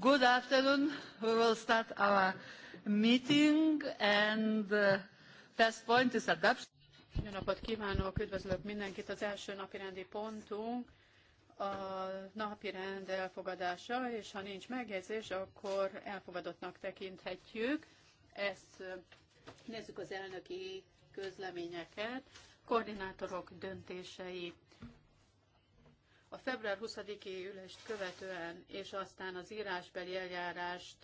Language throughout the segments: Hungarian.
Good afternoon. We will start our meeting and uh, first point is adoption. Jó napot kívánok, üdvözlök mindenkit. Az első napirendi pontunk a rend elfogadása, és ha nincs megjegyzés, akkor elfogadottnak tekinthetjük. Ezt uh, nézzük az elnöki közleményeket, koordinátorok döntéseit a február 20-i ülést követően, és aztán az írásbeli eljárást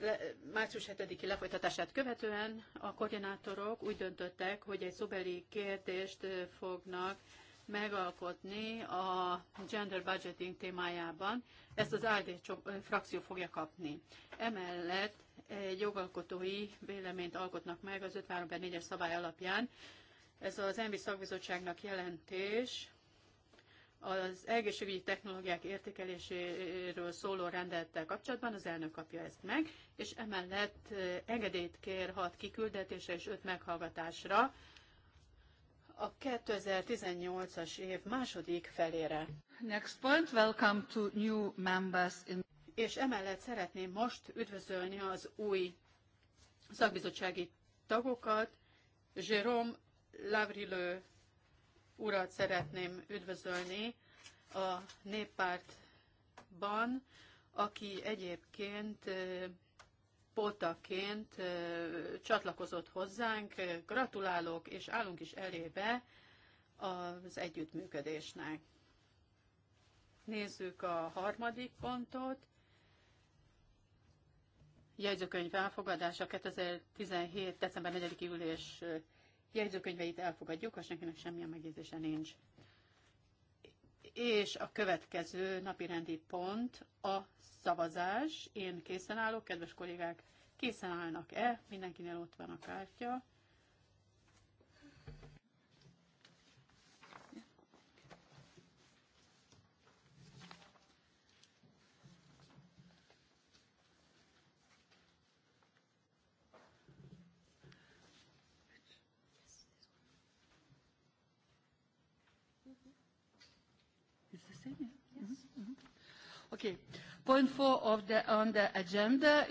le, március 7-i lefolytatását követően a koordinátorok úgy döntöttek, hogy egy szobeli kérdést fognak megalkotni a gender budgeting témájában. Ezt az AD frakció fogja kapni. Emellett egy jogalkotói véleményt alkotnak meg az 53 4-es szabály alapján. Ez az ENVI szakbizottságnak jelentés az egészségügyi technológiák értékeléséről szóló rendelettel kapcsolatban az elnök kapja ezt meg, és emellett engedélyt kér hat kiküldetésre és öt meghallgatásra a 2018-as év második felére. Next point, welcome to new members in... És emellett szeretném most üdvözölni az új szakbizottsági tagokat, Jérôme Lavrilleux urat szeretném üdvözölni a néppártban, aki egyébként potaként csatlakozott hozzánk. Gratulálok, és állunk is elébe az együttműködésnek. Nézzük a harmadik pontot. Jegyzőkönyv elfogadása 2017. december 4. ülés jegyzőkönyveit elfogadjuk, és senkinek semmilyen megjegyzése nincs. És a következő napirendi pont a szavazás. Én készen állok, kedves kollégák, készen állnak-e? Mindenkinél ott van a kártya. Okay. Point four of the, on the agenda.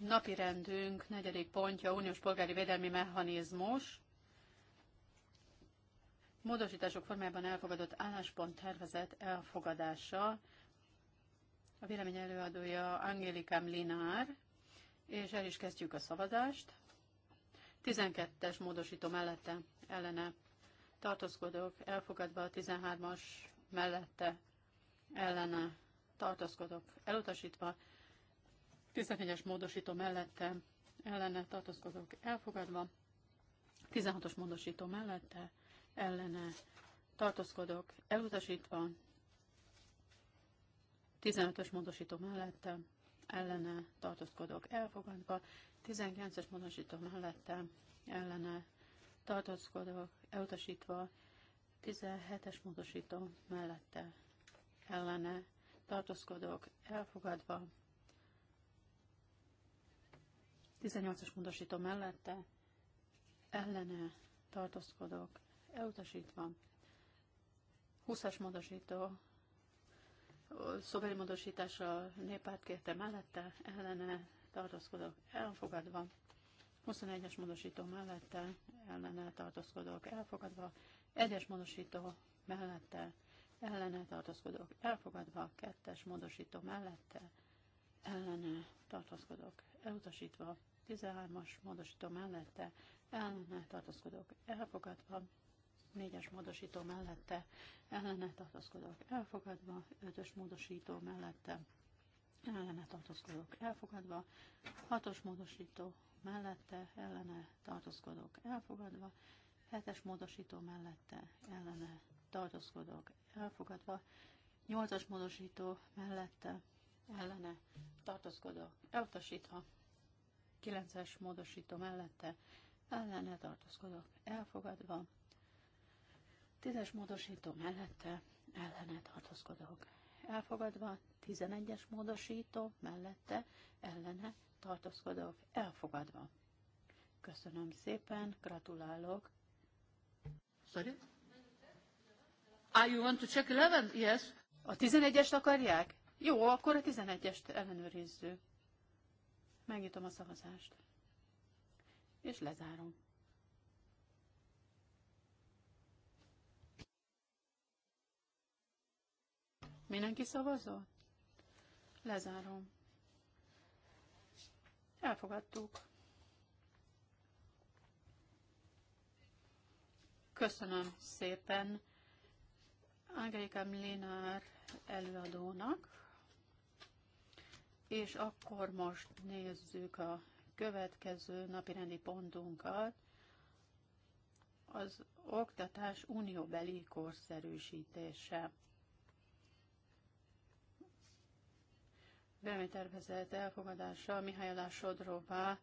Napi rendünk negyedik pontja, uniós polgári védelmi mechanizmus. Módosítások formájában elfogadott álláspont tervezet elfogadása. A vélemény előadója Angélika Linár, és el is kezdjük a szavazást. 12-es módosító mellette, ellene tartózkodok, elfogadva a 13-as mellette, ellene tartózkodok elutasítva, 14-es módosító mellette ellene tartózkodok elfogadva, 16-os módosító mellette ellene tartózkodok elutasítva, 15-ös módosító mellette ellene tartózkodok elfogadva, 19-es módosító mellette ellene tartózkodok elutasítva, 17-es módosító mellette ellene tartózkodók elfogadva, 18-as módosító mellette ellene tartózkodók elutasítva, 20-as módosító szóbeli módosítása néppárt kérte mellette ellene tartózkodók elfogadva, 21-es módosító mellette ellene tartózkodók elfogadva, 1-es módosító mellette ellene tartózkodok, elfogadva, kettes módosító mellette ellene tartózkodok, elutasítva, 13-as módosító mellette ellene tartózkodok, elfogadva, 4-es módosító mellette ellene tartózkodok, elfogadva, 5-ös módosító mellette ellene tartózkodok, elfogadva, 6-os módosító mellette ellene tartózkodok, elfogadva, 7-es módosító mellette ellene tartózkodok, elfogadva, nyolcas módosító mellette ellene tartózkodó, elutasítva, kilences módosító mellette ellene tartózkodok, elfogadva, tízes módosító mellette ellene tartózkodok, elfogadva, tizenegyes módosító mellette ellene tartózkodok, elfogadva. Köszönöm szépen, gratulálok. Sorry? Are ah, you want to check 11? Yes. A 11-est akarják? Jó, akkor a 11-est ellenőrizzük. Megnyitom a szavazást. És lezárom. Mindenki szavazott? Lezárom. Elfogadtuk. Köszönöm szépen Angelika Mlinár előadónak, és akkor most nézzük a következő napirendi pontunkat, az oktatás unióbeli korszerűsítése. tervezett elfogadása Mihály Sodrová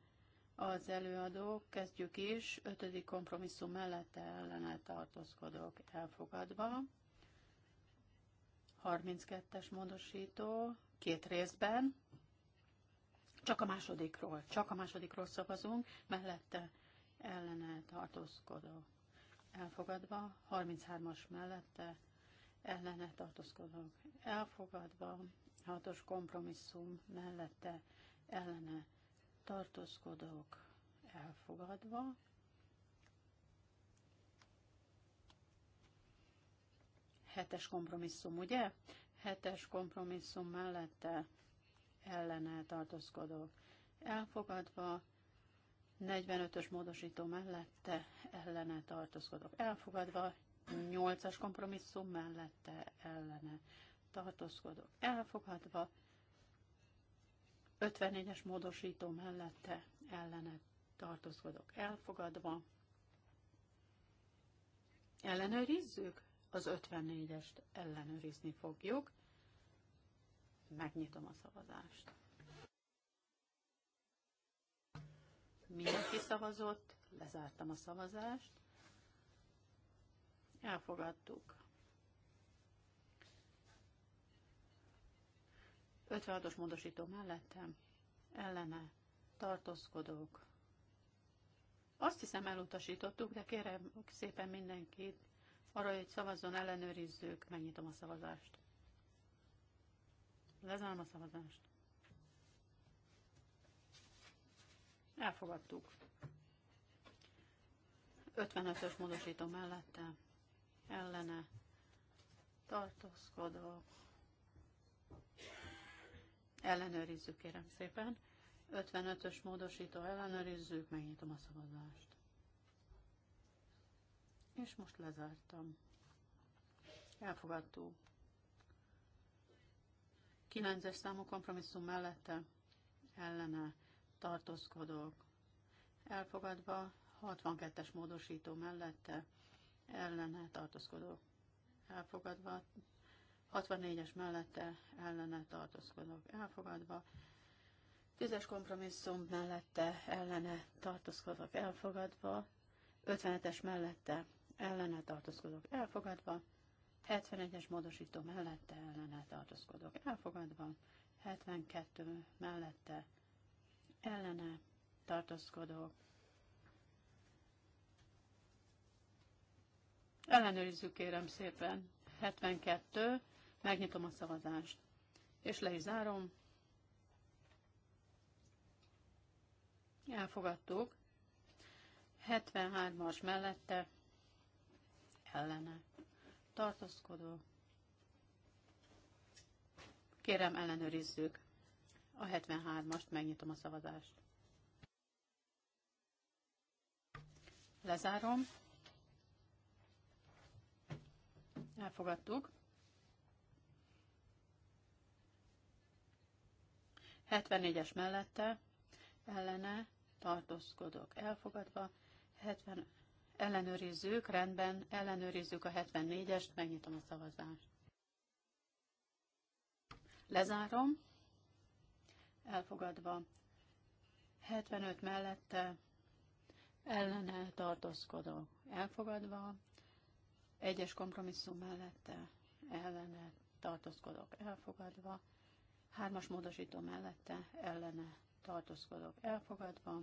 az előadó, kezdjük is, ötödik kompromisszum mellette ellene tartózkodok elfogadva. 32-es módosító két részben, csak a másodikról, csak a másodikról szavazunk, mellette ellene tartózkodó elfogadva, 33-as mellette ellene tartózkodók elfogadva, 6-os kompromisszum mellette ellene tartózkodók elfogadva, Hetes kompromisszum, ugye? Hetes kompromisszum mellette ellene tartózkodók elfogadva, 45-ös módosító mellette ellene tartózkodok. elfogadva, 8-as kompromisszum mellette ellene tartózkodok. elfogadva, 54-es módosító mellette ellene tartózkodok. elfogadva. Ellenőrizzük? Az 54-est ellenőrizni fogjuk. Megnyitom a szavazást. Mindenki szavazott, lezártam a szavazást. Elfogadtuk. 56-os módosító mellettem, ellene, tartózkodók. Azt hiszem elutasítottuk, de kérem szépen mindenkit, arra, hogy szavazzon, ellenőrizzük, megnyitom a szavazást. Lezárom a szavazást. Elfogadtuk. 55-ös módosító mellette, ellene, tartózkodok. Ellenőrizzük, kérem szépen. 55-ös módosító ellenőrizzük, megnyitom a szavazást. És most lezártam. elfogadó Kilences es számú kompromisszum mellette ellene tartózkodok. Elfogadva 62-es módosító mellette ellene tartózkodok. Elfogadva 64-es mellette ellene tartózkodok. Elfogadva 10-es kompromisszum mellette ellene tartózkodok. Elfogadva 57-es mellette ellene tartózkodok elfogadva, 71-es módosító mellette ellene tartózkodok elfogadva, 72 mellette ellene tartózkodok. Ellenőrizzük kérem szépen. 72, megnyitom a szavazást, és le is zárom. Elfogadtuk. 73-as mellette ellene tartózkodó. Kérem, ellenőrizzük a 73-ast, megnyitom a szavazást. Lezárom. Elfogadtuk. 74-es mellette ellene tartózkodok. Elfogadva 70 ellenőrizzük, rendben, ellenőrizzük a 74-est, megnyitom a szavazást. Lezárom, elfogadva 75 mellette ellene tartózkodok, elfogadva, egyes kompromisszum mellette ellene tartózkodok, elfogadva, hármas módosító mellette ellene tartózkodok, elfogadva,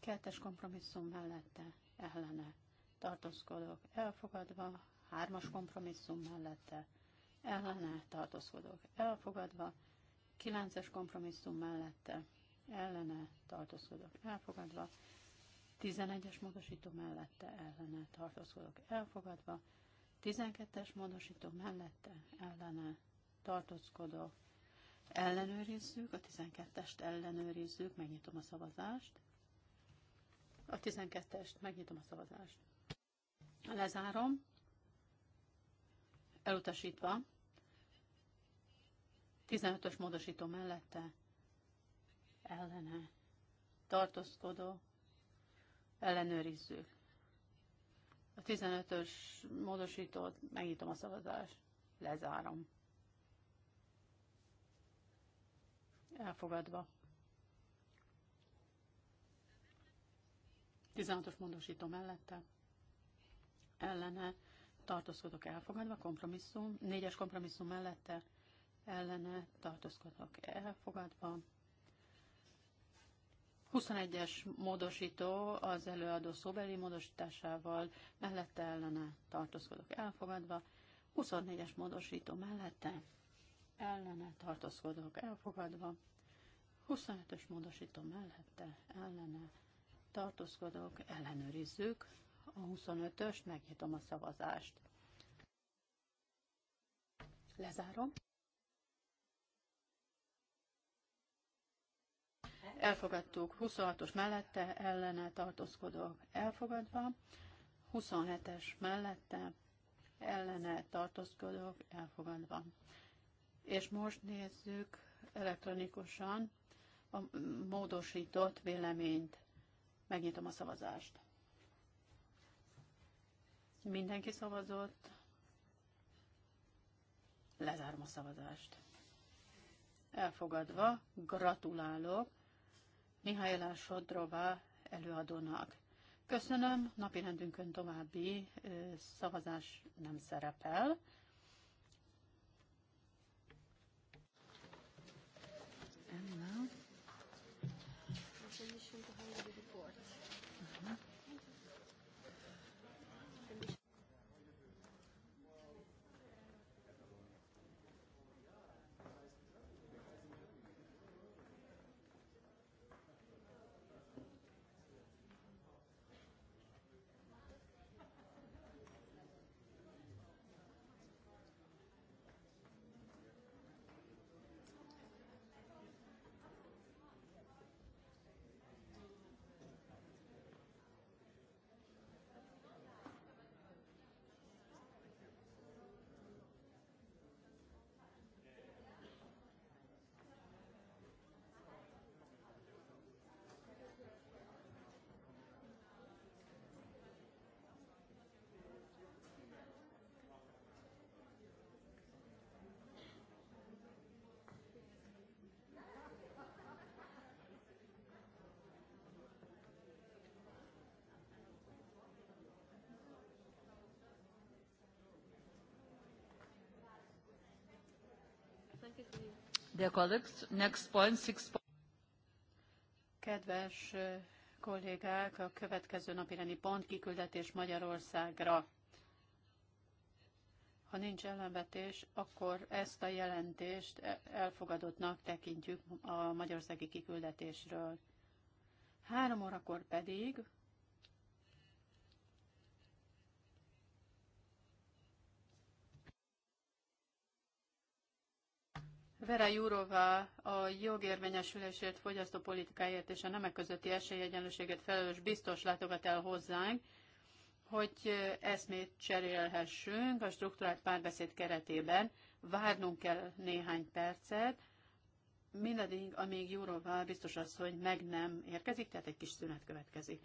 Kettes kompromisszum mellette ellene tartózkodok. Elfogadva. Hármas kompromisszum mellette ellene tartózkodok. Elfogadva. Kilences kompromisszum mellette ellene tartózkodok. Elfogadva. 11-es módosító mellette ellene tartózkodok. Elfogadva. 12-es módosító mellette ellene tartózkodok. Ellenőrizzük, a 12-est ellenőrizzük, megnyitom a szavazást. A 12-est, megnyitom a szavazást. Lezárom. Elutasítva. 15-ös módosító mellette. Ellene. Tartózkodó. Ellenőrizzük. A 15-ös módosítót megnyitom a szavazást. Lezárom. Elfogadva. 16-os módosító mellette ellene tartózkodok elfogadva, kompromisszum, 4-es kompromisszum mellette ellene tartózkodok elfogadva. 21-es módosító az előadó szóbeli módosításával mellette ellene tartózkodok elfogadva, 24-es módosító mellette ellene tartózkodok elfogadva, 25-ös módosító mellette ellene tartózkodók, ellenőrizzük. A 25-öst, megnyitom a szavazást. Lezárom. Elfogadtuk 26-os mellette, ellene tartózkodók elfogadva, 27-es mellette, ellene tartózkodók elfogadva. És most nézzük elektronikusan a módosított véleményt. Megnyitom a szavazást. Mindenki szavazott. Lezárom a szavazást. Elfogadva, gratulálok Mihály Sodrová előadónak. Köszönöm, rendünkön további szavazás nem szerepel. Kedves kollégák, a következő napireni pont kiküldetés Magyarországra. Ha nincs ellenvetés, akkor ezt a jelentést e- elfogadottnak tekintjük a magyarországi kiküldetésről. Három órakor pedig Vera Jurova a jogérvényesülésért, fogyasztópolitikáért és a nemek közötti esélyegyenlőséget felelős biztos látogat el hozzánk, hogy eszmét cserélhessünk a struktúrált párbeszéd keretében. Várnunk kell néhány percet, mindaddig, amíg Jurova biztos az, hogy meg nem érkezik, tehát egy kis szünet következik.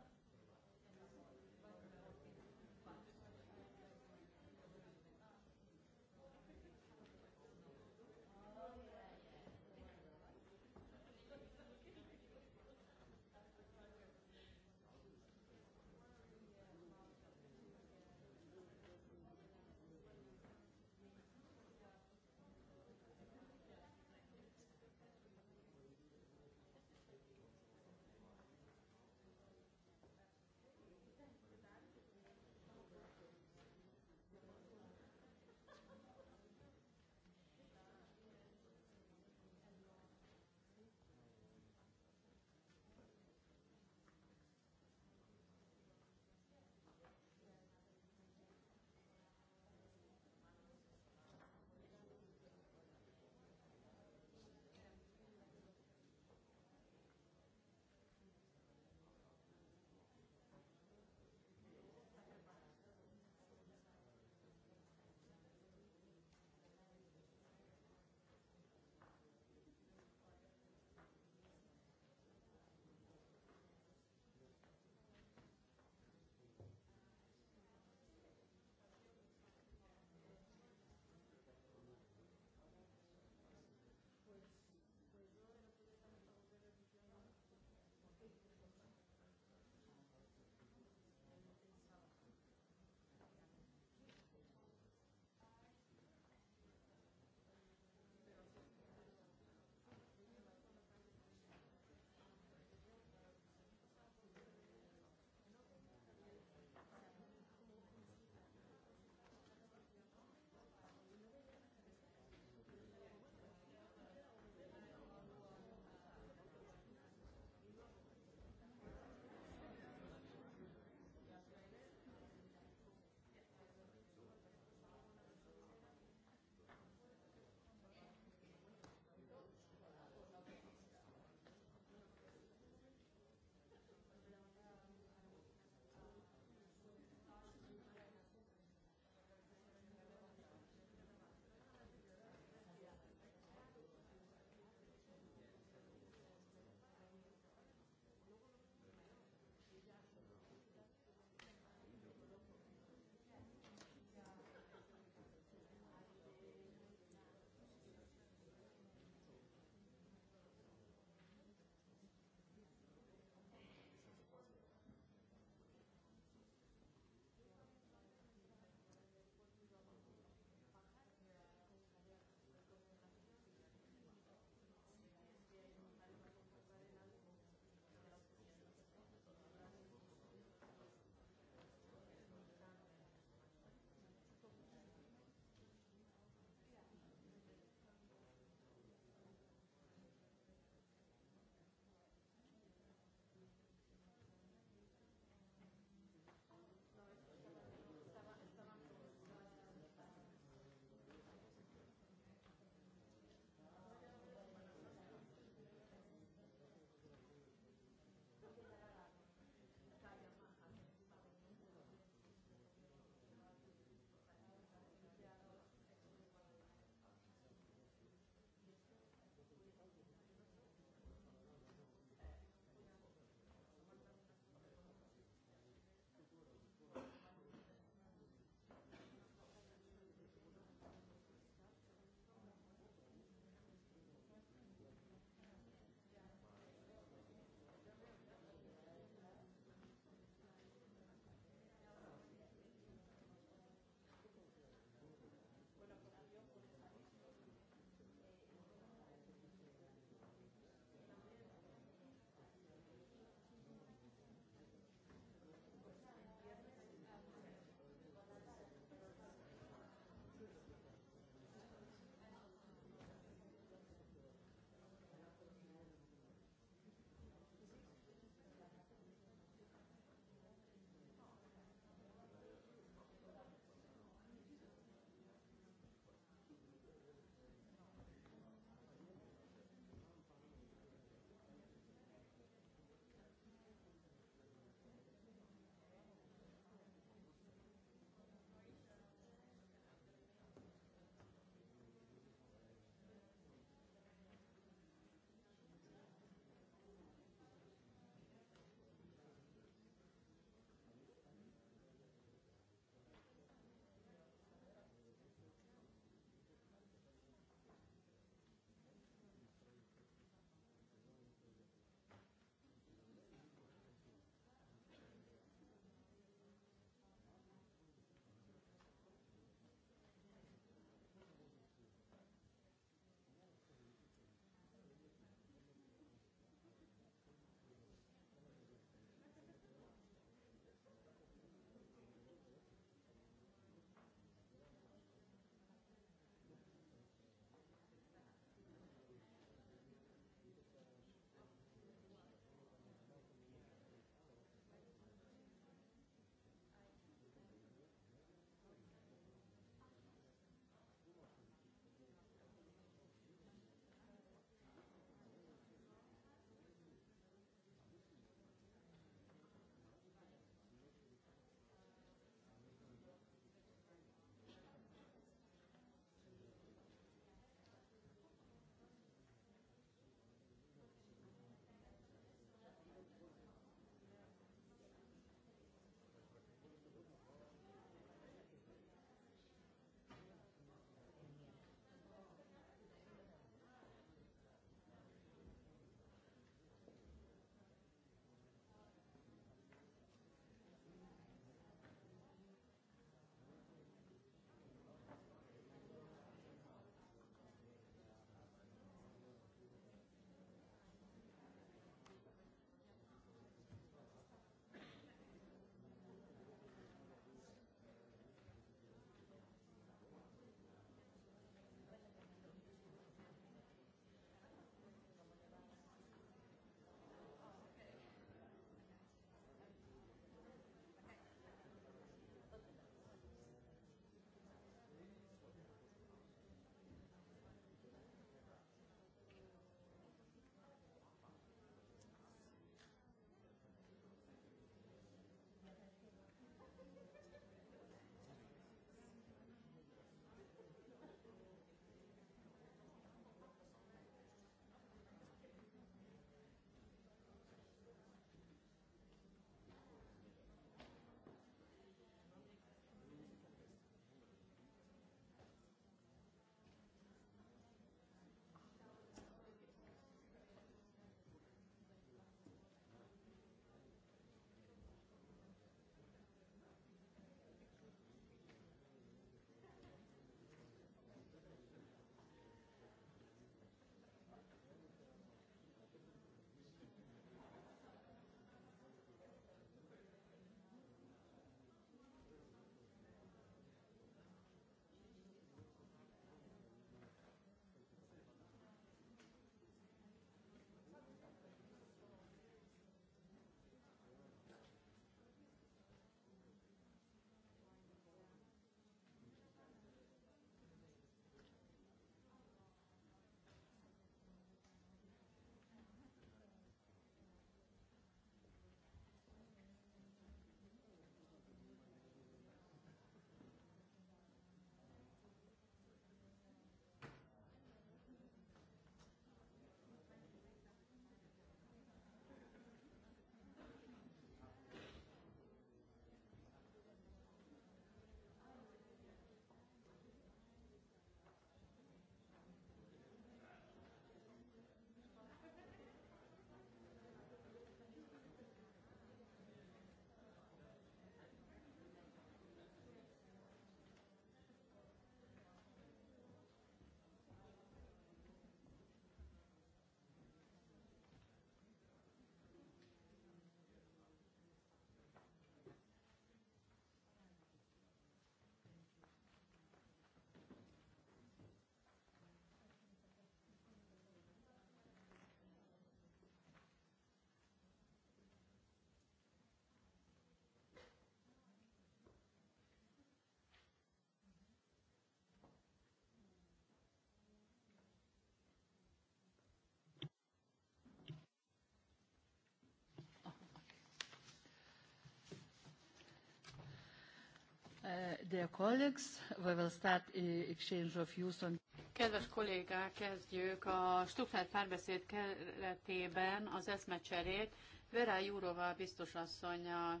Kedves kollégák, kezdjük a struktúrált párbeszéd keretében az eszmecserét. Vera Jurova biztos asszonya,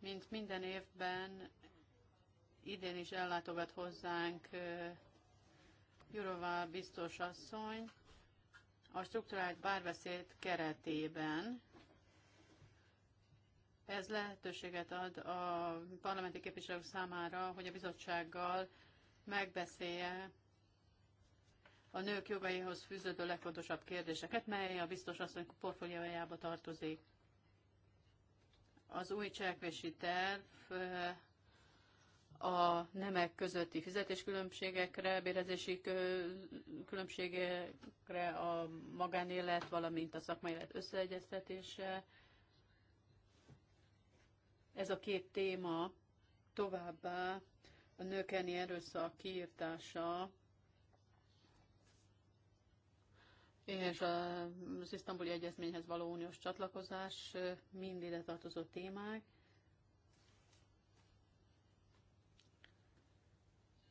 mint minden évben, idén is ellátogat hozzánk Jurova biztos asszony a struktúrált párbeszéd keretében ez lehetőséget ad a parlamenti képviselők számára, hogy a bizottsággal megbeszélje a nők jogaihoz fűződő legfontosabb kérdéseket, mely a biztos asszony portfóliójába tartozik. Az új cselekvési terv a nemek közötti fizetéskülönbségekre, bérezési különbségekre, a magánélet, valamint a szakmai élet összeegyeztetése, ez a két téma továbbá a nőkeni erőszak kiírtása és az isztambuli egyezményhez való uniós csatlakozás mind ide tartozó témák.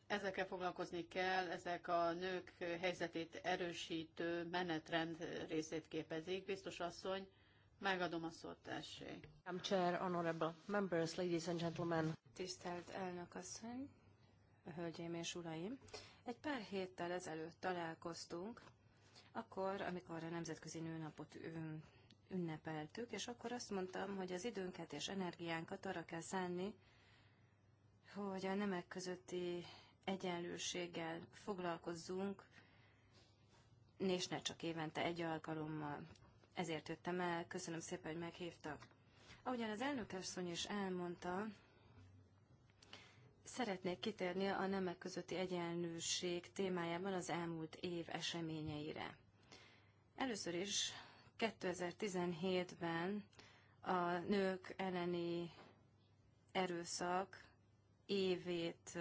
Ezekkel foglalkozni kell, ezek a nők helyzetét erősítő menetrend részét képezik. Biztos asszony, Megadom a szót, tessék. I'm chair, honorable members, ladies and gentlemen. Tisztelt elnök asszony, hölgyeim és uraim. Egy pár héttel ezelőtt találkoztunk, akkor, amikor a Nemzetközi Nőnapot ünnepeltük, és akkor azt mondtam, hogy az időnket és energiánkat arra kell szánni, hogy a nemek közötti egyenlőséggel foglalkozzunk, és ne csak évente egy alkalommal ezért jöttem el, köszönöm szépen, hogy meghívtak. Ahogyan az elnökasszony is elmondta, szeretnék kitérni a nemek közötti egyenlőség témájában az elmúlt év eseményeire. Először is 2017-ben a nők elleni erőszak évét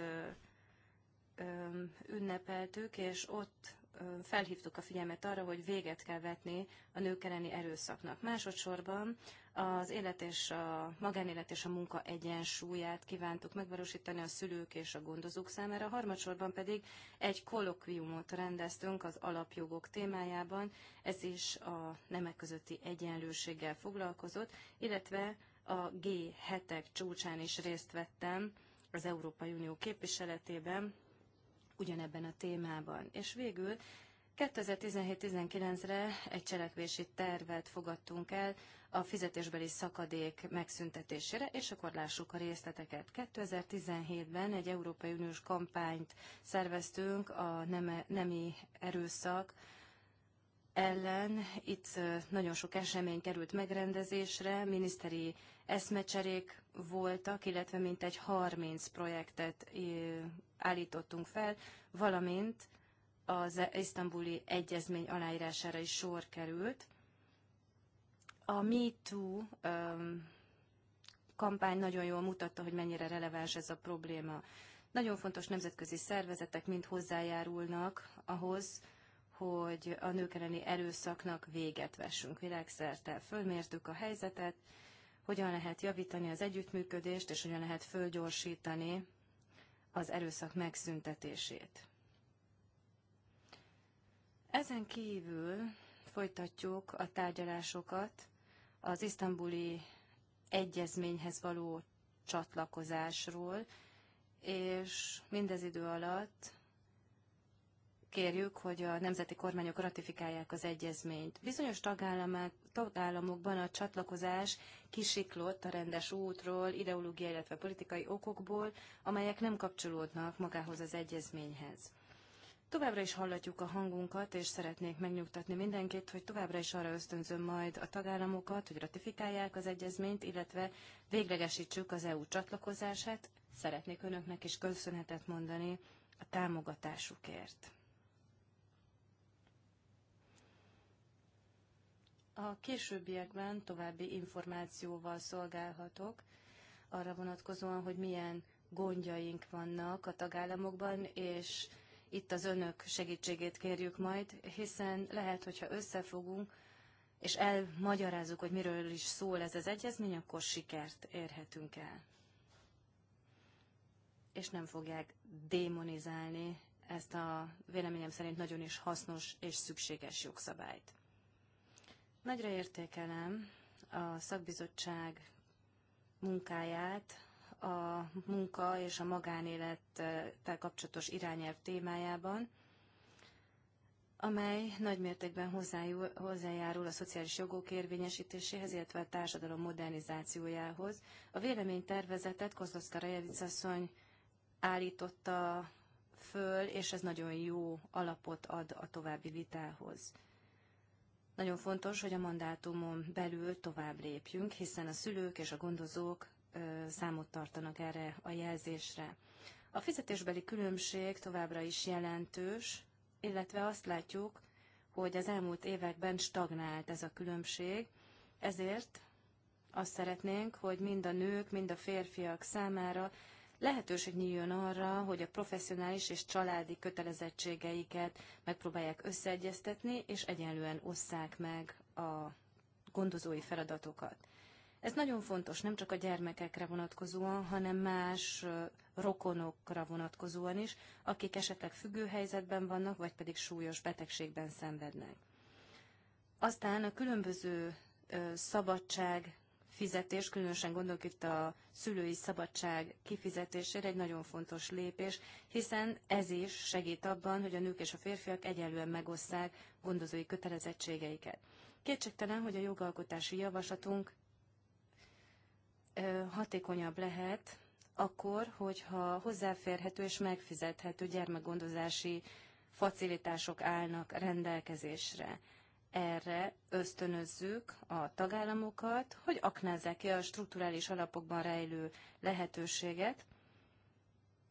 ünnepeltük, és ott felhívtuk a figyelmet arra, hogy véget kell vetni a nők elleni erőszaknak. Másodszorban az élet és a magánélet és a munka egyensúlyát kívántuk megvalósítani a szülők és a gondozók számára. Harmadsorban pedig egy kolokviumot rendeztünk az alapjogok témájában, ez is a nemek közötti egyenlőséggel foglalkozott, illetve a G7-ek csúcsán is részt vettem az Európai Unió képviseletében, ugyanebben a témában. És végül 2017-19-re egy cselekvési tervet fogadtunk el a fizetésbeli szakadék megszüntetésére, és akkor lássuk a részleteket. 2017-ben egy Európai Uniós kampányt szerveztünk a nemi erőszak ellen. Itt nagyon sok esemény került megrendezésre, miniszteri eszmecserék voltak, illetve mintegy 30 projektet állítottunk fel, valamint az isztambuli egyezmény aláírására is sor került. A Me Too kampány nagyon jól mutatta, hogy mennyire releváns ez a probléma. Nagyon fontos nemzetközi szervezetek mind hozzájárulnak ahhoz, hogy a nők elleni erőszaknak véget vessünk világszerte. Fölmértük a helyzetet, hogyan lehet javítani az együttműködést, és hogyan lehet fölgyorsítani az erőszak megszüntetését. Ezen kívül folytatjuk a tárgyalásokat az isztambuli egyezményhez való csatlakozásról, és mindez idő alatt kérjük, hogy a nemzeti kormányok ratifikálják az egyezményt. Bizonyos tagállamokban a csatlakozás kisiklott a rendes útról, ideológiai, illetve politikai okokból, amelyek nem kapcsolódnak magához az egyezményhez. Továbbra is hallatjuk a hangunkat, és szeretnék megnyugtatni mindenkit, hogy továbbra is arra ösztönzöm majd a tagállamokat, hogy ratifikálják az egyezményt, illetve véglegesítsük az EU csatlakozását. Szeretnék önöknek is köszönetet mondani a támogatásukért. A későbbiekben további információval szolgálhatok arra vonatkozóan, hogy milyen gondjaink vannak a tagállamokban, és itt az önök segítségét kérjük majd, hiszen lehet, hogyha összefogunk, és elmagyarázzuk, hogy miről is szól ez az egyezmény, akkor sikert érhetünk el. És nem fogják démonizálni ezt a véleményem szerint nagyon is hasznos és szükséges jogszabályt. Nagyra értékelem a szakbizottság munkáját a munka és a magánélettel kapcsolatos irányelv témájában, amely nagymértékben hozzájárul a szociális jogok érvényesítéséhez, illetve a társadalom modernizációjához. A véleménytervezetet Kozlovszka Rejevic asszony állította föl, és ez nagyon jó alapot ad a további vitához. Nagyon fontos, hogy a mandátumon belül tovább lépjünk, hiszen a szülők és a gondozók számot tartanak erre a jelzésre. A fizetésbeli különbség továbbra is jelentős, illetve azt látjuk, hogy az elmúlt években stagnált ez a különbség, ezért azt szeretnénk, hogy mind a nők, mind a férfiak számára lehetőség nyíljon arra, hogy a professzionális és családi kötelezettségeiket megpróbálják összeegyeztetni, és egyenlően osszák meg a gondozói feladatokat. Ez nagyon fontos, nem csak a gyermekekre vonatkozóan, hanem más rokonokra vonatkozóan is, akik esetleg függő helyzetben vannak, vagy pedig súlyos betegségben szenvednek. Aztán a különböző szabadság fizetés, különösen gondolok itt a szülői szabadság kifizetésére egy nagyon fontos lépés, hiszen ez is segít abban, hogy a nők és a férfiak egyenlően megosszák gondozói kötelezettségeiket. Kétségtelen, hogy a jogalkotási javaslatunk hatékonyabb lehet akkor, hogyha hozzáférhető és megfizethető gyermekgondozási facilitások állnak rendelkezésre erre ösztönözzük a tagállamokat, hogy aknázzák ki a strukturális alapokban rejlő lehetőséget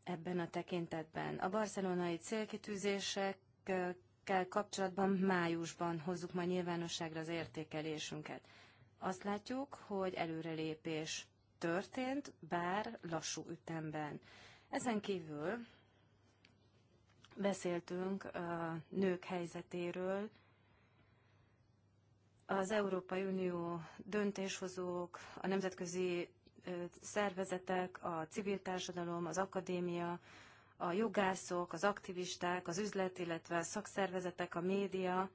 ebben a tekintetben. A barcelonai célkitűzésekkel kapcsolatban májusban hozzuk majd nyilvánosságra az értékelésünket. Azt látjuk, hogy előrelépés történt, bár lassú ütemben. Ezen kívül beszéltünk a nők helyzetéről, az Európai Unió döntéshozók, a nemzetközi szervezetek, a civil társadalom, az akadémia, a jogászok, az aktivisták, az üzlet, illetve a szakszervezetek, a média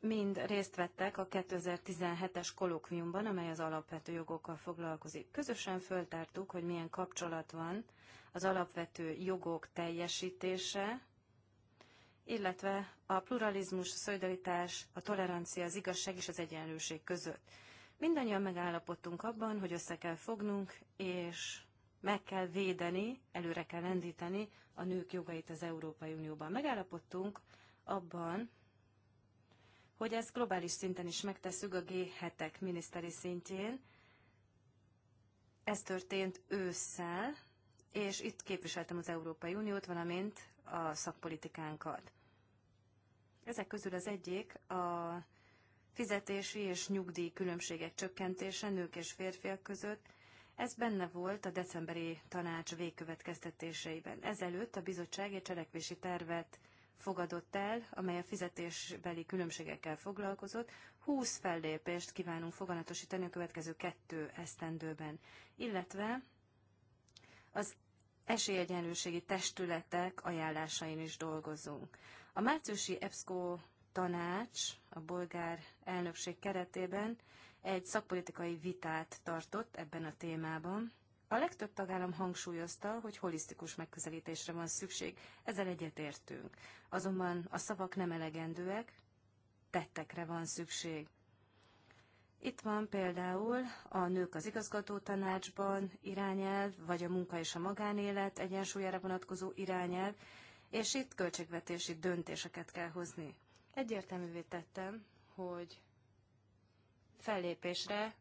mind részt vettek a 2017-es kolokviumban, amely az alapvető jogokkal foglalkozik. Közösen föltártuk, hogy milyen kapcsolat van az alapvető jogok teljesítése, illetve a pluralizmus, a szolidaritás, a tolerancia, az igazság és az egyenlőség között. Mindannyian megállapodtunk abban, hogy össze kell fognunk, és meg kell védeni, előre kell rendíteni a nők jogait az Európai Unióban. Megállapodtunk abban, hogy ezt globális szinten is megteszünk a G7-ek miniszteri szintjén. Ez történt ősszel, és itt képviseltem az Európai Uniót, valamint a szakpolitikánkat. Ezek közül az egyik a fizetési és nyugdíj különbségek csökkentése nők és férfiak között. Ez benne volt a decemberi tanács végkövetkeztetéseiben. Ezelőtt a bizottság egy cselekvési tervet fogadott el, amely a fizetésbeli különbségekkel foglalkozott. 20 fellépést kívánunk foganatosítani a következő kettő esztendőben, illetve az esélyegyenlőségi testületek ajánlásain is dolgozunk. A márciusi EBSCO tanács a bolgár elnökség keretében egy szakpolitikai vitát tartott ebben a témában. A legtöbb tagállam hangsúlyozta, hogy holisztikus megközelítésre van szükség, ezzel egyetértünk. Azonban a szavak nem elegendőek, tettekre van szükség. Itt van például a nők az igazgató tanácsban irányelv, vagy a munka és a magánélet egyensúlyára vonatkozó irányelv, és itt költségvetési döntéseket kell hozni. Egyértelművé tettem, hogy fellépésre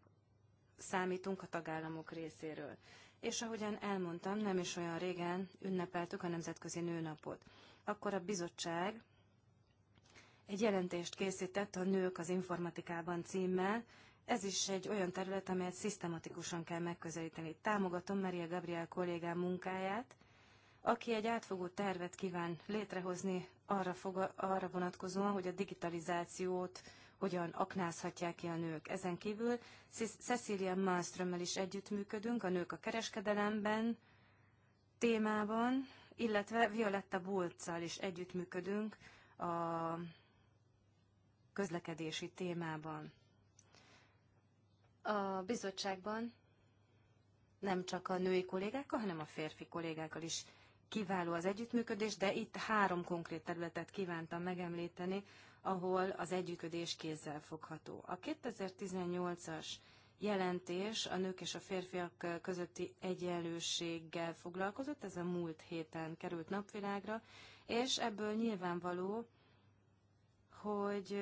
számítunk a tagállamok részéről. És ahogyan elmondtam, nem is olyan régen ünnepeltük a Nemzetközi Nőnapot. Akkor a bizottság egy jelentést készített a Nők az informatikában címmel. Ez is egy olyan terület, amelyet szisztematikusan kell megközelíteni. Támogatom Maria Gabriel kollégám munkáját, aki egy átfogó tervet kíván létrehozni arra, fog, arra vonatkozóan, hogy a digitalizációt hogyan aknázhatják ki a nők. Ezen kívül Cecilia Malmströmmel is együttműködünk a nők a kereskedelemben témában, illetve Violetta Bulccal is együttműködünk a közlekedési témában. A bizottságban nem csak a női kollégákkal, hanem a férfi kollégákkal is kiváló az együttműködés, de itt három konkrét területet kívántam megemlíteni, ahol az együttműködés kézzel fogható. A 2018-as jelentés a nők és a férfiak közötti egyenlőséggel foglalkozott, ez a múlt héten került napvilágra, és ebből nyilvánvaló, hogy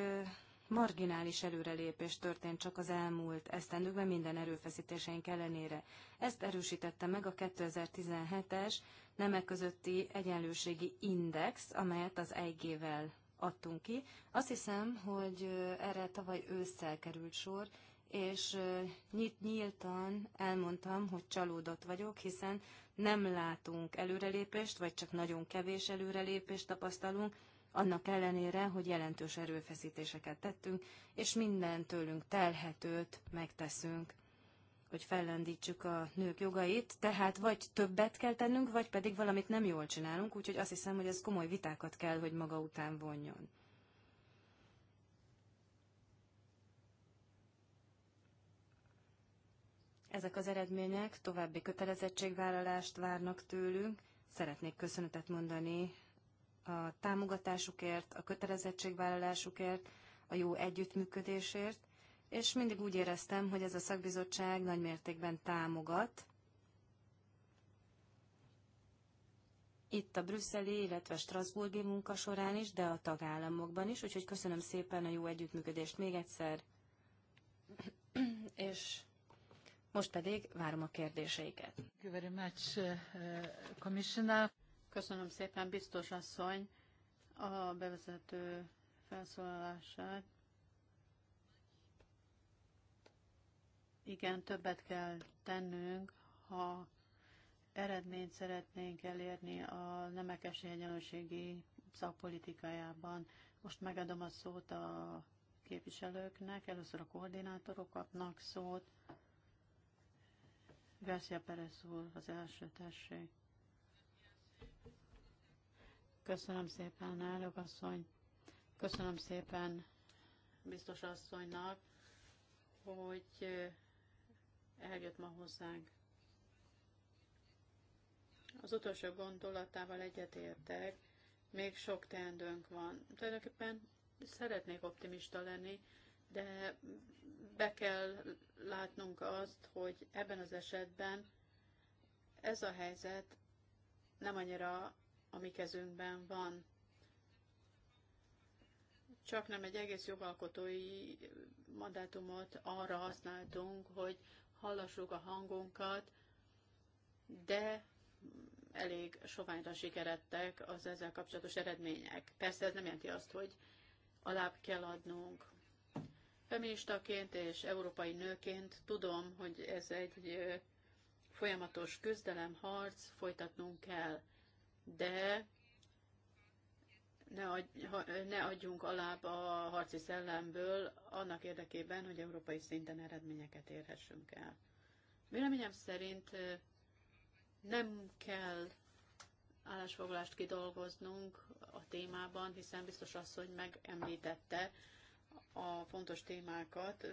marginális előrelépés történt csak az elmúlt esztendőkben minden erőfeszítéseink ellenére. Ezt erősítette meg a 2017-es nemek közötti egyenlőségi index, amelyet az EIG-vel adtunk ki. Azt hiszem, hogy erre tavaly ősszel került sor, és nyit nyíltan elmondtam, hogy csalódott vagyok, hiszen nem látunk előrelépést, vagy csak nagyon kevés előrelépést tapasztalunk, annak ellenére, hogy jelentős erőfeszítéseket tettünk, és minden tőlünk telhetőt megteszünk, hogy fellendítsük a nők jogait, tehát vagy többet kell tennünk, vagy pedig valamit nem jól csinálunk, úgyhogy azt hiszem, hogy ez komoly vitákat kell, hogy maga után vonjon. Ezek az eredmények további kötelezettségvállalást várnak tőlünk. Szeretnék köszönetet mondani a támogatásukért, a kötelezettségvállalásukért, a jó együttműködésért, és mindig úgy éreztem, hogy ez a szakbizottság nagymértékben támogat. Itt a brüsszeli, illetve strasburgi munka során is, de a tagállamokban is, úgyhogy köszönöm szépen a jó együttműködést még egyszer. és most pedig várom a kérdéseiket. Thank you very much, uh, uh Köszönöm szépen, biztos asszony, a bevezető felszólalását. Igen, többet kell tennünk, ha eredményt szeretnénk elérni a nemek esélyegyenlőségi szakpolitikájában. Most megadom a szót a képviselőknek, először a koordinátorok kapnak szót. Garcia Perez úr az első tessék. Köszönöm szépen, elnök asszony. Köszönöm szépen biztos asszonynak, hogy eljött ma hozzánk. Az utolsó gondolatával egyetértek, még sok teendőnk van. Tulajdonképpen szeretnék optimista lenni, de be kell látnunk azt, hogy ebben az esetben ez a helyzet nem annyira ami kezünkben van. Csak nem egy egész jogalkotói mandátumot arra használtunk, hogy hallassuk a hangunkat, de elég soványra sikerettek az ezzel kapcsolatos eredmények. Persze ez nem jelenti azt, hogy alább kell adnunk. Feministaként és európai nőként tudom, hogy ez egy folyamatos küzdelem, harc, folytatnunk kell de ne, adj, ha, ne adjunk alába a harci szellemből annak érdekében, hogy európai szinten eredményeket érhessünk el. Véleményem szerint nem kell állásfoglalást kidolgoznunk a témában, hiszen biztos asszony megemlítette a fontos témákat,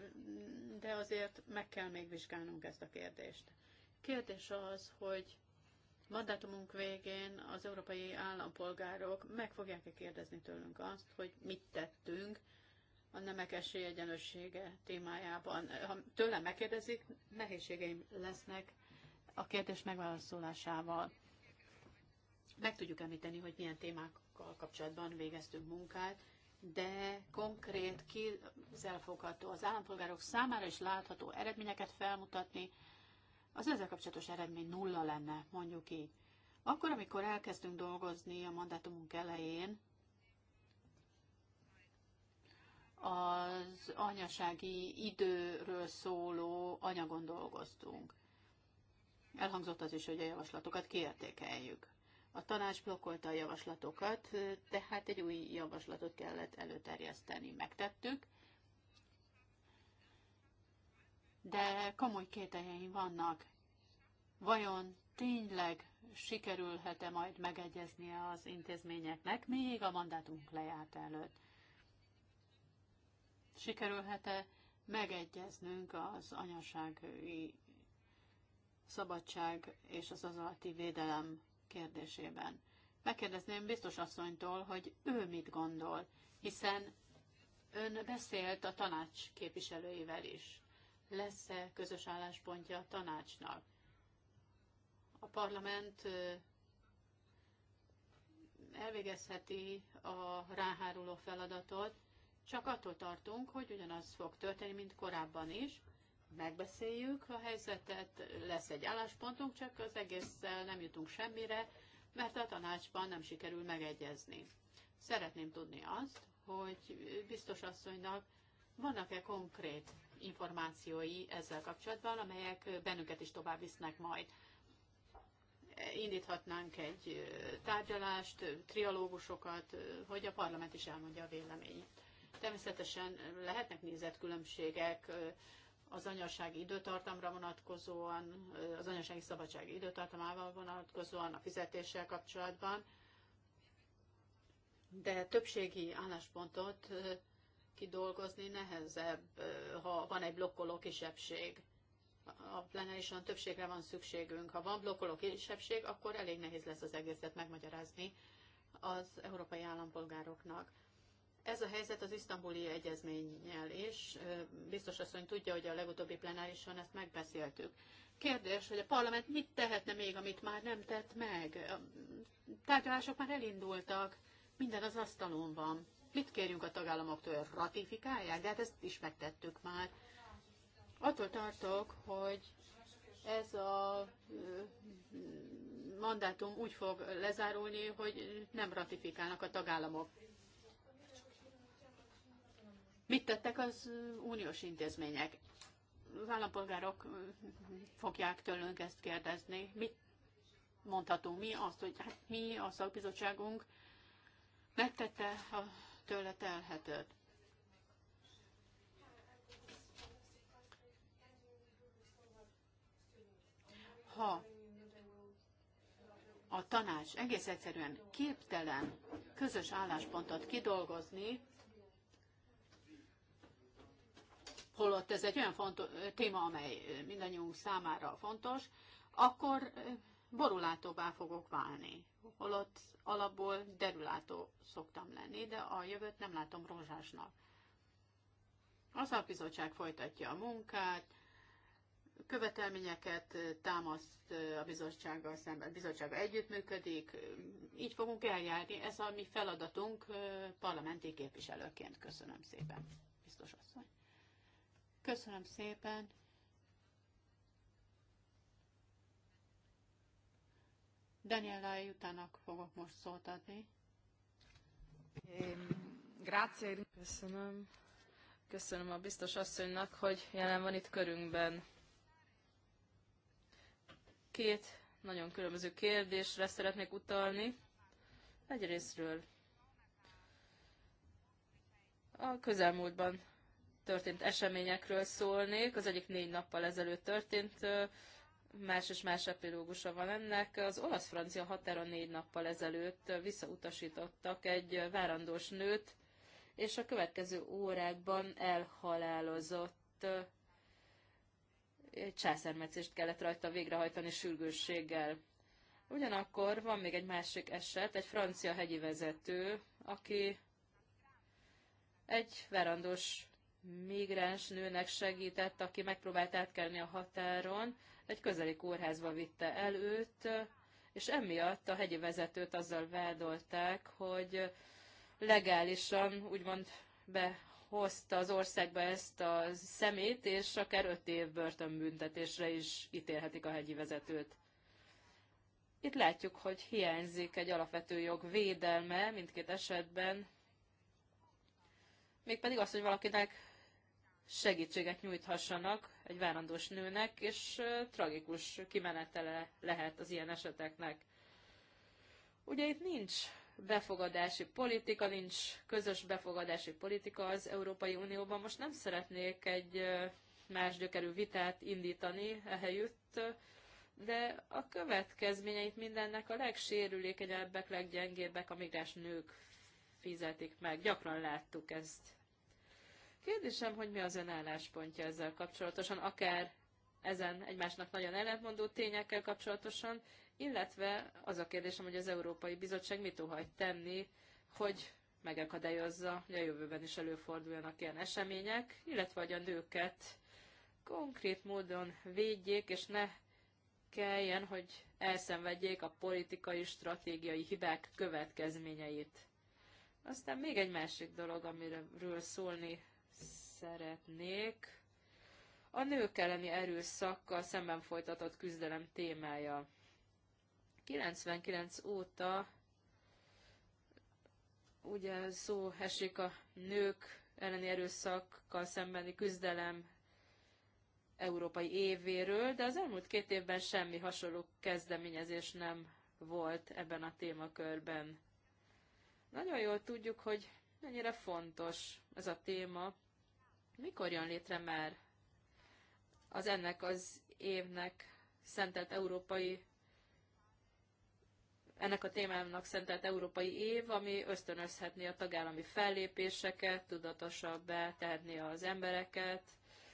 de azért meg kell még vizsgálnunk ezt a kérdést. Kérdés az, hogy mandátumunk végén az európai állampolgárok meg fogják-e kérdezni tőlünk azt, hogy mit tettünk a nemek esélyegyenlősége témájában. Ha tőlem megkérdezik, nehézségeim lesznek a kérdés megválaszolásával. Meg tudjuk említeni, hogy milyen témákkal kapcsolatban végeztünk munkát, de konkrét, kézzelfogható, az állampolgárok számára is látható eredményeket felmutatni, az ezzel kapcsolatos eredmény nulla lenne, mondjuk így. Akkor, amikor elkezdtünk dolgozni a mandátumunk elején, az anyasági időről szóló anyagon dolgoztunk. Elhangzott az is, hogy a javaslatokat kiértékeljük. A tanács blokkolta a javaslatokat, tehát egy új javaslatot kellett előterjeszteni. Megtettük, de komoly kételjeim vannak. Vajon tényleg sikerülhet-e majd megegyeznie az intézményeknek, még a mandátunk lejárt előtt? Sikerülhet-e megegyeznünk az anyasági szabadság és az az védelem kérdésében? Megkérdezném biztos asszonytól, hogy ő mit gondol, hiszen ön beszélt a tanács képviselőivel is lesz-e közös álláspontja a tanácsnak. A parlament elvégezheti a ráháruló feladatot, csak attól tartunk, hogy ugyanaz fog történni, mint korábban is. Megbeszéljük a helyzetet, lesz egy álláspontunk, csak az egésszel nem jutunk semmire, mert a tanácsban nem sikerül megegyezni. Szeretném tudni azt, hogy biztos asszonynak vannak-e konkrét információi ezzel kapcsolatban, amelyek bennünket is tovább visznek majd. Indíthatnánk egy tárgyalást, trialógusokat, hogy a parlament is elmondja a véleményét. Természetesen lehetnek nézetkülönbségek az anyasági időtartamra vonatkozóan, az anyasági szabadság időtartamával vonatkozóan, a fizetéssel kapcsolatban, de többségi álláspontot kidolgozni nehezebb, ha van egy blokkoló kisebbség. A plenárisan többségre van szükségünk. Ha van blokkoló kisebbség, akkor elég nehéz lesz az egészet megmagyarázni az európai állampolgároknak. Ez a helyzet az isztambuli egyezménnyel is. Biztos asszony tudja, hogy a legutóbbi plenárison ezt megbeszéltük. Kérdés, hogy a parlament mit tehetne még, amit már nem tett meg? A tárgyalások már elindultak, minden az asztalon van. Mit kérjünk a tagállamoktól, hogy ratifikálják? De hát ezt is megtettük már. Attól tartok, hogy ez a mandátum úgy fog lezárulni, hogy nem ratifikálnak a tagállamok. Mit tettek az uniós intézmények? Az állampolgárok fogják tőlünk ezt kérdezni. Mit mondhatunk mi? Azt, hogy hát mi a szakbizottságunk megtette a tőle telheted. Ha a tanács egész egyszerűen képtelen közös álláspontot kidolgozni, holott ez egy olyan fontos, téma, amely mindannyiunk számára fontos, akkor borulátóbbá fogok válni. Holott alapból derülátó szoktam lenni, de a jövőt nem látom rózsásnak. A szakbizottság folytatja a munkát, követelményeket támaszt a bizottsággal szemben, a bizottsága együttműködik, így fogunk eljárni. Ez a mi feladatunk parlamenti képviselőként. Köszönöm szépen, biztos asszony. Köszönöm szépen. Daniela Jutának fogok most szót adni. Köszönöm. Köszönöm a biztos asszonynak, hogy jelen van itt körünkben. Két nagyon különböző kérdésre szeretnék utalni. Egyrésztről a közelmúltban történt eseményekről szólnék. Az egyik négy nappal ezelőtt történt más és más epilógusa van ennek. Az olasz-francia határon négy nappal ezelőtt visszautasítottak egy várandós nőt, és a következő órákban elhalálozott császármetszést kellett rajta végrehajtani sürgősséggel. Ugyanakkor van még egy másik eset, egy francia hegyi vezető, aki egy verandós migráns nőnek segített, aki megpróbált átkelni a határon, egy közeli kórházba vitte el őt, és emiatt a hegyi vezetőt azzal vádolták, hogy legálisan úgymond behozta az országba ezt a szemét, és akár öt év börtönbüntetésre is ítélhetik a hegyi vezetőt. Itt látjuk, hogy hiányzik egy alapvető jog védelme mindkét esetben, mégpedig az, hogy valakinek segítséget nyújthassanak egy várandós nőnek, és tragikus kimenetele lehet az ilyen eseteknek. Ugye itt nincs befogadási politika, nincs közös befogadási politika az Európai Unióban. Most nem szeretnék egy más gyökerű vitát indítani ehelyütt, de a következményeit mindennek a legsérülékenyebbek, leggyengébbek a migráns nők fizetik meg. Gyakran láttuk ezt Kérdésem, hogy mi az ön álláspontja ezzel kapcsolatosan, akár ezen egymásnak nagyon ellentmondó tényekkel kapcsolatosan, illetve az a kérdésem, hogy az Európai Bizottság mit óhajt tenni, hogy megakadályozza, hogy a jövőben is előforduljanak ilyen események, illetve hogy a nőket konkrét módon védjék, és ne kelljen, hogy elszenvedjék a politikai, stratégiai hibák következményeit. Aztán még egy másik dolog, amiről szólni szeretnék. A nők elleni erőszakkal szemben folytatott küzdelem témája. 99 óta ugye szó esik a nők elleni erőszakkal szembeni küzdelem európai évéről, de az elmúlt két évben semmi hasonló kezdeményezés nem volt ebben a témakörben. Nagyon jól tudjuk, hogy mennyire fontos ez a téma, mikor jön létre már az ennek az évnek szentelt európai ennek a témának szentelt európai év, ami ösztönözhetné a tagállami fellépéseket, tudatosabbá tehetné az embereket,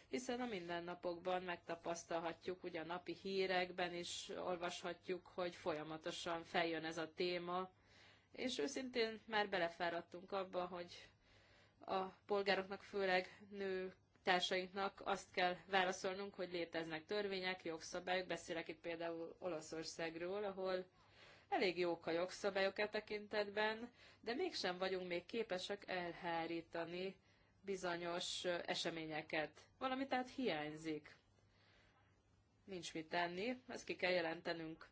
hiszen a mindennapokban megtapasztalhatjuk, ugye a napi hírekben is olvashatjuk, hogy folyamatosan feljön ez a téma, és őszintén már belefáradtunk abba, hogy a polgároknak, főleg nő társainknak azt kell válaszolnunk, hogy léteznek törvények, jogszabályok. Beszélek itt például Olaszországról, ahol elég jók a jogszabályok e tekintetben, de mégsem vagyunk még képesek elhárítani bizonyos eseményeket. Valami tehát hiányzik. Nincs mit tenni, ezt ki kell jelentenünk.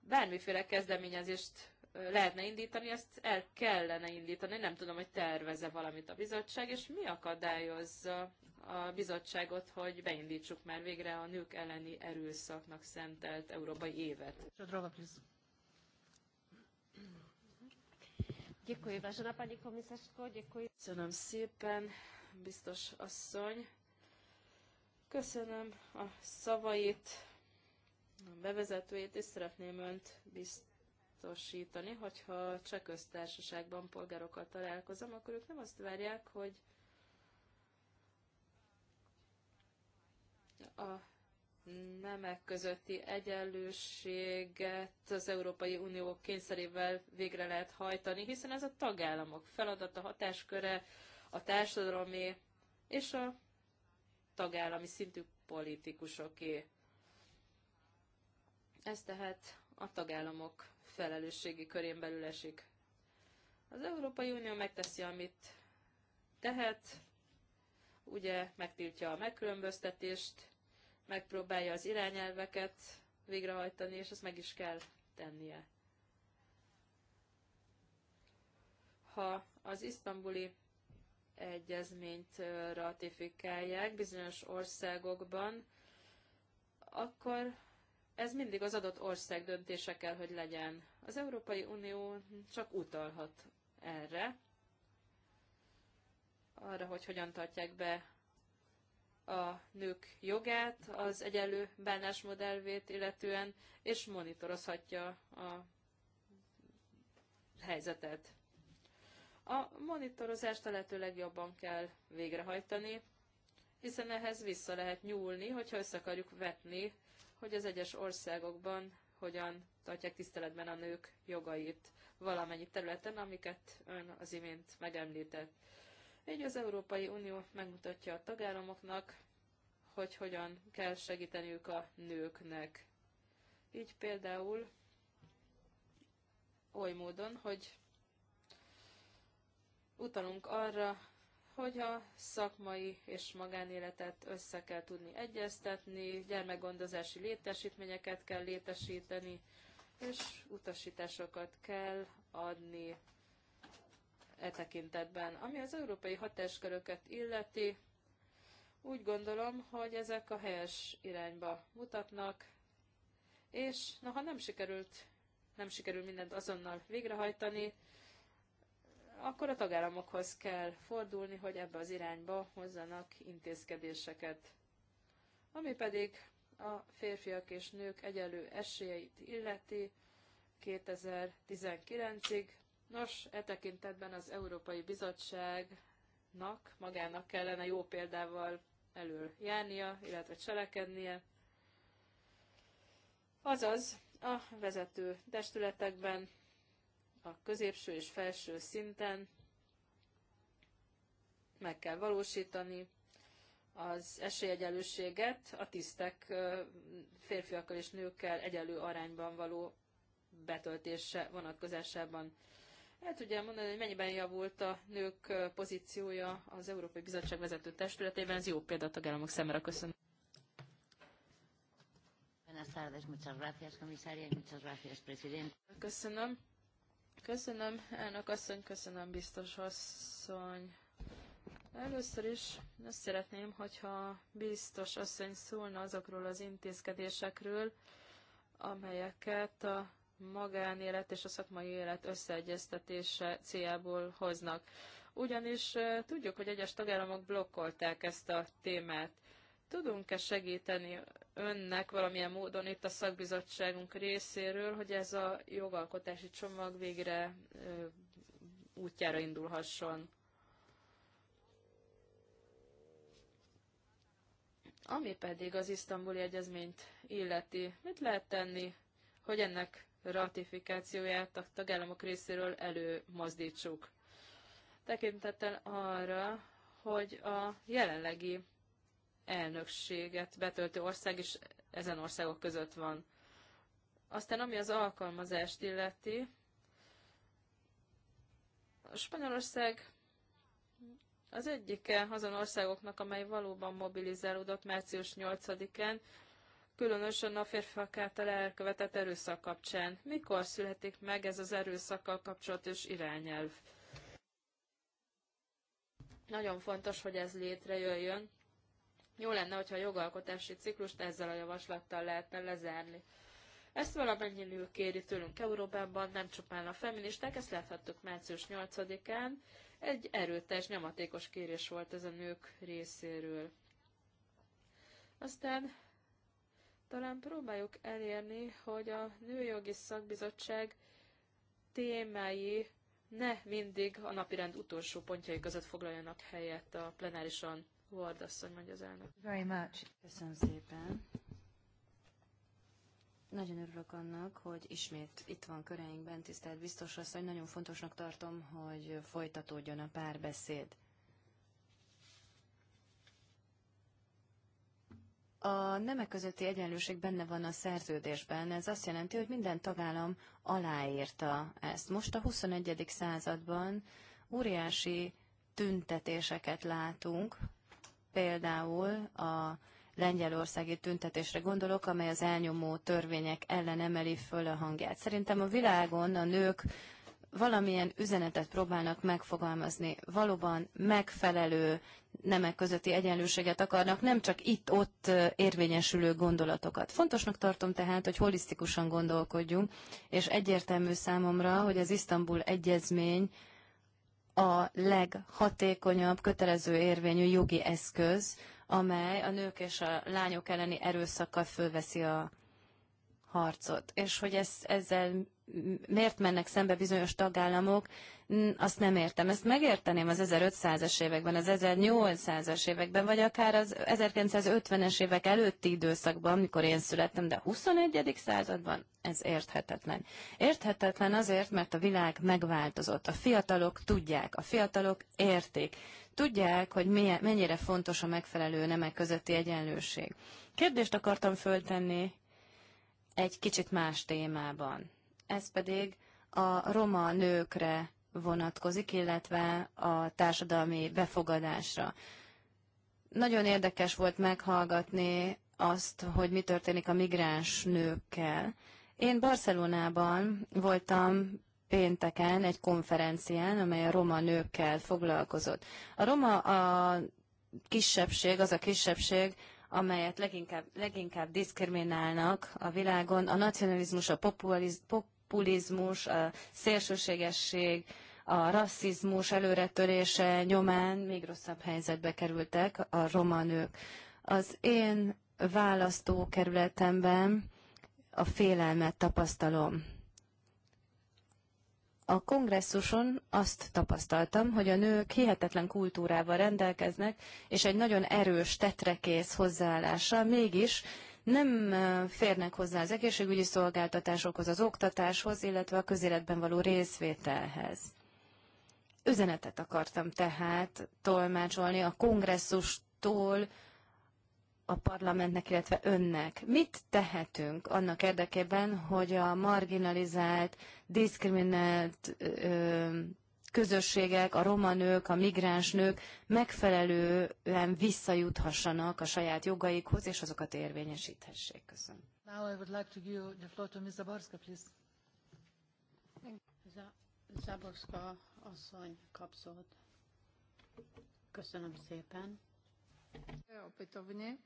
Bármiféle kezdeményezést lehetne indítani, ezt el kellene indítani. Nem tudom, hogy terveze valamit a bizottság, és mi akadályozza a bizottságot, hogy beindítsuk már végre a nők elleni erőszaknak szentelt európai évet. Köszönöm szépen, biztos asszony. Köszönöm a szavait, a bevezetőjét, és szeretném önt biztos biztosítani, hogyha cseh köztársaságban polgárokkal találkozom, akkor ők nem azt várják, hogy a nemek közötti egyenlőséget az Európai Unió kényszerével végre lehet hajtani, hiszen ez a tagállamok feladata, hatásköre, a társadalomé és a tagállami szintű politikusoké. Ez tehát a tagállamok felelősségi körén belül esik. Az Európai Unió megteszi, amit tehet, ugye megtiltja a megkülönböztetést, megpróbálja az irányelveket végrehajtani, és ezt meg is kell tennie. Ha az isztambuli egyezményt ratifikálják bizonyos országokban, akkor ez mindig az adott ország döntése kell, hogy legyen. Az Európai Unió csak utalhat erre, arra, hogy hogyan tartják be a nők jogát, az egyenlő bánásmód elvét illetően, és monitorozhatja a helyzetet. A monitorozást a lehető legjobban kell végrehajtani, hiszen ehhez vissza lehet nyúlni, hogyha össze akarjuk vetni hogy az egyes országokban hogyan tartják tiszteletben a nők jogait valamennyi területen, amiket ön az imént megemlített. Így az Európai Unió megmutatja a tagállamoknak, hogy hogyan kell segíteniük a nőknek. Így például oly módon, hogy utalunk arra, hogy a szakmai és magánéletet össze kell tudni egyeztetni, gyermekgondozási létesítményeket kell létesíteni, és utasításokat kell adni e tekintetben. Ami az európai hatásköröket illeti, úgy gondolom, hogy ezek a helyes irányba mutatnak, és na, ha nem sikerült, nem sikerül mindent azonnal végrehajtani, akkor a tagállamokhoz kell fordulni, hogy ebbe az irányba hozzanak intézkedéseket. Ami pedig a férfiak és nők egyenlő esélyeit illeti 2019-ig. Nos, e tekintetben az Európai Bizottságnak magának kellene jó példával elől járnia, illetve cselekednie. Azaz, a vezető testületekben a középső és felső szinten meg kell valósítani az esélyegyenlőséget a tisztek férfiakkal és nőkkel egyelő arányban való betöltése vonatkozásában. El ugye mondani, hogy mennyiben javult a nők pozíciója az Európai Bizottság vezető testületében. Ez jó példa a tagállamok szemére Köszönöm. tardes, muchas gracias, comisaria, muchas gracias, presidente. Köszönöm. Köszönöm, elnök asszony, köszönöm, biztos asszony. Először is azt szeretném, hogyha biztos asszony szólna azokról az intézkedésekről, amelyeket a magánélet és a szakmai élet összeegyeztetése céljából hoznak. Ugyanis tudjuk, hogy egyes tagállamok blokkolták ezt a témát. Tudunk-e segíteni önnek valamilyen módon itt a szakbizottságunk részéről, hogy ez a jogalkotási csomag végre ö, útjára indulhasson. Ami pedig az isztambuli egyezményt illeti, mit lehet tenni, hogy ennek ratifikációját a tagállamok részéről előmozdítsuk? Tekintettel arra, hogy a jelenlegi elnökséget betöltő ország is ezen országok között van. Aztán ami az alkalmazást illeti, a Spanyolország az egyike azon országoknak, amely valóban mobilizálódott március 8-án, különösen a férfiak által elkövetett erőszak kapcsán. Mikor születik meg ez az erőszakkal kapcsolatos irányelv? Nagyon fontos, hogy ez létrejöjjön, jó lenne, hogyha a jogalkotási ciklust ezzel a javaslattal lehetne lezárni. Ezt valamennyi nő kéri tőlünk Európában, nem csupán a feministák, ezt láthattuk március 8-án. Egy erőteljes, nyomatékos kérés volt ez a nők részéről. Aztán talán próbáljuk elérni, hogy a Nőjogi Szakbizottság témái ne mindig a napirend utolsó pontjai között foglaljanak helyet a plenárison. Ward asszony, az elnök. Very much. Köszönöm szépen. Nagyon örülök annak, hogy ismét itt van köreinkben, tisztelt biztos asszony. Nagyon fontosnak tartom, hogy folytatódjon a párbeszéd. A nemek közötti egyenlőség benne van a szerződésben. Ez azt jelenti, hogy minden tagállam aláírta ezt. Most a 21. században óriási tüntetéseket látunk, például a lengyelországi tüntetésre gondolok, amely az elnyomó törvények ellen emeli föl a hangját. Szerintem a világon a nők valamilyen üzenetet próbálnak megfogalmazni. Valóban megfelelő nemek közötti egyenlőséget akarnak, nem csak itt-ott érvényesülő gondolatokat. Fontosnak tartom tehát, hogy holisztikusan gondolkodjunk, és egyértelmű számomra, hogy az Isztambul egyezmény a leghatékonyabb, kötelező érvényű jogi eszköz, amely a nők és a lányok elleni erőszakkal fölveszi a harcot. És hogy ez, ezzel miért mennek szembe bizonyos tagállamok, azt nem értem. Ezt megérteném az 1500-as években, az 1800-as években, vagy akár az 1950-es évek előtti időszakban, amikor én születtem, de a 21. században ez érthetetlen. Érthetetlen azért, mert a világ megváltozott. A fiatalok tudják, a fiatalok értik. Tudják, hogy milyen, mennyire fontos a megfelelő nemek közötti egyenlőség. Kérdést akartam föltenni egy kicsit más témában ez pedig a roma nőkre vonatkozik, illetve a társadalmi befogadásra. Nagyon érdekes volt meghallgatni azt, hogy mi történik a migráns nőkkel. Én Barcelonában voltam pénteken egy konferencián, amely a roma nőkkel foglalkozott. A roma a kisebbség, az a kisebbség, amelyet leginkább, leginkább diszkriminálnak a világon. A nacionalizmus, a populizmus pop, populizmus, a szélsőségesség, a rasszizmus előretörése nyomán még rosszabb helyzetbe kerültek a roma nők. Az én választókerületemben a félelmet tapasztalom. A kongresszuson azt tapasztaltam, hogy a nők hihetetlen kultúrával rendelkeznek, és egy nagyon erős, tetrekész hozzáállással, mégis nem férnek hozzá az egészségügyi szolgáltatásokhoz, az oktatáshoz, illetve a közéletben való részvételhez. Üzenetet akartam tehát tolmácsolni a kongresszustól a parlamentnek, illetve önnek. Mit tehetünk annak érdekében, hogy a marginalizált, diszkriminált ö, közösségek, a roma nők, a migráns nők megfelelően visszajuthassanak a saját jogaikhoz, és azokat érvényesíthessék. Köszönöm. Now I would like to give the floor to Ms. Zaborska, please. Zaborska asszony kapszott. Köszönöm szépen. Opetovnyi.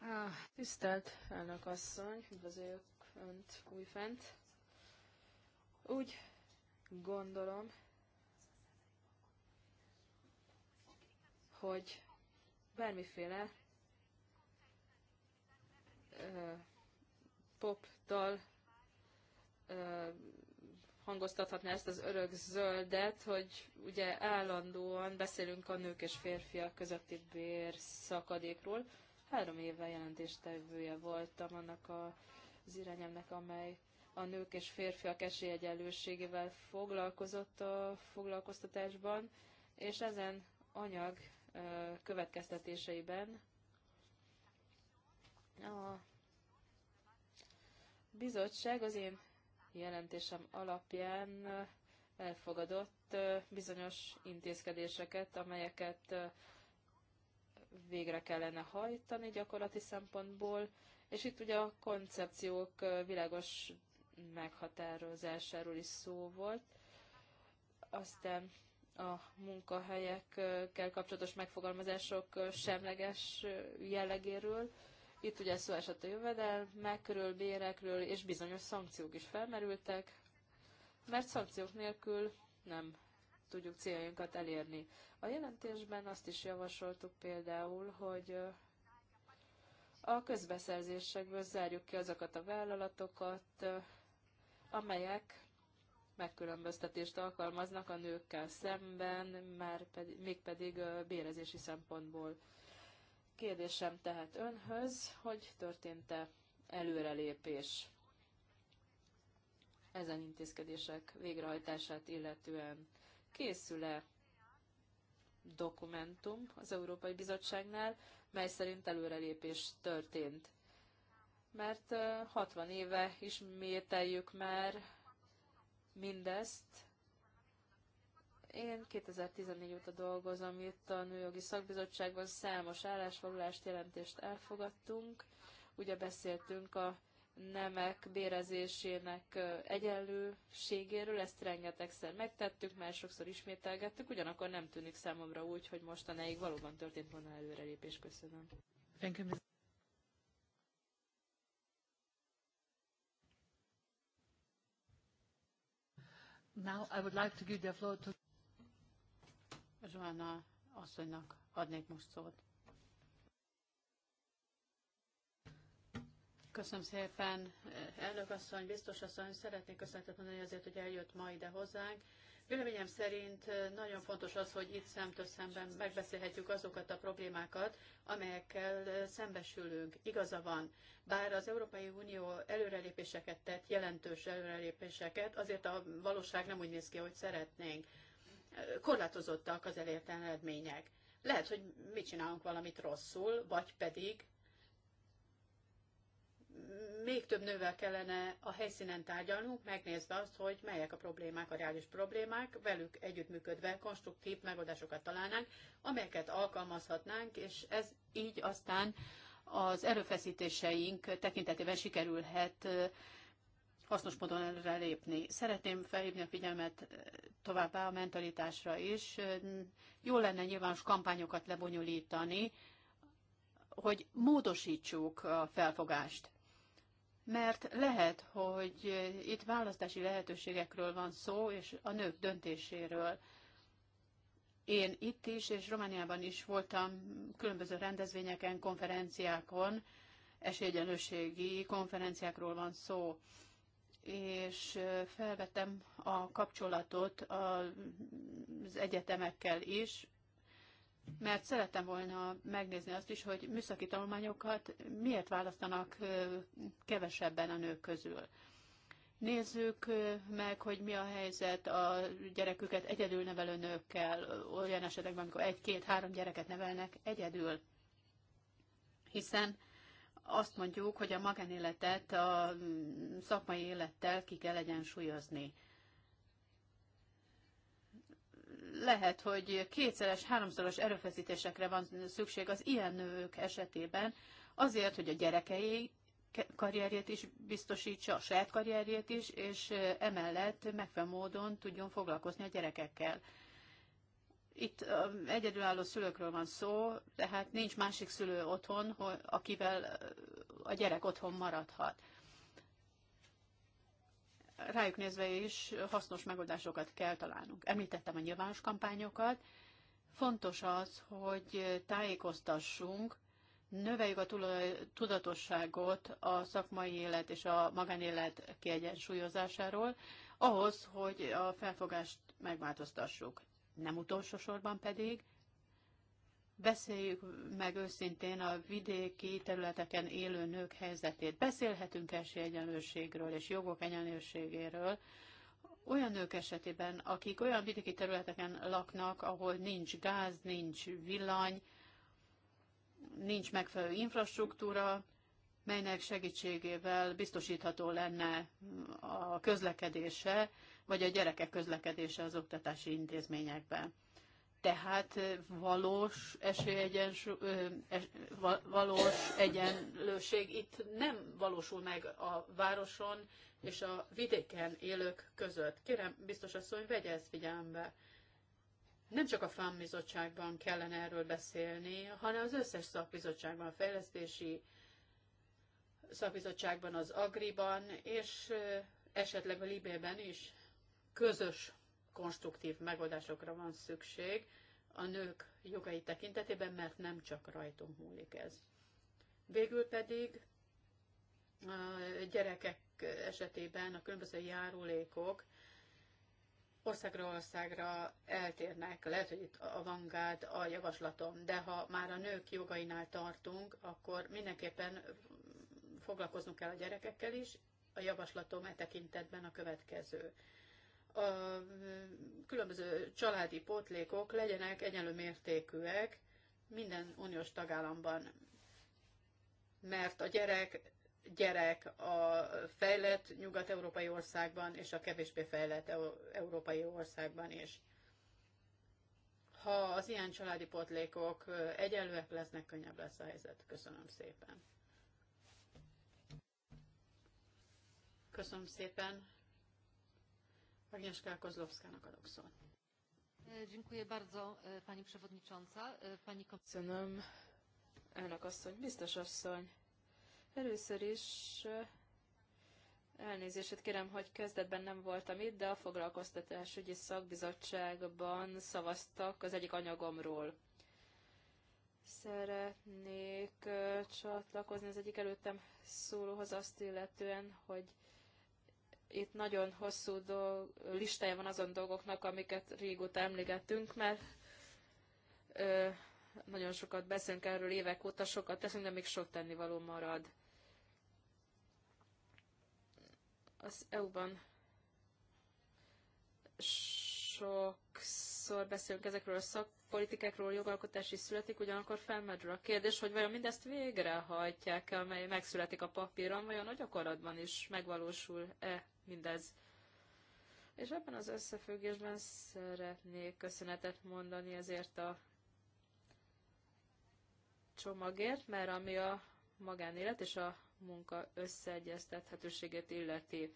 Ah, tisztelt elnök asszony, üdvözöljük Önt újfent. Úgy gondolom, hogy bármiféle ö, poptal uh, hangoztathatná ezt az örök zöldet, hogy ugye állandóan beszélünk a nők és férfiak közötti bér szakadékról. Három évvel jelentéstevője voltam annak a, az irányemnek, amely a nők és férfiak esélyegyenlőségével foglalkozott a foglalkoztatásban, és ezen anyag következtetéseiben a bizottság az én jelentésem alapján elfogadott bizonyos intézkedéseket, amelyeket végre kellene hajtani gyakorlati szempontból, és itt ugye a koncepciók világos meghatározásáról is szó volt. Aztán a munkahelyekkel kapcsolatos megfogalmazások semleges jellegéről. Itt ugye szó esett a jövedelmekről, bérekről, és bizonyos szankciók is felmerültek, mert szankciók nélkül nem tudjuk céljainkat elérni. A jelentésben azt is javasoltuk például, hogy a közbeszerzésekből zárjuk ki azokat a vállalatokat, amelyek megkülönböztetést alkalmaznak a nőkkel szemben, már pedig, mégpedig bérezési szempontból. Kérdésem tehát önhöz, hogy történt-e előrelépés ezen intézkedések végrehajtását illetően? Készül-e dokumentum az Európai Bizottságnál, mely szerint előrelépés történt? mert 60 éve ismételjük már mindezt. Én 2014 óta dolgozom itt a Nőjogi Szakbizottságban, számos állásfoglalást, jelentést elfogadtunk. Ugye beszéltünk a nemek bérezésének egyenlőségéről, ezt rengetegszer megtettük, már sokszor ismételgettük, ugyanakkor nem tűnik számomra úgy, hogy mostanáig valóban történt volna előrelépés. Köszönöm. Now I would like to give the floor to Joanna asszonynak adnék most szót. Köszönöm szépen, elnök asszony, biztos asszony, szeretnék köszönetet mondani azért, hogy eljött ma ide hozzánk, Véleményem szerint nagyon fontos az, hogy itt szemtől szemben megbeszélhetjük azokat a problémákat, amelyekkel szembesülünk. Igaza van, bár az Európai Unió előrelépéseket tett, jelentős előrelépéseket, azért a valóság nem úgy néz ki, hogy szeretnénk. Korlátozottak az elért eredmények. Lehet, hogy mi csinálunk valamit rosszul, vagy pedig még több nővel kellene a helyszínen tárgyalnunk, megnézve azt, hogy melyek a problémák, a reális problémák, velük együttműködve konstruktív megoldásokat találnánk, amelyeket alkalmazhatnánk, és ez így aztán az erőfeszítéseink tekintetében sikerülhet hasznos módon előre lépni. Szeretném felhívni a figyelmet továbbá a mentalitásra is. Jó lenne nyilvános kampányokat lebonyolítani, hogy módosítsuk a felfogást mert lehet, hogy itt választási lehetőségekről van szó, és a nők döntéséről. Én itt is, és Romániában is voltam különböző rendezvényeken, konferenciákon, esélyegyenlőségi konferenciákról van szó, és felvettem a kapcsolatot az egyetemekkel is, mert szerettem volna megnézni azt is, hogy műszaki tanulmányokat miért választanak kevesebben a nők közül. Nézzük meg, hogy mi a helyzet a gyereküket egyedül nevelő nőkkel, olyan esetekben, amikor egy-két-három gyereket nevelnek egyedül. Hiszen azt mondjuk, hogy a magánéletet a mm, szakmai élettel ki kell egyensúlyozni. lehet, hogy kétszeres, háromszoros erőfeszítésekre van szükség az ilyen nők esetében, azért, hogy a gyerekei karrierjét is biztosítsa, a saját karrierjét is, és emellett megfelelő módon tudjon foglalkozni a gyerekekkel. Itt egyedülálló szülőkről van szó, tehát nincs másik szülő otthon, akivel a gyerek otthon maradhat rájuk nézve is hasznos megoldásokat kell találnunk. Említettem a nyilvános kampányokat. Fontos az, hogy tájékoztassunk, növeljük a tudatosságot a szakmai élet és a magánélet kiegyensúlyozásáról, ahhoz, hogy a felfogást megváltoztassuk. Nem utolsó sorban pedig Beszéljük meg őszintén a vidéki területeken élő nők helyzetét. Beszélhetünk esélyegyenlőségről és jogok egyenlőségéről, olyan nők esetében, akik olyan vidéki területeken laknak, ahol nincs gáz, nincs villany, nincs megfelelő infrastruktúra, melynek segítségével biztosítható lenne a közlekedése, vagy a gyerekek közlekedése az oktatási intézményekben tehát valós esélyegyensúly, valós egyenlőség itt nem valósul meg a városon és a vidéken élők között. Kérem, biztos asszony, vegye ezt figyelembe. Nem csak a FAM bizottságban kellene erről beszélni, hanem az összes szakbizottságban, a fejlesztési szakbizottságban, az Agriban, és esetleg a Libében is közös konstruktív megoldásokra van szükség a nők jogai tekintetében, mert nem csak rajtunk múlik ez. Végül pedig a gyerekek esetében a különböző járulékok országra országra eltérnek. Lehet, hogy itt vangád a javaslatom, de ha már a nők jogainál tartunk, akkor mindenképpen foglalkoznunk kell a gyerekekkel is. A javaslatom e tekintetben a következő a mm, különböző családi pótlékok legyenek egyenlő mértékűek minden uniós tagállamban. Mert a gyerek gyerek a fejlett nyugat-európai országban és a kevésbé fejlett európai országban is. Ha az ilyen családi potlékok egyenlőek lesznek, könnyebb lesz a helyzet. Köszönöm szépen. Köszönöm szépen. Agnieszka Kozlowska-nak adok szót. E, dziękuję bardzo, e, pani przewodnicząca, e, pani Köszönöm, elnök asszony, biztos asszony. Először is Elnézését kérem, hogy kezdetben nem voltam itt, de a foglalkoztatásügyi szakbizottságban szavaztak az egyik anyagomról. Szeretnék csatlakozni az egyik előttem szólóhoz azt illetően, hogy itt nagyon hosszú dolg, listája van azon dolgoknak, amiket régóta emlégettünk, mert ö, nagyon sokat beszélünk erről évek óta, sokat teszünk, de még sok tennivaló marad. Az EU-ban sokszor beszélünk ezekről a szakpolitikákról, jogalkotás is születik, ugyanakkor felmerül a kérdés, hogy vajon mindezt végrehajtják-e, amely megszületik a papíron, vajon a gyakorlatban is megvalósul-e mindez. És ebben az összefüggésben szeretnék köszönetet mondani ezért a csomagért, mert ami a magánélet és a munka összeegyeztethetőségét illeti.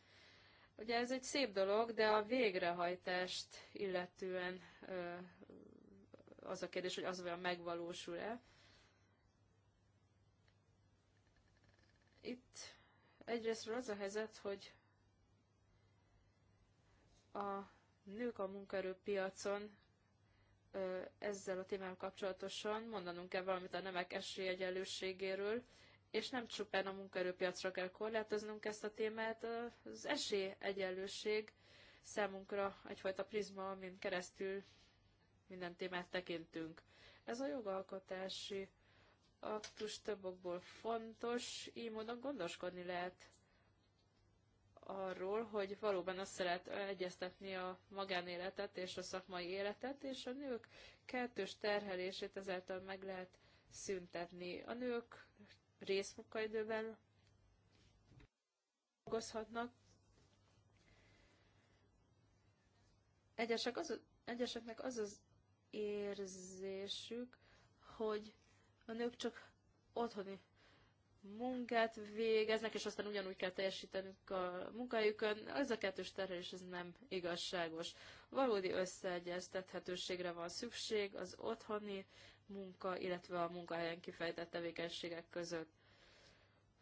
Ugye ez egy szép dolog, de a végrehajtást illetően az a kérdés, hogy az olyan megvalósul-e. Itt egyrésztről az a helyzet, hogy a nők a munkaerőpiacon ezzel a témával kapcsolatosan mondanunk kell valamit a nemek esélyegyenlőségéről, és nem csupán a munkaerőpiacra kell korlátoznunk ezt a témát, az esélyegyenlőség számunkra egyfajta prizma, amin keresztül minden témát tekintünk. Ez a jogalkotási aktus több okból fontos, így módon gondoskodni lehet arról, hogy valóban azt szeret egyeztetni a magánéletet és a szakmai életet, és a nők kettős terhelését ezáltal meg lehet szüntetni. A nők részmunkaidőben dolgozhatnak. Egyesek az, egyeseknek az az érzésük, hogy a nők csak otthoni munkát végeznek, és aztán ugyanúgy kell teljesítenünk a munkahelyükön. Ez a kettős terhelés ez nem igazságos. Valódi összeegyeztethetőségre van szükség az otthoni munka, illetve a munkahelyen kifejtett tevékenységek között.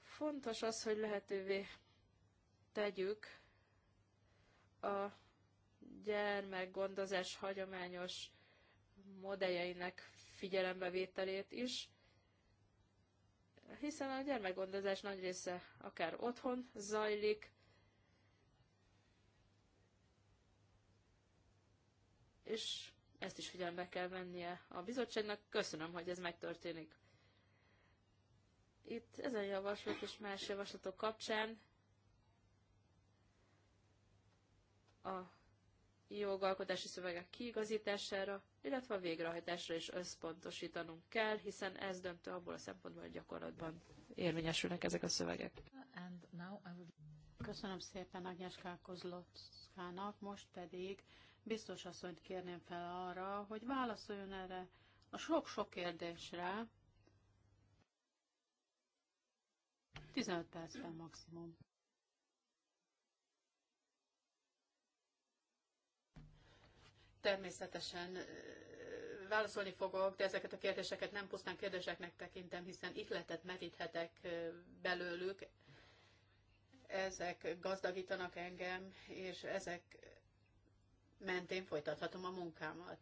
Fontos az, hogy lehetővé tegyük a gyermekgondozás hagyományos modelljeinek figyelembevételét is, hiszen a gyermekgondozás nagy része akár otthon zajlik, és ezt is figyelembe kell vennie a bizottságnak. Köszönöm, hogy ez megtörténik. Itt ezen javaslat és más javaslatok kapcsán a jogalkotási szövegek kiigazítására, illetve a végrehajtásra is összpontosítanunk kell, hiszen ez döntő abból a szempontból, hogy gyakorlatban érvényesülnek ezek a szövegek. Köszönöm szépen Agnieszka Kozlockának, most pedig biztos asszonyt kérném fel arra, hogy válaszoljon erre a sok-sok kérdésre. 15 percben maximum. Természetesen válaszolni fogok, de ezeket a kérdéseket nem pusztán kérdéseknek tekintem, hiszen ihletet meríthetek belőlük. Ezek gazdagítanak engem, és ezek mentén folytathatom a munkámat.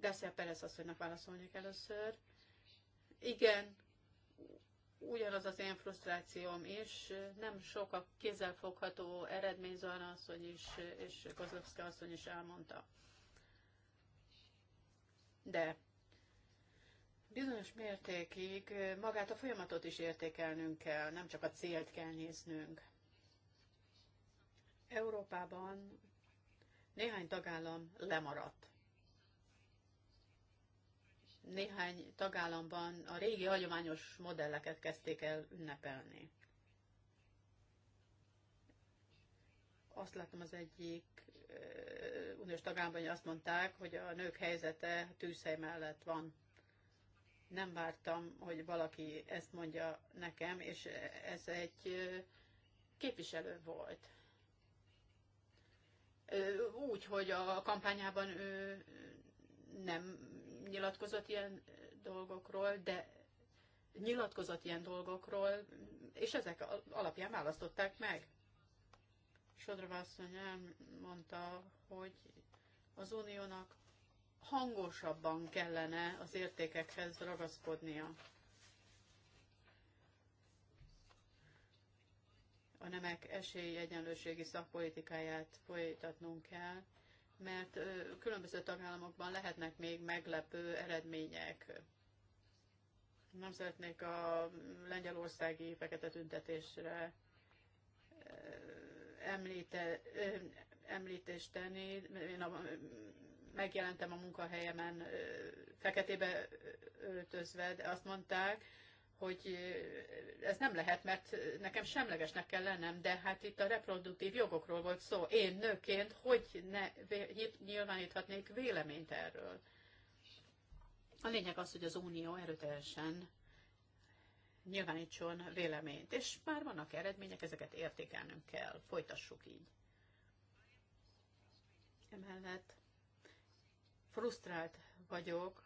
Garcia Perez asszonynak válaszolnék először. Igen, ugyanaz az én frusztrációm is, nem sok a kézzelfogható eredmény, Zalna asszony is, és Kozlovszka asszony is elmondta de bizonyos mértékig magát a folyamatot is értékelnünk kell, nem csak a célt kell néznünk. Európában néhány tagállam lemaradt. Néhány tagállamban a régi hagyományos modelleket kezdték el ünnepelni. Azt látom az egyik uniós tagállamban azt mondták, hogy a nők helyzete tűzhely mellett van. Nem vártam, hogy valaki ezt mondja nekem, és ez egy képviselő volt. Úgy, hogy a kampányában ő nem nyilatkozott ilyen dolgokról, de nyilatkozott ilyen dolgokról, és ezek alapján választották meg. Sodrova elmondta, hogy az uniónak hangosabban kellene az értékekhez ragaszkodnia. A nemek esélyegyenlőségi szakpolitikáját folytatnunk kell, mert különböző tagállamokban lehetnek még meglepő eredmények. Nem szeretnék a lengyelországi fekete tüntetésre említe, említést tenni. Én a, megjelentem a munkahelyemen feketébe öltözve, de azt mondták, hogy ez nem lehet, mert nekem semlegesnek kell lennem, de hát itt a reproduktív jogokról volt szó. Én nőként hogy ne nyilváníthatnék véleményt erről? A lényeg az, hogy az Unió erőteljesen nyilvánítson véleményt. És már vannak eredmények, ezeket értékelnünk kell. Folytassuk így. Emellett frusztrált vagyok,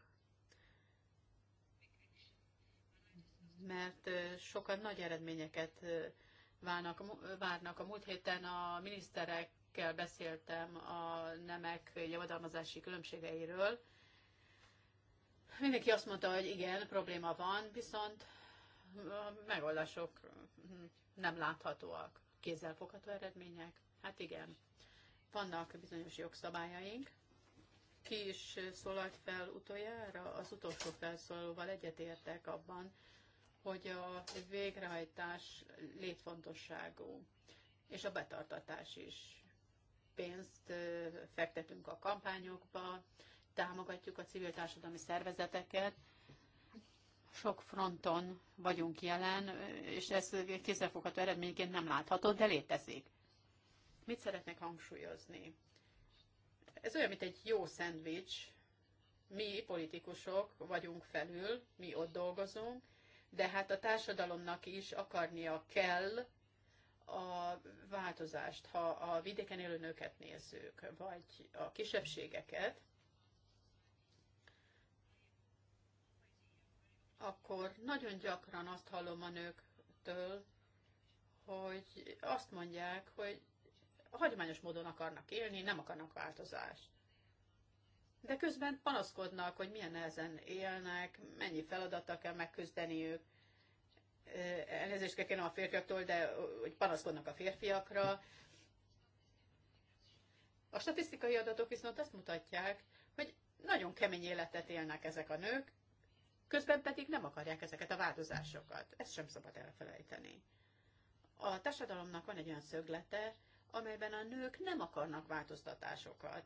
mert sokan nagy eredményeket várnak. várnak. A múlt héten a miniszterekkel beszéltem a nemek javadalmazási különbségeiről. Mindenki azt mondta, hogy igen, probléma van, viszont a megoldások nem láthatóak. Kézzelfogható eredmények? Hát igen. Vannak bizonyos jogszabályaink. Ki is szólalt fel utoljára? Az utolsó felszólóval egyetértek abban, hogy a végrehajtás létfontosságú, és a betartatás is. Pénzt fektetünk a kampányokba, támogatjuk a civil társadalmi szervezeteket, sok fronton vagyunk jelen, és ez kézzelfogható eredményként nem látható, de létezik. Mit szeretnék hangsúlyozni? Ez olyan, mint egy jó szendvics. Mi politikusok vagyunk felül, mi ott dolgozunk, de hát a társadalomnak is akarnia kell a változást. Ha a vidéken élő nőket nézzük, vagy a kisebbségeket, akkor nagyon gyakran azt hallom a nőktől, hogy azt mondják, hogy hagyományos módon akarnak élni, nem akarnak változást. De közben panaszkodnak, hogy milyen ezen élnek, mennyi feladata kell megküzdeniük. Elnézést kell kérnem a férfiaktól, de hogy panaszkodnak a férfiakra. A statisztikai adatok viszont azt mutatják, hogy nagyon kemény életet élnek ezek a nők, közben pedig nem akarják ezeket a változásokat. Ezt sem szabad elfelejteni. A társadalomnak van egy olyan szöglete, amelyben a nők nem akarnak változtatásokat.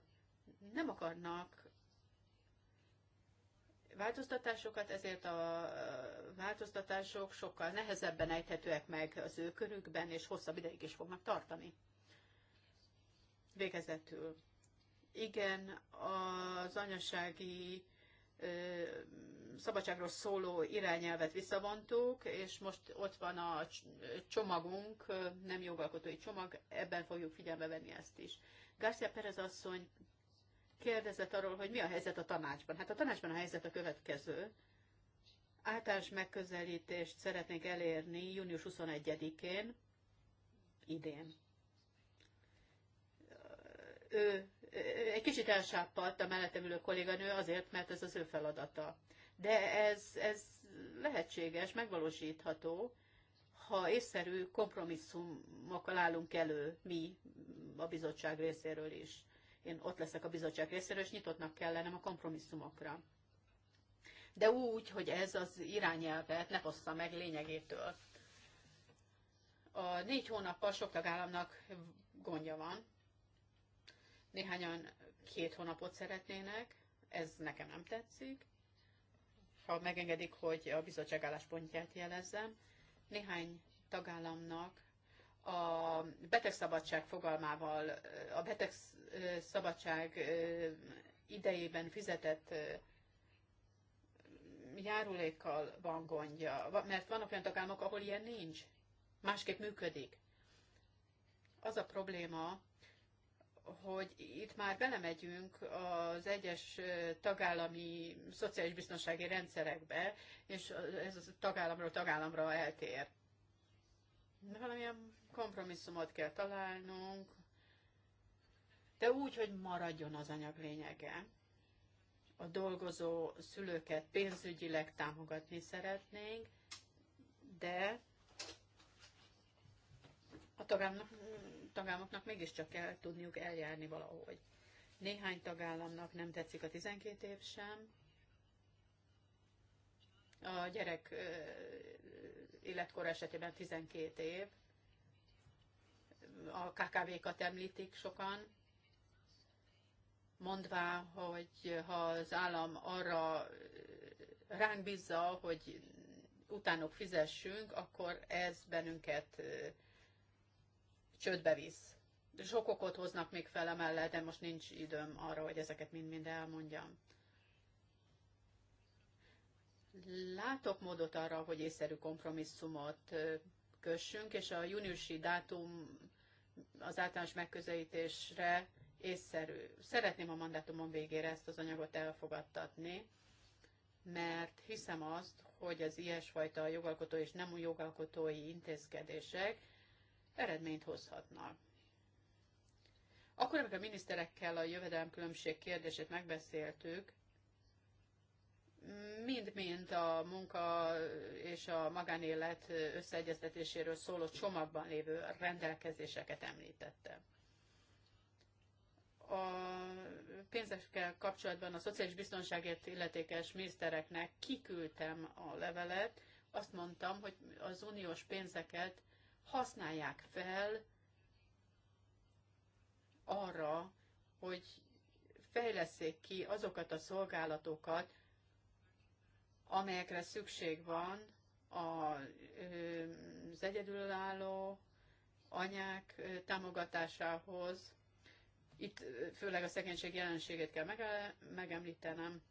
Nem akarnak változtatásokat, ezért a változtatások sokkal nehezebben ejthetőek meg az ő körükben, és hosszabb ideig is fognak tartani. Végezetül. Igen, az anyasági szabadságról szóló irányelvet visszavontuk, és most ott van a csomagunk, nem jogalkotói csomag, ebben fogjuk figyelme venni ezt is. Garcia Perez asszony kérdezett arról, hogy mi a helyzet a tanácsban. Hát a tanácsban a helyzet a következő. Általános megközelítést szeretnénk elérni június 21-én, idén. Ő egy kicsit elsápadt a mellettem ülő kolléganő azért, mert ez az ő feladata de ez, ez lehetséges, megvalósítható, ha észszerű kompromisszumokkal állunk elő mi a bizottság részéről is. Én ott leszek a bizottság részéről, és nyitottnak kell lennem a kompromisszumokra. De úgy, hogy ez az irányelvet ne hozza meg lényegétől. A négy hónappal sok tagállamnak gondja van. Néhányan két hónapot szeretnének, ez nekem nem tetszik ha megengedik, hogy a bizottság álláspontját jelezzem. Néhány tagállamnak a betegszabadság fogalmával, a betegszabadság idejében fizetett járulékkal van gondja, mert vannak olyan tagállamok, ahol ilyen nincs, másképp működik. Az a probléma, hogy itt már belemegyünk az egyes tagállami szociális biztonsági rendszerekbe, és ez a tagállamról tagállamra eltér. De valamilyen kompromisszumot kell találnunk, de úgy, hogy maradjon az anyag lényege. A dolgozó szülőket pénzügyileg támogatni szeretnénk, de a tagállamnak tagállamoknak mégiscsak kell tudniuk eljárni valahogy. Néhány tagállamnak nem tetszik a 12 év sem, a gyerek életkor esetében 12 év, a KKV-kat említik sokan, mondvá, hogy ha az állam arra ránk bízza, hogy utánok fizessünk, akkor ez bennünket csődbe visz. Sok okot hoznak még fel mellett, de most nincs időm arra, hogy ezeket mind-mind elmondjam. Látok módot arra, hogy észszerű kompromisszumot kössünk, és a júniusi dátum az általános megközelítésre észszerű. Szeretném a mandátumon végére ezt az anyagot elfogadtatni, mert hiszem azt, hogy az ilyesfajta jogalkotó és nem jogalkotói intézkedések eredményt hozhatnak. Akkor, amikor a miniszterekkel a jövedelemkülönbség kérdését megbeszéltük, mind-mind a munka és a magánélet összeegyeztetéséről szóló csomagban lévő rendelkezéseket említette. A pénzekkel kapcsolatban a szociális biztonságért illetékes minisztereknek kiküldtem a levelet, azt mondtam, hogy az uniós pénzeket használják fel arra, hogy fejleszék ki azokat a szolgálatokat, amelyekre szükség van az egyedülálló anyák támogatásához. Itt főleg a szegénység jelenségét kell megemlítenem,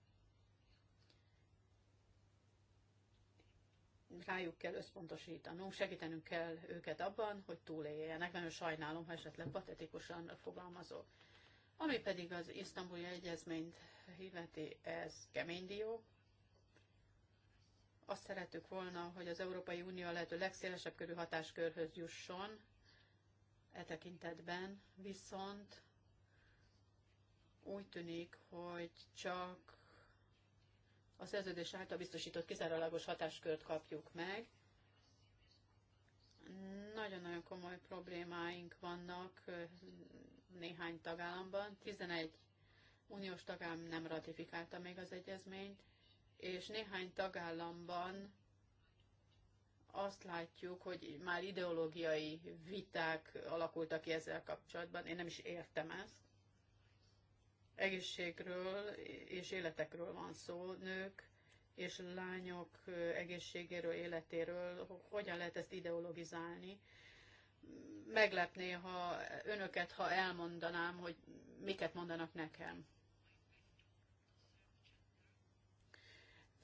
rájuk kell összpontosítanunk, segítenünk kell őket abban, hogy túléljenek. Nagyon sajnálom, ha esetleg patetikusan fogalmazok. Ami pedig az isztambuli egyezményt illeti, ez kemény dió. Azt szerettük volna, hogy az Európai Unió lehető legszélesebb körű hatáskörhöz jusson e tekintetben, viszont úgy tűnik, hogy csak a szerződés által biztosított kizárólagos hatáskört kapjuk meg. Nagyon-nagyon komoly problémáink vannak néhány tagállamban. 11 uniós tagállam nem ratifikálta még az egyezményt, és néhány tagállamban azt látjuk, hogy már ideológiai viták alakultak ki ezzel kapcsolatban. Én nem is értem ezt egészségről és életekről van szó, nők és lányok egészségéről, életéről, hogyan lehet ezt ideologizálni. meglepné, ha önöket, ha elmondanám, hogy miket mondanak nekem.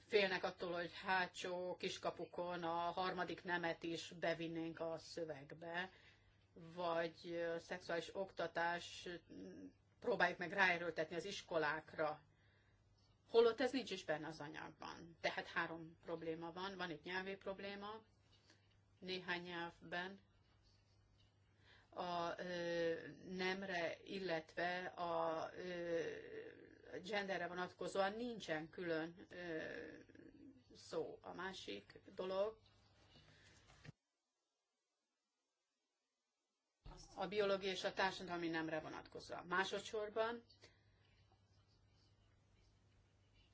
Félnek attól, hogy hátsó kiskapukon a harmadik nemet is bevinnénk a szövegbe, vagy a szexuális oktatás próbáljuk meg ráerőltetni az iskolákra, holott ez nincs is benne az anyagban. Tehát három probléma van, van itt nyelvi probléma, néhány nyelvben a ö, nemre, illetve a ö, genderre vonatkozóan nincsen külön ö, szó. A másik dolog, a biológia és a társadalmi nemre vonatkozva. Másodszorban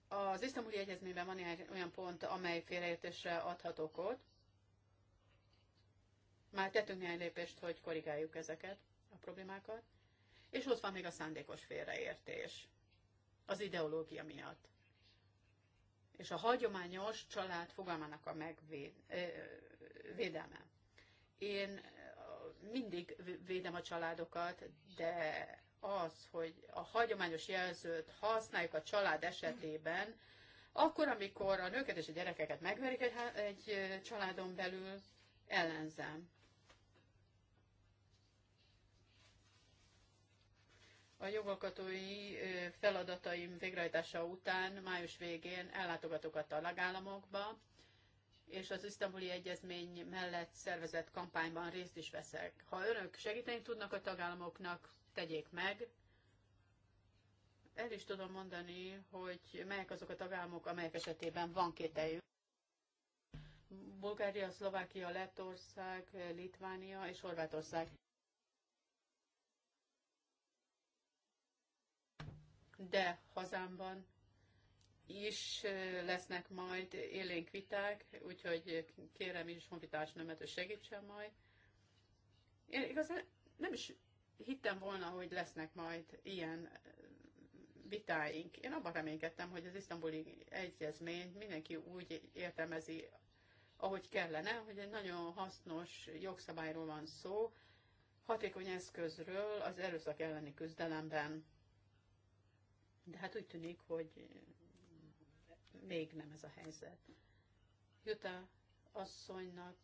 az isztambuli egyezményben van egy olyan pont, amely félreértésre adhat okot. Már tettünk néhány lépést, hogy korrigáljuk ezeket a problémákat. És ott van még a szándékos félreértés az ideológia miatt. És a hagyományos család fogalmának a megvédelme. Én mindig védem a családokat, de az, hogy a hagyományos jelzőt használjuk a család esetében, akkor, amikor a nőket és a gyerekeket megverik egy, egy családon belül, ellenzem. A jogalkotói feladataim végrehajtása után május végén ellátogatok a tagállamokba, és az isztambuli egyezmény mellett szervezett kampányban részt is veszek. Ha önök segíteni tudnak a tagállamoknak, tegyék meg. El is tudom mondani, hogy melyek azok a tagállamok, amelyek esetében van kételjük. Bulgária, Szlovákia, Lettország, Litvánia és Horvátország. De hazámban is lesznek majd élénk viták, úgyhogy kérem is honfitárs nemet, hogy segítsen majd. Én igazán nem is hittem volna, hogy lesznek majd ilyen vitáink. Én abban reménykedtem, hogy az isztambuli egyezményt mindenki úgy értelmezi, ahogy kellene, hogy egy nagyon hasznos jogszabályról van szó, hatékony eszközről az erőszak elleni küzdelemben. De hát úgy tűnik, hogy még nem ez a helyzet. Jutta asszonynak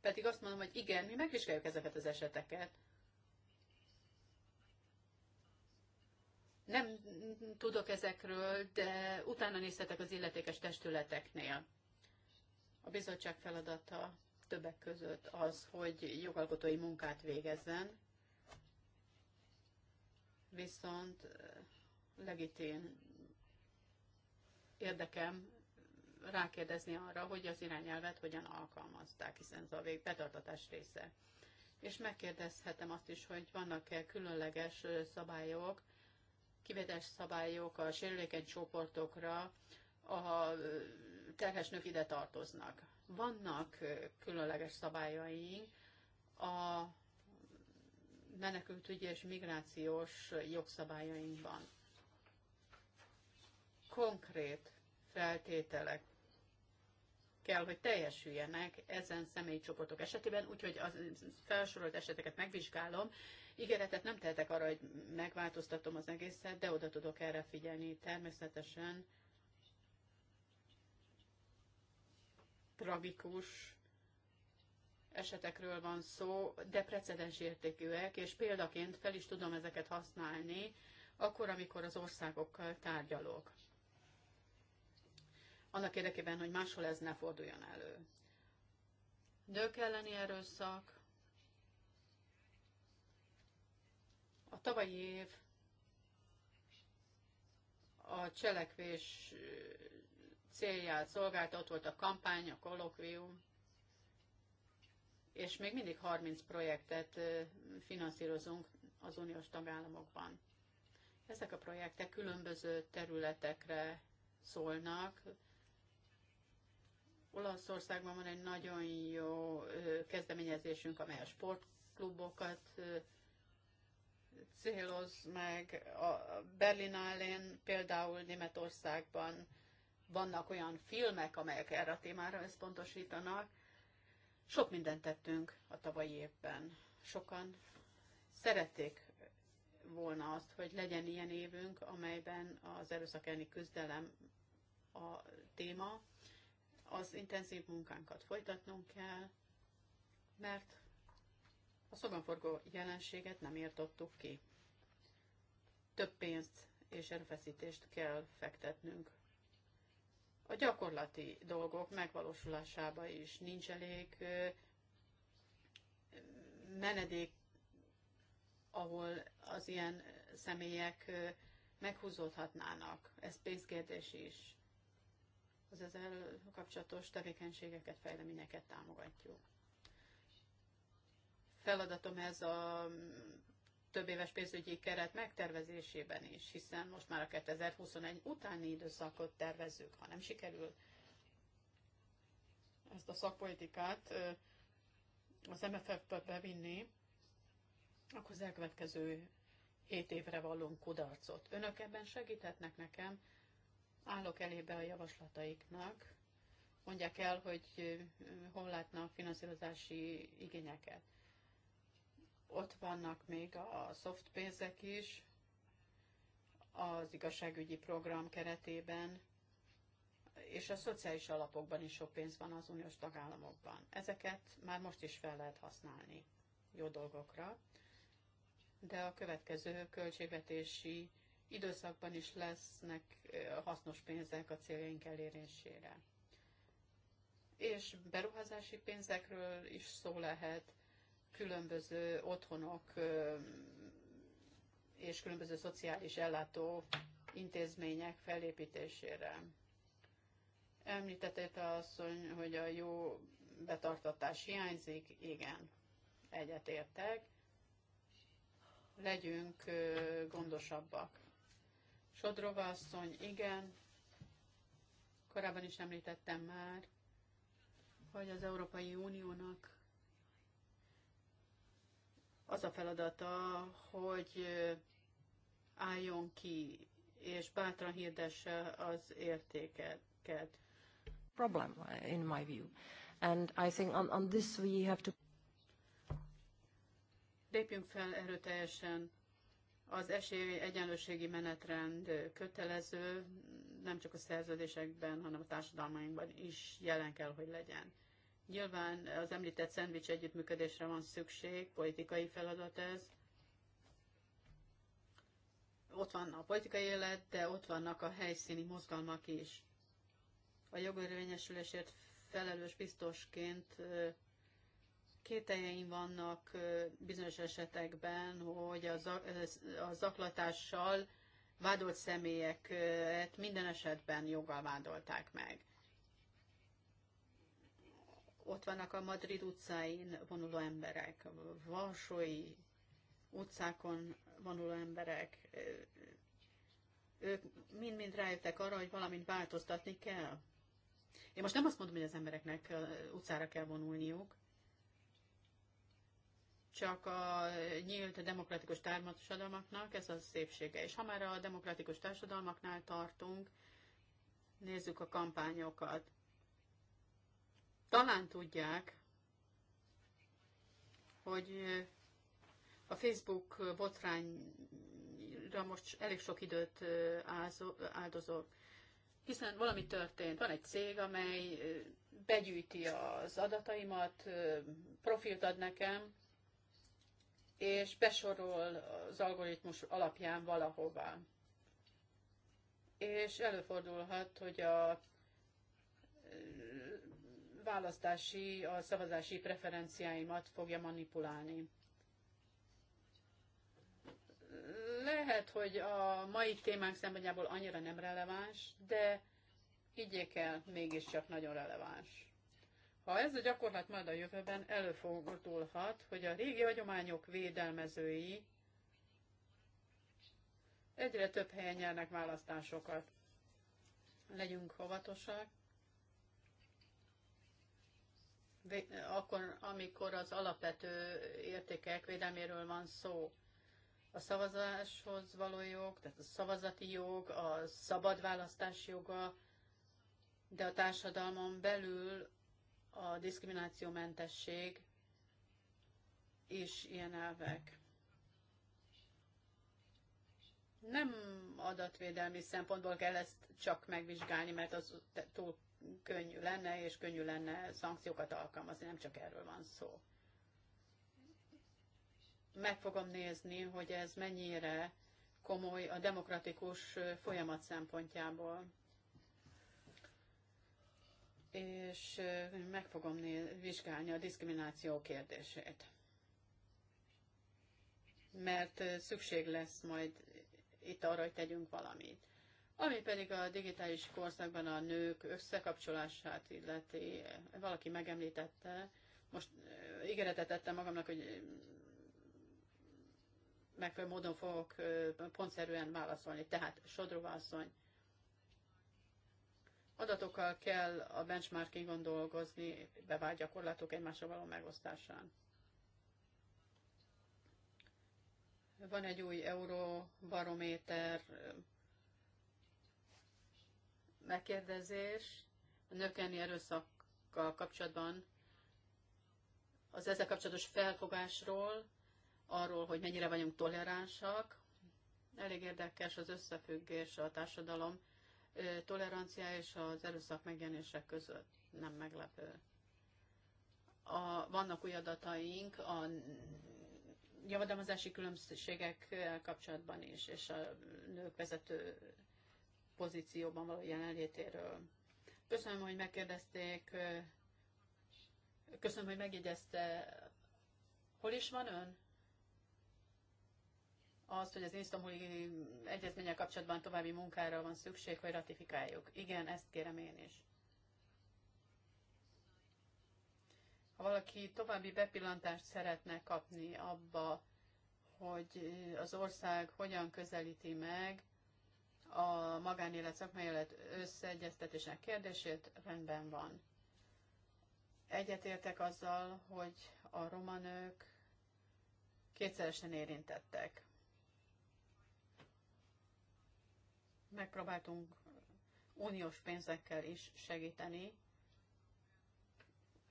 pedig azt mondom, hogy igen, mi megvizsgáljuk ezeket az eseteket. Nem tudok ezekről, de utána néztetek az illetékes testületeknél. A bizottság feladata többek között az, hogy jogalkotói munkát végezzen, viszont eh, legitim érdekem rákérdezni arra, hogy az irányelvet hogyan alkalmazták, hiszen ez a betartatás része. És megkérdezhetem azt is, hogy vannak-e különleges szabályok, kivételes szabályok a sérülékeny csoportokra, a terhes nők ide tartoznak. Vannak különleges szabályaink a menekültügyi és migrációs jogszabályainkban. Konkrét feltételek kell, hogy teljesüljenek ezen személycsoportok esetében, úgyhogy a felsorolt eseteket megvizsgálom. Ígéretet nem tehetek arra, hogy megváltoztatom az egészet, de oda tudok erre figyelni. Természetesen tragikus esetekről van szó, de precedens értékűek, és példaként fel is tudom ezeket használni, akkor, amikor az országokkal tárgyalok annak érdekében, hogy máshol ez ne forduljon elő. Nők elleni erőszak. A tavalyi év a cselekvés célját szolgálta, ott volt a kampány, a kollokvium, és még mindig 30 projektet finanszírozunk az uniós tagállamokban. Ezek a projektek különböző területekre szólnak, Olaszországban van egy nagyon jó kezdeményezésünk, amely a sportklubokat céloz meg. A Allen például Németországban vannak olyan filmek, amelyek erre a témára összpontosítanak. Sok mindent tettünk a tavalyi évben. Sokan szerették volna azt, hogy legyen ilyen évünk, amelyben az erőszak elleni küzdelem a téma, az intenzív munkánkat folytatnunk kell, mert a szobanforgó jelenséget nem írtottuk ki. Több pénzt és erőfeszítést kell fektetnünk. A gyakorlati dolgok megvalósulásába is nincs elég menedék, ahol az ilyen személyek meghúzódhatnának. Ez pénzkérdés is az ezzel kapcsolatos tevékenységeket, fejleményeket támogatjuk. Feladatom ez a több éves pénzügyi keret megtervezésében is, hiszen most már a 2021 utáni időszakot tervezzük, ha nem sikerül ezt a szakpolitikát az MFF-be bevinni, akkor az elkövetkező 7 évre vallunk kudarcot. Önök ebben segíthetnek nekem, állok elébe a javaslataiknak, mondják el, hogy hol látnak finanszírozási igényeket. Ott vannak még a soft pénzek is, az igazságügyi program keretében, és a szociális alapokban is sok pénz van az uniós tagállamokban. Ezeket már most is fel lehet használni jó dolgokra, de a következő költségvetési időszakban is lesznek hasznos pénzek a céljaink elérésére. És beruházási pénzekről is szó lehet, különböző otthonok és különböző szociális ellátó intézmények felépítésére. Említette te asszony, hogy a jó betartatás hiányzik, igen, egyetértek. Legyünk gondosabbak. Sodrova asszony, igen. Korábban is említettem már, hogy az Európai Uniónak az a feladata, hogy álljon ki és bátran hirdesse az értékeket. Problem, in my view. And I think on, on this we have to... Lépjünk fel erőteljesen az esély egyenlőségi menetrend kötelező, nem csak a szerződésekben, hanem a társadalmainkban is jelen kell, hogy legyen. Nyilván az említett szendvics együttműködésre van szükség, politikai feladat ez. Ott van a politikai élet, de ott vannak a helyszíni mozgalmak is. A jogörvényesülésért felelős biztosként kételjeim vannak bizonyos esetekben, hogy a zaklatással vádolt személyeket minden esetben joggal vádolták meg. Ott vannak a Madrid utcáin vonuló emberek, Varsói utcákon vonuló emberek. Ők mind-mind rájöttek arra, hogy valamit változtatni kell. Én most nem azt mondom, hogy az embereknek utcára kell vonulniuk, csak a nyílt demokratikus társadalmaknak, ez a szépsége. És ha már a demokratikus társadalmaknál tartunk, nézzük a kampányokat. Talán tudják, hogy eh, a Facebook botrányra most elég sok időt eh, áldozok, hiszen valami történt. Van egy cég, amely eh, begyűjti az adataimat, profilt ad nekem, és besorol az algoritmus alapján valahova. És előfordulhat, hogy a választási, a szavazási preferenciáimat fogja manipulálni. Lehet, hogy a mai témánk szempontjából annyira nem releváns, de higgyék el, mégiscsak nagyon releváns. Ha ez a gyakorlat majd a jövőben előfordulhat, hogy a régi hagyományok védelmezői egyre több helyen nyernek választásokat. Legyünk óvatosak. Akkor, amikor az alapvető értékek védelméről van szó, a szavazáshoz való jog, tehát a szavazati jog, a szabad választás joga, de a társadalmon belül a diszkriminációmentesség és ilyen elvek. Nem adatvédelmi szempontból kell ezt csak megvizsgálni, mert az túl könnyű lenne, és könnyű lenne szankciókat alkalmazni, nem csak erről van szó. Meg fogom nézni, hogy ez mennyire komoly a demokratikus folyamat szempontjából és meg fogom vizsgálni a diszkrimináció kérdését. Mert szükség lesz majd itt arra, hogy tegyünk valamit. Ami pedig a digitális korszakban a nők összekapcsolását illeti, valaki megemlítette, most ígéretet tettem magamnak, hogy megfelelő módon fogok pontszerűen válaszolni. Tehát Sodrova asszony, Adatokkal kell a benchmarkingon dolgozni, bevált gyakorlatok egymásra való megosztásán. Van egy új euróbarométer megkérdezés a nökeni erőszakkal kapcsolatban, az ezzel kapcsolatos felfogásról, arról, hogy mennyire vagyunk toleránsak. Elég érdekes az összefüggés a társadalom tolerancia és az erőszak megjelenése között. Nem meglepő. A, vannak új adataink a javadalmazási különbségek kapcsolatban is, és a nők vezető pozícióban való jelenlétéről. Köszönöm, hogy megkérdezték, köszönöm, hogy megjegyezte, hol is van ön? azt, hogy az Isztambuli egyezménnyel kapcsolatban további munkára van szükség, hogy ratifikáljuk. Igen, ezt kérem én is. Ha valaki további bepillantást szeretne kapni abba, hogy az ország hogyan közelíti meg a magánélet élet összeegyeztetésnek kérdését, rendben van. Egyetértek azzal, hogy a romanők kétszeresen érintettek. megpróbáltunk uniós pénzekkel is segíteni.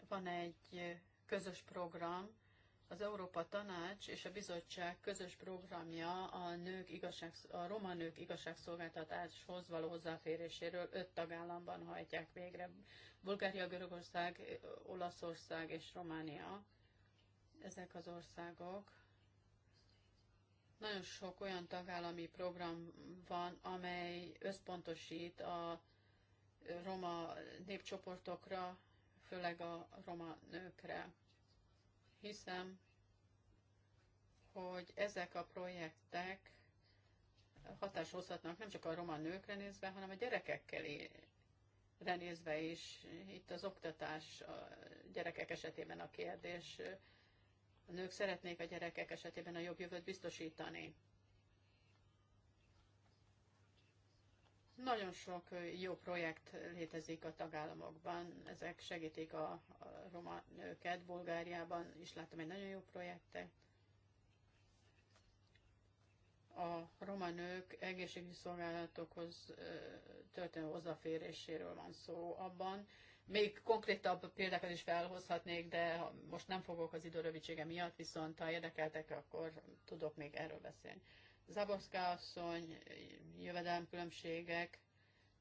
Van egy közös program, az Európa Tanács és a Bizottság közös programja a, nők igazság, a roma nők igazságszolgáltatáshoz való hozzáféréséről öt tagállamban hajtják végre. Bulgária, Görögország, Olaszország és Románia. Ezek az országok nagyon sok olyan tagállami program van, amely összpontosít a roma népcsoportokra, főleg a roma nőkre. Hiszem, hogy ezek a projektek hatást hozhatnak nem csak a roma nőkre nézve, hanem a gyerekekkel nézve is. Itt az oktatás a gyerekek esetében a kérdés. A nők szeretnék a gyerekek esetében a jobb jövőt biztosítani. Nagyon sok jó projekt létezik a tagállamokban, ezek segítik a, roma nőket, Bulgáriában is láttam egy nagyon jó projektet. A roma nők egészségügyi szolgálatokhoz történő hozzáféréséről van szó abban, még konkrétabb példákat is felhozhatnék, de most nem fogok az idő miatt, viszont ha érdekeltek, akkor tudok még erről beszélni. Zaborszka asszony, jövedelemkülönbségek,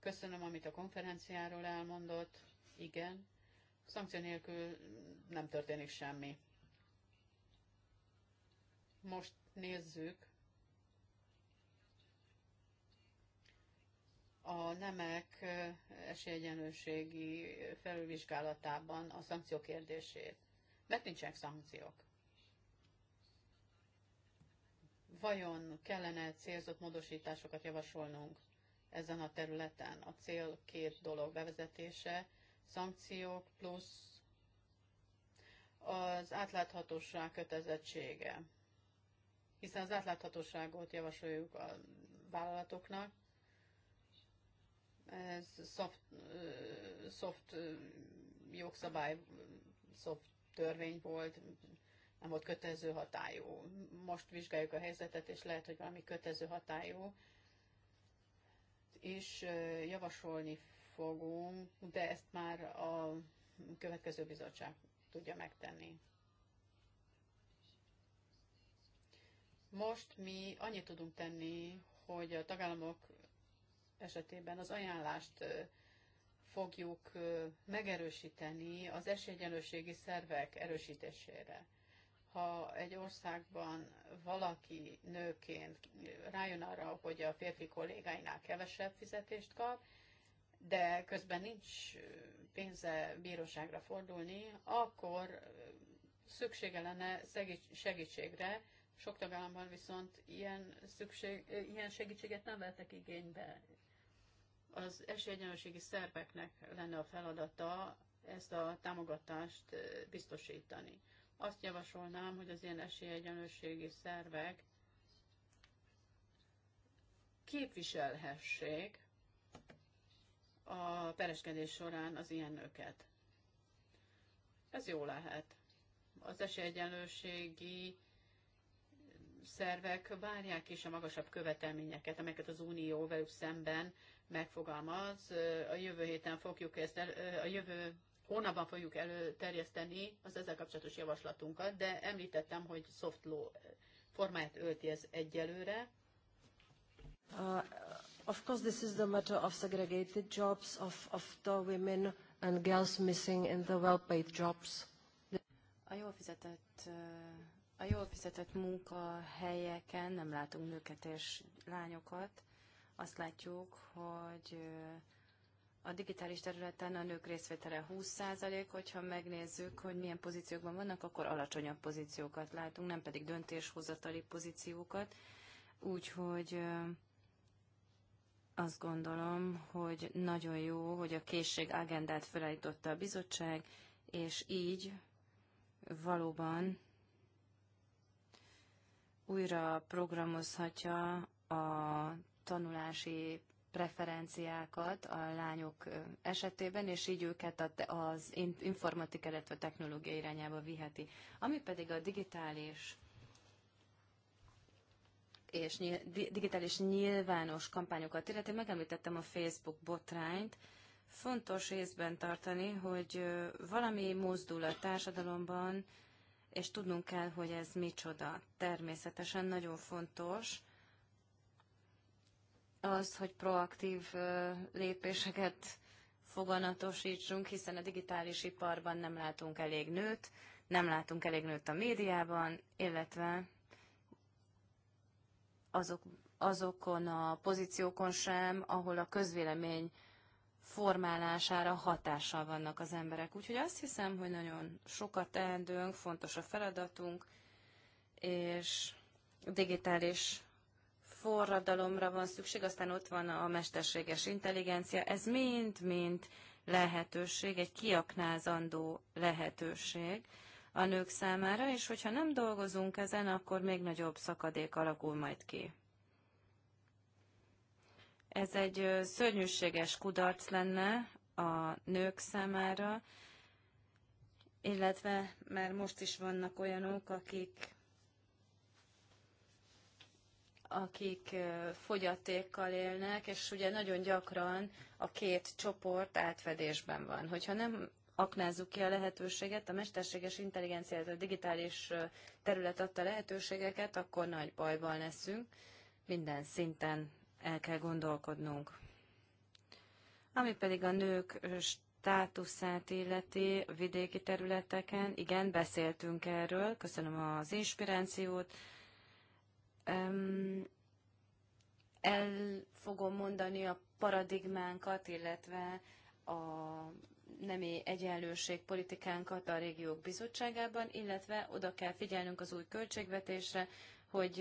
köszönöm, amit a konferenciáról elmondott, igen, szankció nélkül nem történik semmi. Most nézzük a nemek esélyegyenlőségi felülvizsgálatában a szankciók kérdését. Mert nincsenek szankciók. Vajon kellene célzott módosításokat javasolnunk ezen a területen? A cél két dolog bevezetése, szankciók plusz az átláthatóság kötelezettsége. Hiszen az átláthatóságot javasoljuk a vállalatoknak, soft, soft jogszabály, soft törvény volt, nem volt kötelező hatályú. Most vizsgáljuk a helyzetet, és lehet, hogy valami kötelező hatályú is javasolni fogunk, de ezt már a következő bizottság tudja megtenni. Most mi annyit tudunk tenni, hogy a tagállamok esetében az ajánlást fogjuk megerősíteni az esélyegyenlőségi szervek erősítésére. Ha egy országban valaki nőként rájön arra, hogy a férfi kollégáinál kevesebb fizetést kap, de közben nincs pénze bíróságra fordulni, akkor szüksége lenne segítségre, sok tagállamban viszont ilyen, szükség, ilyen segítséget nem vettek igénybe. Az esélyegyenlőségi szerveknek lenne a feladata ezt a támogatást biztosítani. Azt javasolnám, hogy az ilyen esélyegyenlőségi szervek képviselhessék a pereskedés során az ilyen nőket. Ez jó lehet. Az esélyegyenlőségi szervek várják is a magasabb követelményeket, amelyeket az Unió velük szemben megfogalmaz. A jövő héten fogjuk ezt, el, a jövő hónapban fogjuk előterjeszteni az ezzel kapcsolatos javaslatunkat, de említettem, hogy soft law formáját ölti ez egyelőre. Uh, of course this is the matter of segregated jobs, of, of the women and girls missing in the well-paid jobs. A jól fizetett a jól fizetett munkahelyeken nem látunk nőket és lányokat azt látjuk, hogy a digitális területen a nők részvétele 20%, hogyha megnézzük, hogy milyen pozíciókban vannak, akkor alacsonyabb pozíciókat látunk, nem pedig döntéshozatali pozíciókat. Úgyhogy azt gondolom, hogy nagyon jó, hogy a készség agendát felállította a bizottság, és így valóban újra programozhatja a tanulási preferenciákat a lányok esetében, és így őket az informatika, illetve technológia irányába viheti. Ami pedig a digitális és digitális nyilvános kampányokat illeti, megemlítettem a Facebook botrányt, fontos észben tartani, hogy valami mozdul a társadalomban, és tudnunk kell, hogy ez micsoda. Természetesen nagyon fontos, az, hogy proaktív lépéseket foganatosítsunk, hiszen a digitális iparban nem látunk elég nőt, nem látunk elég nőt a médiában, illetve azok, azokon a pozíciókon sem, ahol a közvélemény formálására hatással vannak az emberek. Úgyhogy azt hiszem, hogy nagyon sokat teendőnk, fontos a feladatunk, és digitális forradalomra van szükség, aztán ott van a mesterséges intelligencia. Ez mind-mind lehetőség, egy kiaknázandó lehetőség a nők számára, és hogyha nem dolgozunk ezen, akkor még nagyobb szakadék alakul majd ki. Ez egy szörnyűséges kudarc lenne a nők számára, illetve már most is vannak olyanok, akik akik fogyatékkal élnek, és ugye nagyon gyakran a két csoport átfedésben van. Hogyha nem aknázzuk ki a lehetőséget, a mesterséges intelligencia, ez a digitális terület adta lehetőségeket, akkor nagy bajban leszünk. Minden szinten el kell gondolkodnunk. Ami pedig a nők státuszát illeti vidéki területeken, igen, beszéltünk erről, köszönöm az inspirációt, el fogom mondani a paradigmánkat, illetve a nemi egyenlőség politikánkat a régiók bizottságában, illetve oda kell figyelnünk az új költségvetésre, hogy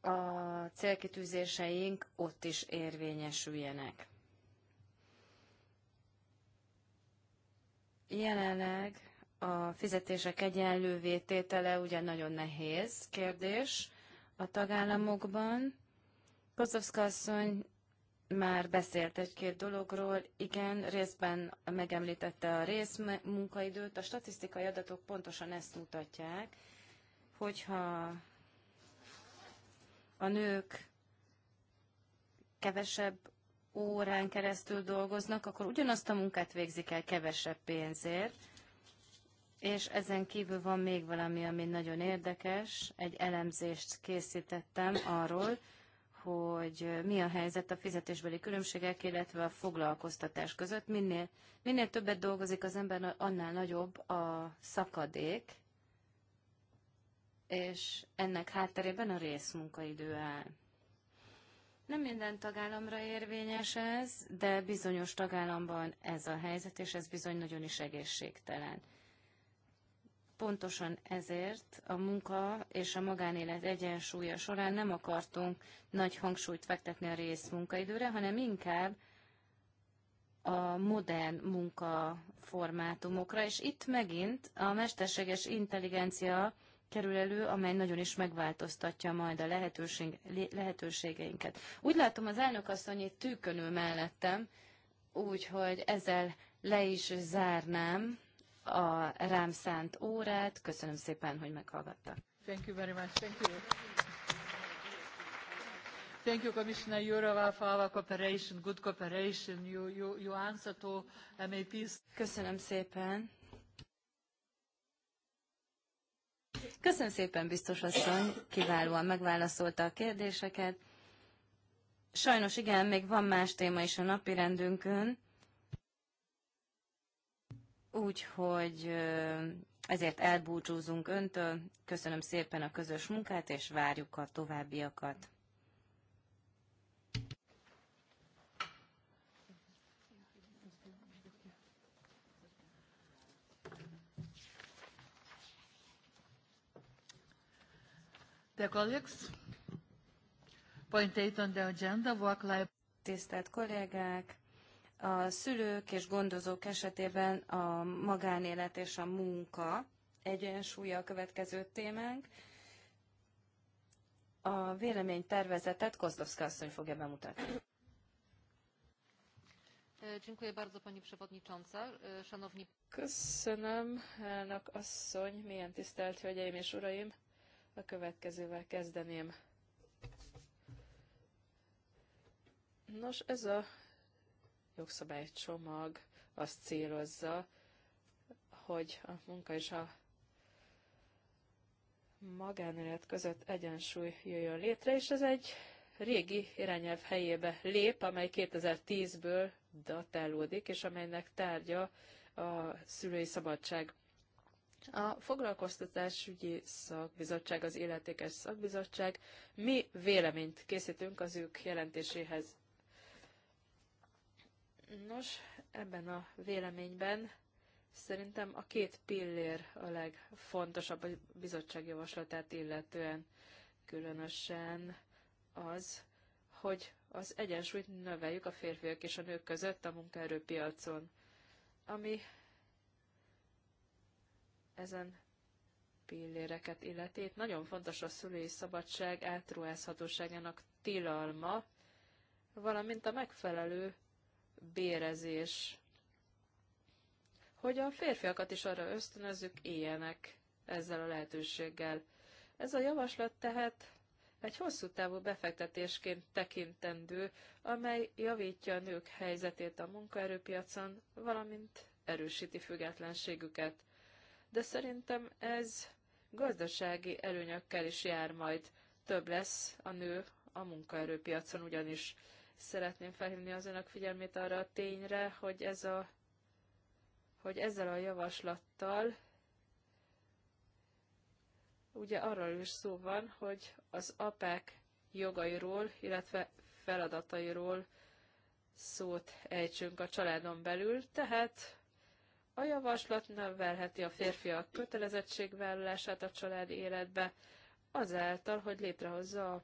a célkitűzéseink ott is érvényesüljenek. Jelenleg a fizetések egyenlővé tétele ugye nagyon nehéz kérdés a tagállamokban. Kozovszka asszony már beszélt egy-két dologról, igen, részben megemlítette a részmunkaidőt, a statisztikai adatok pontosan ezt mutatják, hogyha a nők kevesebb órán keresztül dolgoznak, akkor ugyanazt a munkát végzik el kevesebb pénzért, és ezen kívül van még valami, ami nagyon érdekes. Egy elemzést készítettem arról, hogy mi a helyzet a fizetésbeli különbségek, illetve a foglalkoztatás között. Minél, minél többet dolgozik az ember, annál nagyobb a szakadék, és ennek hátterében a részmunkaidő áll. Nem minden tagállamra érvényes ez, de bizonyos tagállamban ez a helyzet, és ez bizony nagyon is egészségtelen. Pontosan ezért a munka és a magánélet egyensúlya során nem akartunk nagy hangsúlyt fektetni a részmunkaidőre, hanem inkább a modern munkaformátumokra, és itt megint a mesterséges intelligencia kerül elő, amely nagyon is megváltoztatja majd a lehetőség, lehetőségeinket. Úgy látom, az elnökasszony itt tűkönül mellettem, úgyhogy ezzel le is zárnám a rám szánt órát. Köszönöm szépen, hogy meghallgatta. Thank you very much. Thank you. Thank you, Commissioner Jourova, for our cooperation, good cooperation. You, you, you answer to MAPs. Köszönöm szépen. Köszönöm szépen, biztos asszony, kiválóan megválaszolta a kérdéseket. Sajnos igen, még van más téma is a napirendünkön, Úgyhogy ezért elbúcsúzunk öntől. Köszönöm szépen a közös munkát, és várjuk a továbbiakat. Tisztelt kollégák, a szülők és gondozók esetében a magánélet és a munka egyensúlya a következő témánk. A véleménytervezetet Kozlovszka asszony fogja bemutatni. E, e, Köszönöm, elnök asszony, milyen tisztelt hölgyeim és uraim. A következővel kezdeném. Nos, ez a jogszabálycsomag azt célozza, hogy a munka és a magánélet között egyensúly jöjjön létre, és ez egy régi irányelv helyébe lép, amely 2010-ből datálódik, és amelynek tárgya a szülői szabadság. A foglalkoztatásügyi szakbizottság, az életékes szakbizottság, mi véleményt készítünk az ők jelentéséhez. Nos, ebben a véleményben szerintem a két pillér a legfontosabb a bizottság javaslatát illetően, különösen az, hogy az egyensúlyt növeljük a férfiak és a nők között a munkaerőpiacon, ami ezen pilléreket illeti. Itt nagyon fontos a szülői szabadság átruházhatóságának tilalma, valamint a megfelelő bérezés. Hogy a férfiakat is arra ösztönözzük, éljenek ezzel a lehetőséggel. Ez a javaslat tehát egy hosszú távú befektetésként tekintendő, amely javítja a nők helyzetét a munkaerőpiacon, valamint erősíti függetlenségüket. De szerintem ez gazdasági előnyökkel is jár majd. Több lesz a nő a munkaerőpiacon ugyanis. Szeretném felhívni az önök figyelmét arra a tényre, hogy, ez a, hogy ezzel a javaslattal ugye arról is szó van, hogy az apák jogairól, illetve feladatairól szót ejtsünk a családon belül, tehát a javaslat növelheti a férfiak kötelezettségvállalását a család életbe, azáltal, hogy létrehozza a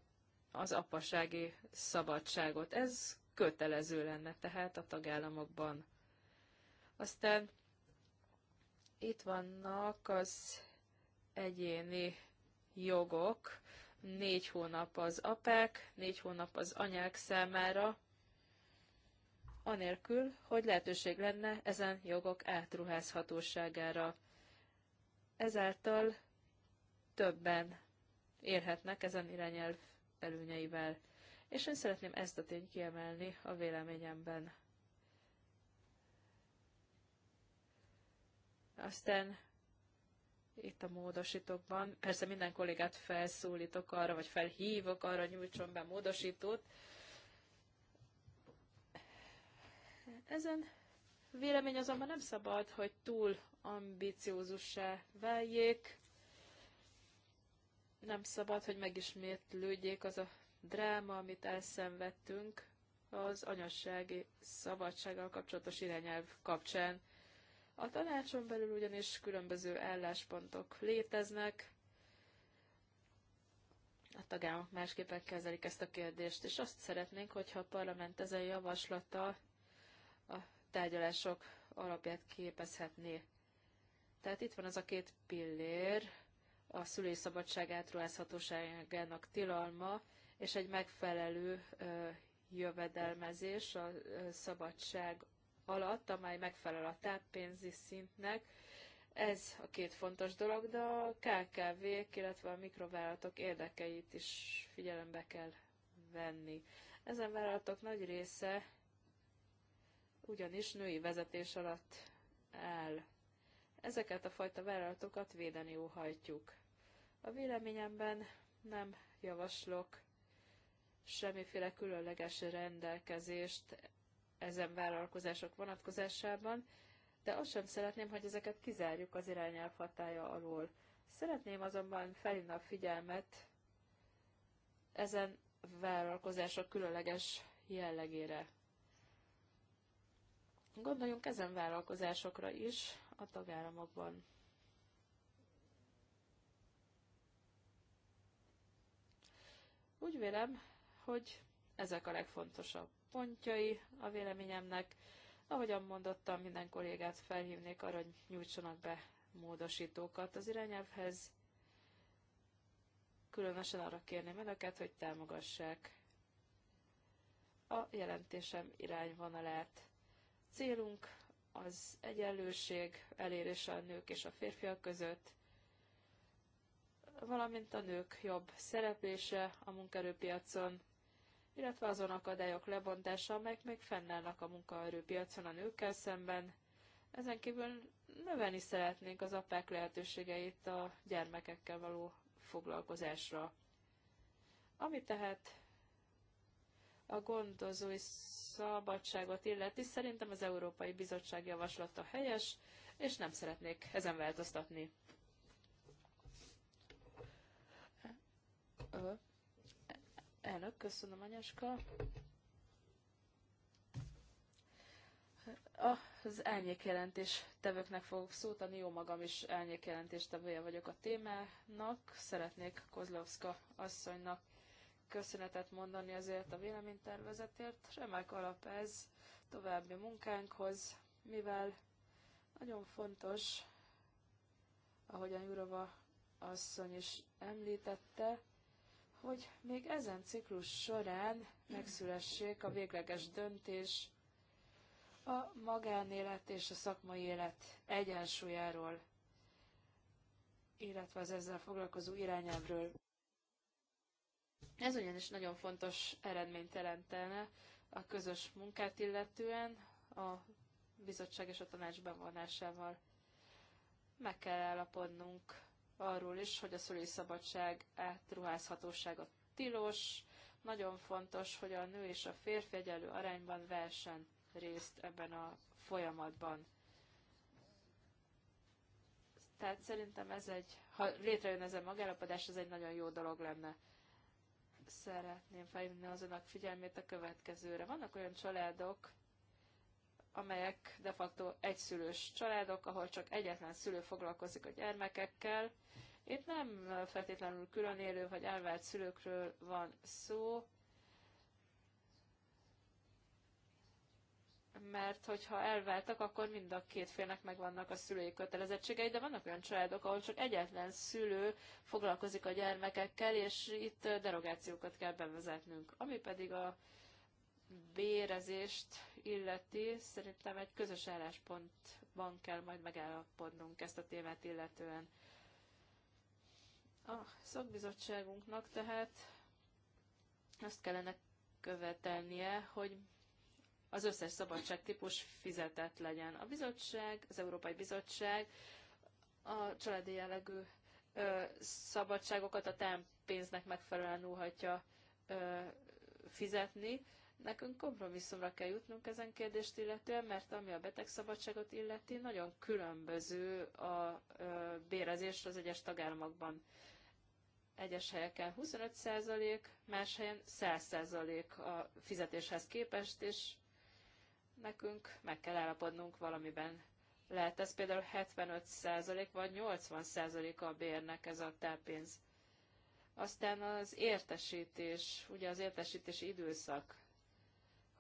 az apasági szabadságot. Ez kötelező lenne tehát a tagállamokban. Aztán itt vannak az egyéni jogok, négy hónap az apák, négy hónap az anyák számára, anélkül, hogy lehetőség lenne ezen jogok átruházhatóságára. Ezáltal többen érhetnek ezen irányelv előnyeivel. És én szeretném ezt a tényt kiemelni a véleményemben. Aztán itt a módosítókban, persze minden kollégát felszólítok arra, vagy felhívok arra, nyújtson be módosítót. Ezen vélemény azonban nem szabad, hogy túl ambiciózussá váljék. Nem szabad, hogy megismétlődjék az a dráma, amit elszenvedtünk az anyassági szabadsággal kapcsolatos irányelv kapcsán. A tanácson belül ugyanis különböző álláspontok léteznek, a tagállamok másképpen kezelik ezt a kérdést, és azt szeretnénk, hogyha a parlament ezen javaslata a tárgyalások alapját képezhetné. Tehát itt van az a két pillér, a szülés szabadság átruházhatóságának tilalma és egy megfelelő jövedelmezés a szabadság alatt, amely megfelel a táppénzi szintnek. Ez a két fontos dolog, de a kkv illetve a mikrovállalatok érdekeit is figyelembe kell venni. Ezen vállalatok nagy része ugyanis női vezetés alatt áll. Ezeket a fajta vállalatokat védeni óhajtjuk. A véleményemben nem javaslok semmiféle különleges rendelkezést ezen vállalkozások vonatkozásában, de azt sem szeretném, hogy ezeket kizárjuk az irányelv hatája alól. Szeretném azonban felhívni a figyelmet ezen vállalkozások különleges jellegére. Gondoljunk ezen vállalkozásokra is a tagállamokban. Úgy vélem, hogy ezek a legfontosabb pontjai a véleményemnek. Ahogyan mondottam, minden kollégát felhívnék arra, hogy nyújtsanak be módosítókat az irányelvhez. Különösen arra kérném önöket, hogy támogassák a jelentésem irányvonalát. Célunk az egyenlőség elérése a nők és a férfiak között, valamint a nők jobb szereplése a munkaerőpiacon, illetve azon akadályok lebontása, amelyek még fennállnak a munkaerőpiacon a nőkkel szemben. Ezen kívül növelni szeretnénk az apák lehetőségeit a gyermekekkel való foglalkozásra. Ami tehát a gondozói szabadságot illeti, szerintem az Európai Bizottság javaslata helyes, és nem szeretnék ezen változtatni. Elnök, köszönöm, Anyaska. Az elnyékjelentés tevőknek fogok szót adni, jó magam is elnyékjelentés tevője vagyok a témának. Szeretnék Kozlovska asszonynak köszönetet mondani azért a véleménytervezetért. Remek alap ez további munkánkhoz, mivel nagyon fontos, ahogyan Jurova asszony is említette, hogy még ezen ciklus során megszülessék a végleges döntés a magánélet és a szakmai élet egyensúlyáról, illetve az ezzel foglalkozó irányábról Ez ugyanis nagyon fontos eredményt jelentene a közös munkát illetően a bizottság és a tanács bevonásával. Meg kell állapodnunk arról is, hogy a szülői szabadság átruházhatósága tilos. Nagyon fontos, hogy a nő és a férfi egyenlő arányban versen részt ebben a folyamatban. Tehát szerintem ez egy, ha létrejön ez a magállapodás, ez egy nagyon jó dolog lenne. Szeretném felhívni az önök figyelmét a következőre. Vannak olyan családok, amelyek de facto egyszülős családok, ahol csak egyetlen szülő foglalkozik a gyermekekkel. Itt nem feltétlenül külön élő vagy elvált szülőkről van szó, mert hogyha elváltak, akkor mind a két félnek megvannak a szülői kötelezettségei, de vannak olyan családok, ahol csak egyetlen szülő foglalkozik a gyermekekkel, és itt derogációkat kell bevezetnünk. Ami pedig a bérezést illeti, szerintem egy közös álláspontban kell majd megállapodnunk ezt a témát illetően. A szakbizottságunknak tehát azt kellene követelnie, hogy az összes szabadságtípus fizetett legyen. A bizottság, az Európai Bizottság a családi jellegű ö, szabadságokat a támpénznek megfelelően óhatja fizetni, Nekünk kompromisszumra kell jutnunk ezen kérdést illetően, mert ami a betegszabadságot illeti, nagyon különböző a bérezés az egyes tagállamokban. Egyes helyeken 25%, más helyen 100% a fizetéshez képest, és nekünk meg kell állapodnunk valamiben. Lehet ez például 75% vagy 80% a bérnek ez a tápénz. Aztán az értesítés, ugye az értesítési időszak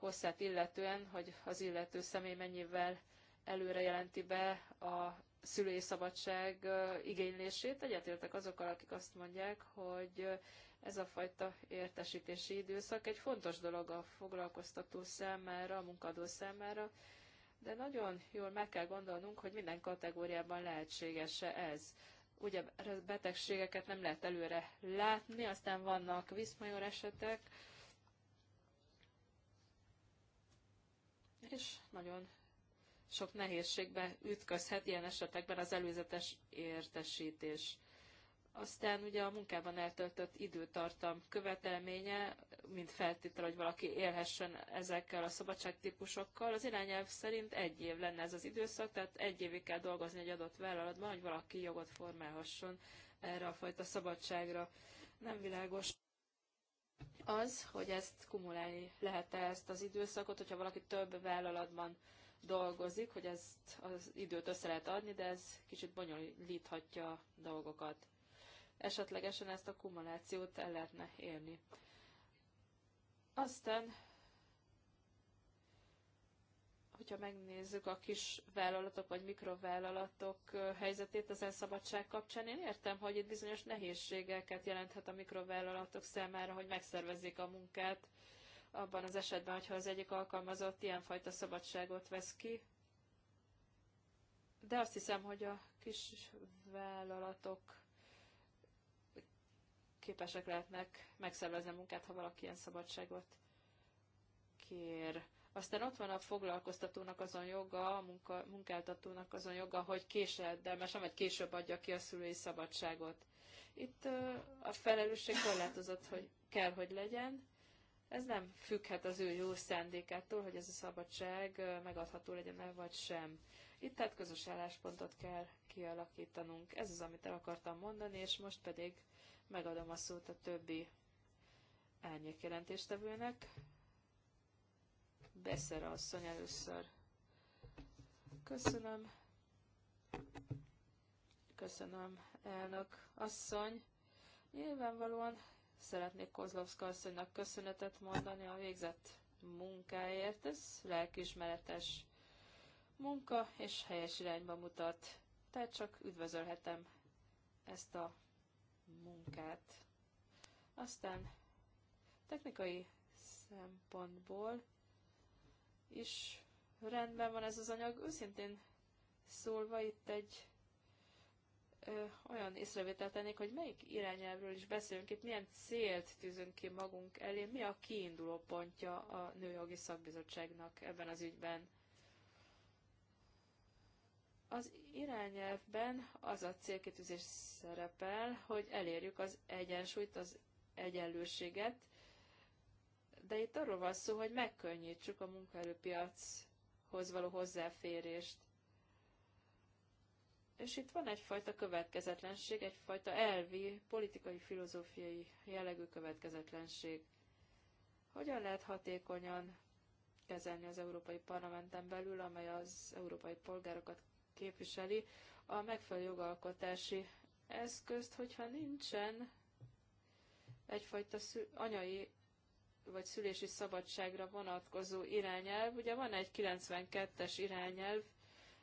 hosszát illetően, hogy az illető személy mennyivel előre jelenti be a szülői szabadság igénylését. Egyetértek azokkal, akik azt mondják, hogy ez a fajta értesítési időszak egy fontos dolog a foglalkoztató számára, a munkadó számára, de nagyon jól meg kell gondolnunk, hogy minden kategóriában lehetséges-e ez. Ugye betegségeket nem lehet előre látni, aztán vannak viszmajor esetek, és nagyon sok nehézségbe ütközhet ilyen esetekben az előzetes értesítés. Aztán ugye a munkában eltöltött időtartam követelménye, mint feltétel, hogy valaki élhessen ezekkel a szabadságtípusokkal. Az irányelv szerint egy év lenne ez az időszak, tehát egy évig kell dolgozni egy adott vállalatban, hogy valaki jogot formálhasson erre a fajta szabadságra. Nem világos az, hogy ezt kumulálni lehet-e ezt az időszakot, hogyha valaki több vállalatban dolgozik, hogy ezt az időt össze lehet adni, de ez kicsit bonyolíthatja a dolgokat. Esetlegesen ezt a kumulációt el lehetne érni. Aztán hogyha megnézzük a kis vállalatok vagy mikrovállalatok helyzetét az szabadság kapcsán, én értem, hogy itt bizonyos nehézségeket jelenthet a mikrovállalatok számára, hogy megszervezzék a munkát abban az esetben, hogyha az egyik alkalmazott ilyenfajta szabadságot vesz ki. De azt hiszem, hogy a kis vállalatok képesek lehetnek megszervezni a munkát, ha valaki ilyen szabadságot kér aztán ott van a foglalkoztatónak azon joga, a munka, munkáltatónak azon joga, hogy de sem egy később adja ki a szülői szabadságot. Itt a felelősség korlátozott, hogy kell, hogy legyen. Ez nem függhet az ő jó szándékától, hogy ez a szabadság megadható legyen el, vagy sem. Itt tehát közös álláspontot kell kialakítanunk. Ez az, amit el akartam mondani, és most pedig megadom a szót a többi árnyékjelentéstevőnek. Beszer asszony először. Köszönöm. Köszönöm, elnök asszony. Nyilvánvalóan szeretnék Kozlovszka asszonynak köszönetet mondani a végzett munkáért. Ez lelkismeretes munka, és helyes irányba mutat. Tehát csak üdvözölhetem ezt a munkát. Aztán technikai szempontból is rendben van ez az anyag. Őszintén szólva itt egy ö, olyan észrevételt tennék, hogy melyik irányelvről is beszélünk itt, milyen célt tűzünk ki magunk elé, mi a kiinduló pontja a Nőjogi Szakbizottságnak ebben az ügyben. Az irányelvben az a célkitűzés szerepel, hogy elérjük az egyensúlyt, az egyenlőséget, de itt arról van szó, hogy megkönnyítsük a munkaerőpiachoz való hozzáférést. És itt van egyfajta következetlenség, egyfajta elvi, politikai, filozófiai jellegű következetlenség. Hogyan lehet hatékonyan kezelni az Európai Parlamenten belül, amely az európai polgárokat képviseli, a megfelelő jogalkotási eszközt, hogyha nincsen egyfajta anyai vagy szülési szabadságra vonatkozó irányelv. Ugye van egy 92-es irányelv,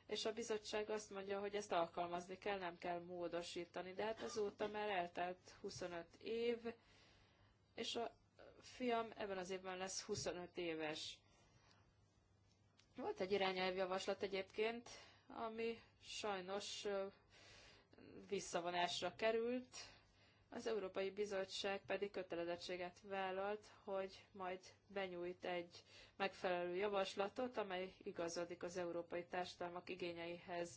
és a bizottság azt mondja, hogy ezt alkalmazni kell, nem kell módosítani. De hát azóta már eltelt 25 év, és a fiam ebben az évben lesz 25 éves. Volt egy irányelvjavaslat egyébként, ami sajnos visszavonásra került, az Európai Bizottság pedig kötelezettséget vállalt, hogy majd benyújt egy megfelelő javaslatot, amely igazodik az európai társadalmak igényeihez.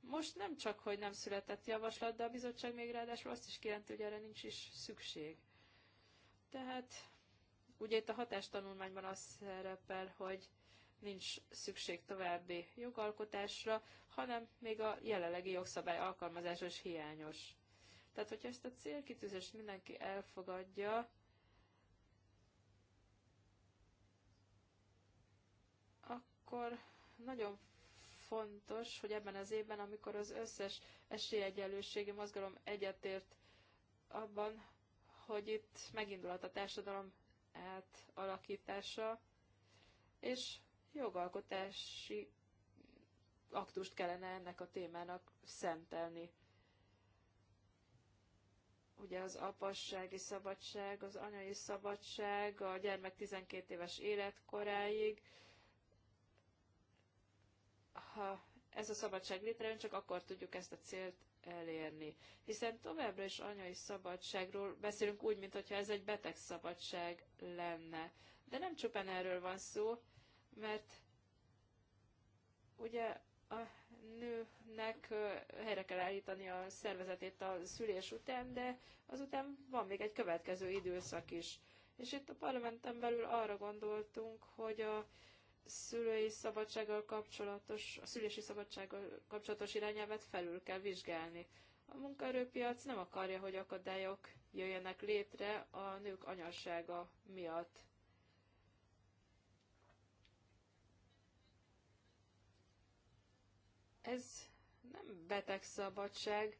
Most nem csak, hogy nem született javaslat, de a bizottság még ráadásul azt is kijelenti, hogy erre nincs is szükség. Tehát ugye itt a hatástanulmányban az szerepel, hogy nincs szükség további jogalkotásra, hanem még a jelenlegi jogszabály alkalmazása is hiányos. Tehát, hogyha ezt a célkitűzést mindenki elfogadja, akkor nagyon fontos, hogy ebben az évben, amikor az összes esélyegyenlőségi mozgalom egyetért abban, hogy itt megindulhat a társadalom átalakítása, és jogalkotási aktust kellene ennek a témának szentelni ugye az apassági szabadság, az anyai szabadság, a gyermek 12 éves életkoráig. Ha ez a szabadság létrejön, csak akkor tudjuk ezt a célt elérni. Hiszen továbbra is anyai szabadságról beszélünk úgy, mintha ez egy beteg szabadság lenne. De nem csupán erről van szó, mert ugye a nőnek helyre kell állítani a szervezetét a szülés után, de azután van még egy következő időszak is. És itt a parlamenten belül arra gondoltunk, hogy a szülői szabadsággal kapcsolatos, a szülési szabadsággal kapcsolatos irányelvet felül kell vizsgálni. A munkaerőpiac nem akarja, hogy akadályok jöjjenek létre a nők anyasága miatt. Ez nem betegszabadság,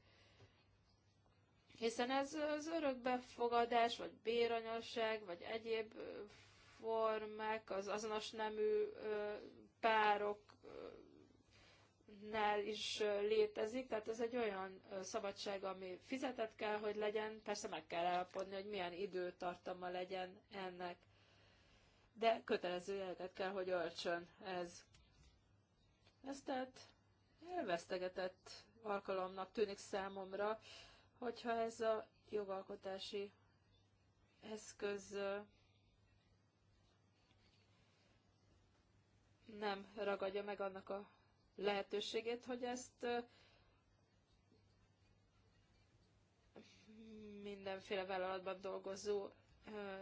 hiszen ez az örökbefogadás, vagy béranyosság, vagy egyéb formák, az azonos nemű pároknál is létezik, tehát ez egy olyan szabadság, ami fizetett kell, hogy legyen, persze meg kell állapodni, hogy milyen időtartama legyen ennek, de kötelező életet kell, hogy öltsön ez. Ez tehát elvesztegetett alkalomnak tűnik számomra, hogyha ez a jogalkotási eszköz nem ragadja meg annak a lehetőségét, hogy ezt mindenféle vállalatban dolgozó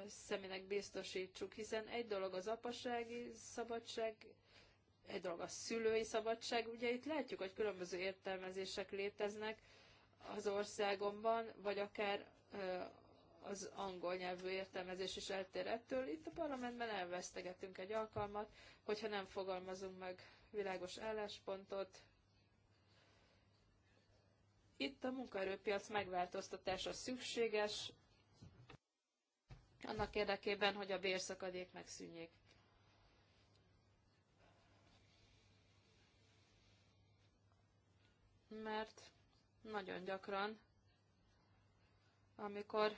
személynek biztosítsuk, hiszen egy dolog az apasági szabadság, egy dolog a szülői szabadság, ugye itt látjuk, hogy különböző értelmezések léteznek az országomban, vagy akár az angol nyelvű értelmezés is eltér ettől. Itt a parlamentben elvesztegetünk egy alkalmat, hogyha nem fogalmazunk meg világos álláspontot. Itt a munkaerőpiac megváltoztatása szükséges, annak érdekében, hogy a bérszakadék megszűnjék. mert nagyon gyakran, amikor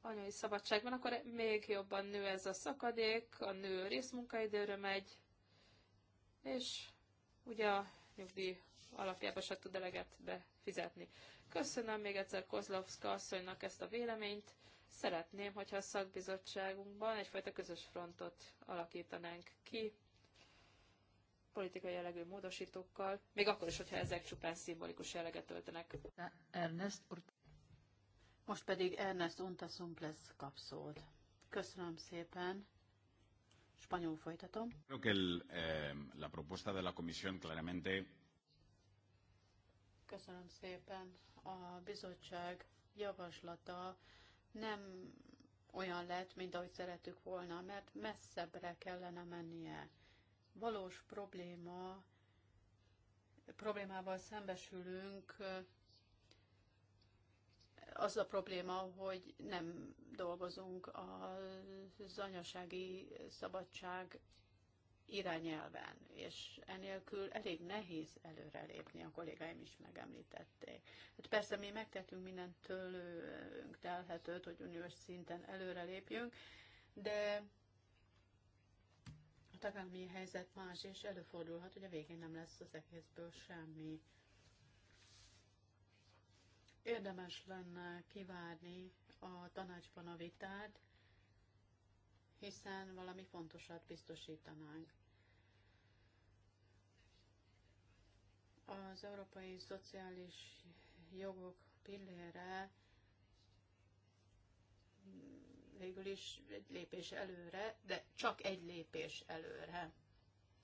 anyai szabadság van, akkor még jobban nő ez a szakadék, a nő részmunkaidőre megy, és ugye a nyugdíj alapjában se tud eleget befizetni. Köszönöm még egyszer Kozlovszka asszonynak ezt a véleményt. Szeretném, hogyha a szakbizottságunkban egyfajta közös frontot alakítanánk ki politikai jellegű módosítókkal, még akkor is, hogyha ezek csupán szimbolikus jelleget öltenek. Ernest Most pedig Ernest Untasump lesz kapszót. Köszönöm szépen. Spanyol folytatom. Creo que el, eh, la propuesta de la comisión claramente... Köszönöm szépen. A bizottság javaslata nem olyan lett, mint ahogy szerettük volna, mert messzebbre kellene mennie valós probléma, problémával szembesülünk, az a probléma, hogy nem dolgozunk az anyasági szabadság irányelven, és enélkül elég nehéz előrelépni, a kollégáim is megemlítették. Hát persze mi megtettünk mindent tőlünk telhetőt, hogy uniós szinten előrelépjünk, de a tagállami helyzet más, és előfordulhat, hogy a végén nem lesz az egészből semmi. Érdemes lenne kivárni a tanácsban a vitát, hiszen valami fontosat biztosítanánk. Az európai szociális jogok pillére végül is egy lépés előre, de csak egy lépés előre.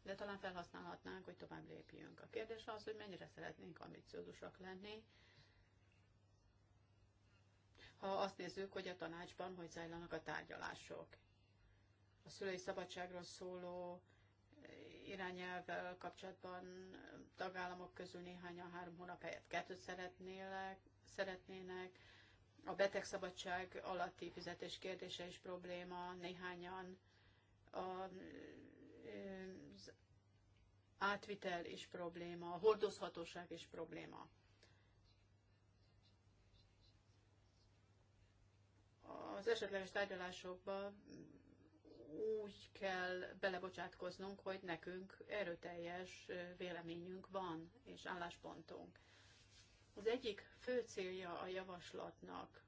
De talán felhasználhatnánk, hogy tovább lépjünk. A kérdés az, hogy mennyire szeretnénk ambiciózusak lenni, ha azt nézzük, hogy a tanácsban hogy zajlanak a tárgyalások. A szülői szabadságról szóló irányelvvel kapcsolatban tagállamok közül néhányan három hónap helyett kettőt szeretnének, szeretnének a betegszabadság alatti fizetés kérdése is probléma, néhányan az átvitel is probléma, a hordozhatóság is probléma. Az esetleges tárgyalásokba úgy kell belebocsátkoznunk, hogy nekünk erőteljes véleményünk van és álláspontunk. Az egyik fő célja a javaslatnak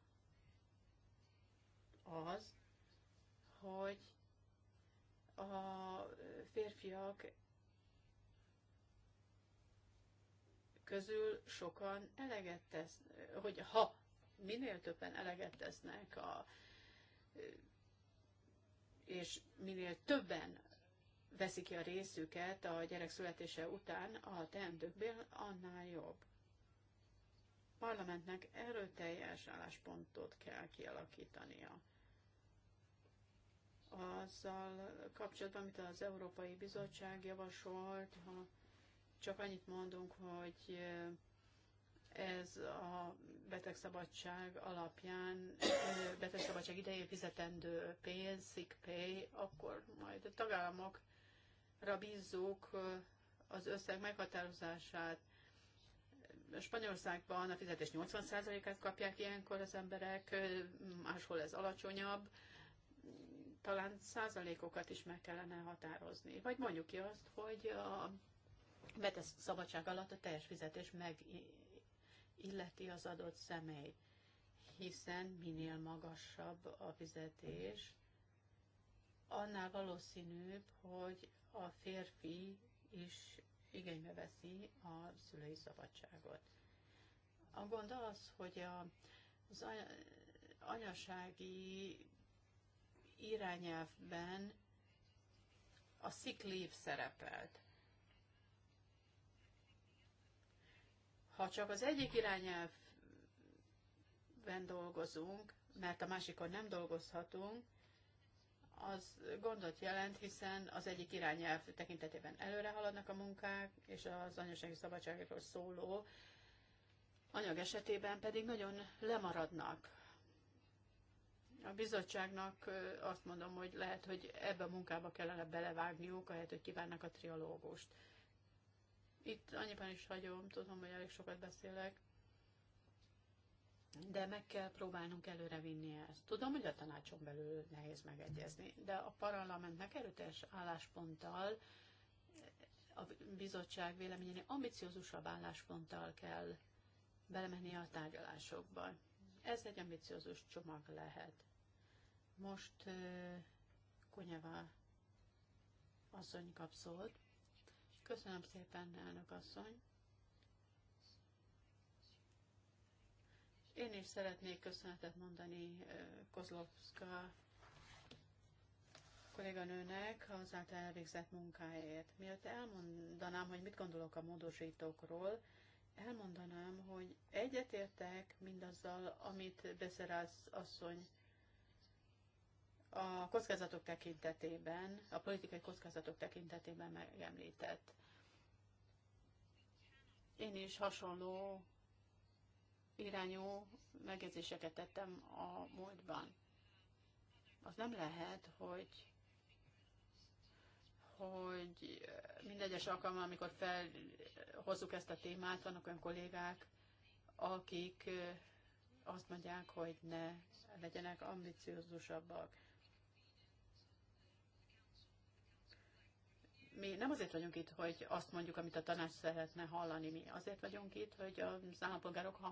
az, hogy a férfiak közül sokan eleget tesz, hogy ha minél többen eleget tesznek, a, és minél többen veszik ki a részüket a gyerek születése után a teendőkből, annál jobb parlamentnek erőteljes álláspontot kell kialakítania. Azzal kapcsolatban, amit az Európai Bizottság javasolt, ha csak annyit mondunk, hogy ez a betegszabadság alapján, betegszabadság idején fizetendő pénz, sick pay, akkor majd a tagállamokra bízzuk az összeg meghatározását, Spanyolországban a fizetés 80%-át kapják ilyenkor az emberek, máshol ez alacsonyabb. Talán százalékokat is meg kellene határozni. Vagy mondjuk ki azt, hogy a betesz szabadság alatt a teljes fizetés meg, illeti az adott személy, hiszen minél magasabb a fizetés, annál valószínűbb, hogy a férfi is igénybe veszi a szülői szabadságot. A gond az, hogy a, az anyasági irányelvben a sziklív szerepelt. Ha csak az egyik irányelvben dolgozunk, mert a másikon nem dolgozhatunk, az gondot jelent, hiszen az egyik irányelv tekintetében előre haladnak a munkák, és az anyasági szabadságokról szóló anyag esetében pedig nagyon lemaradnak. A bizottságnak azt mondom, hogy lehet, hogy ebbe a munkába kellene belevágniuk, ahelyett, hogy kívánnak a triológust. Itt annyiban is hagyom, tudom, hogy elég sokat beszélek de meg kell próbálnunk előrevinni ezt. Tudom, hogy a tanácson belül nehéz megegyezni, de a parlamentnek erőteljes állásponttal, a bizottság véleményénél ambiciózusabb állásponttal kell belemenni a tárgyalásokba. Ez egy ambiciózus csomag lehet. Most Kunyeva asszony kap szót. Köszönöm szépen, elnök asszony. Én is szeretnék köszönetet mondani eh, Kozlovska kolléganőnek az által elvégzett munkáért. Mielőtt elmondanám, hogy mit gondolok a módosítókról, elmondanám, hogy egyetértek mindazzal, amit Beszerász asszony a kockázatok tekintetében, a politikai kockázatok tekintetében megemlített. Én is hasonló irányú megjegyzéseket tettem a múltban. Az nem lehet, hogy hogy minden egyes alkalommal, amikor felhozzuk ezt a témát, vannak olyan kollégák, akik azt mondják, hogy ne legyenek ambiciózusabbak. mi nem azért vagyunk itt, hogy azt mondjuk, amit a tanács szeretne hallani, mi azért vagyunk itt, hogy az állampolgárok a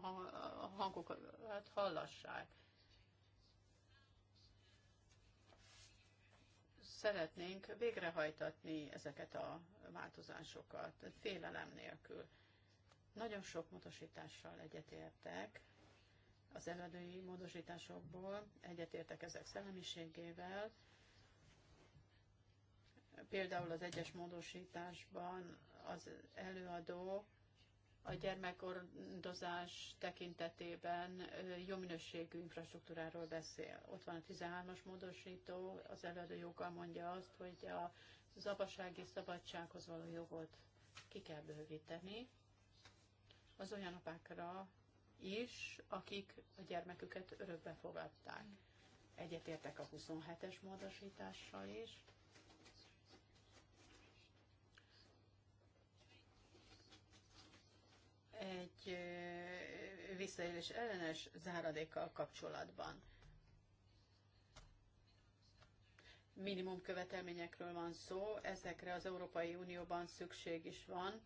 hangokat hallassák. Szeretnénk végrehajtatni ezeket a változásokat félelem nélkül. Nagyon sok módosítással egyetértek az előadói módosításokból, egyetértek ezek szellemiségével, Például az egyes módosításban az előadó a gyermekordozás tekintetében jó minőségű infrastruktúráról beszél. Ott van a 13-as módosító, az előadó joggal mondja azt, hogy az apasági szabadsághoz való jogot ki kell bővíteni az olyan apákra is, akik a gyermeküket örökbe fogadták. Egyetértek a 27-es módosítással is, egy visszaélés ellenes záradékkal kapcsolatban. Minimum követelményekről van szó, ezekre az Európai Unióban szükség is van.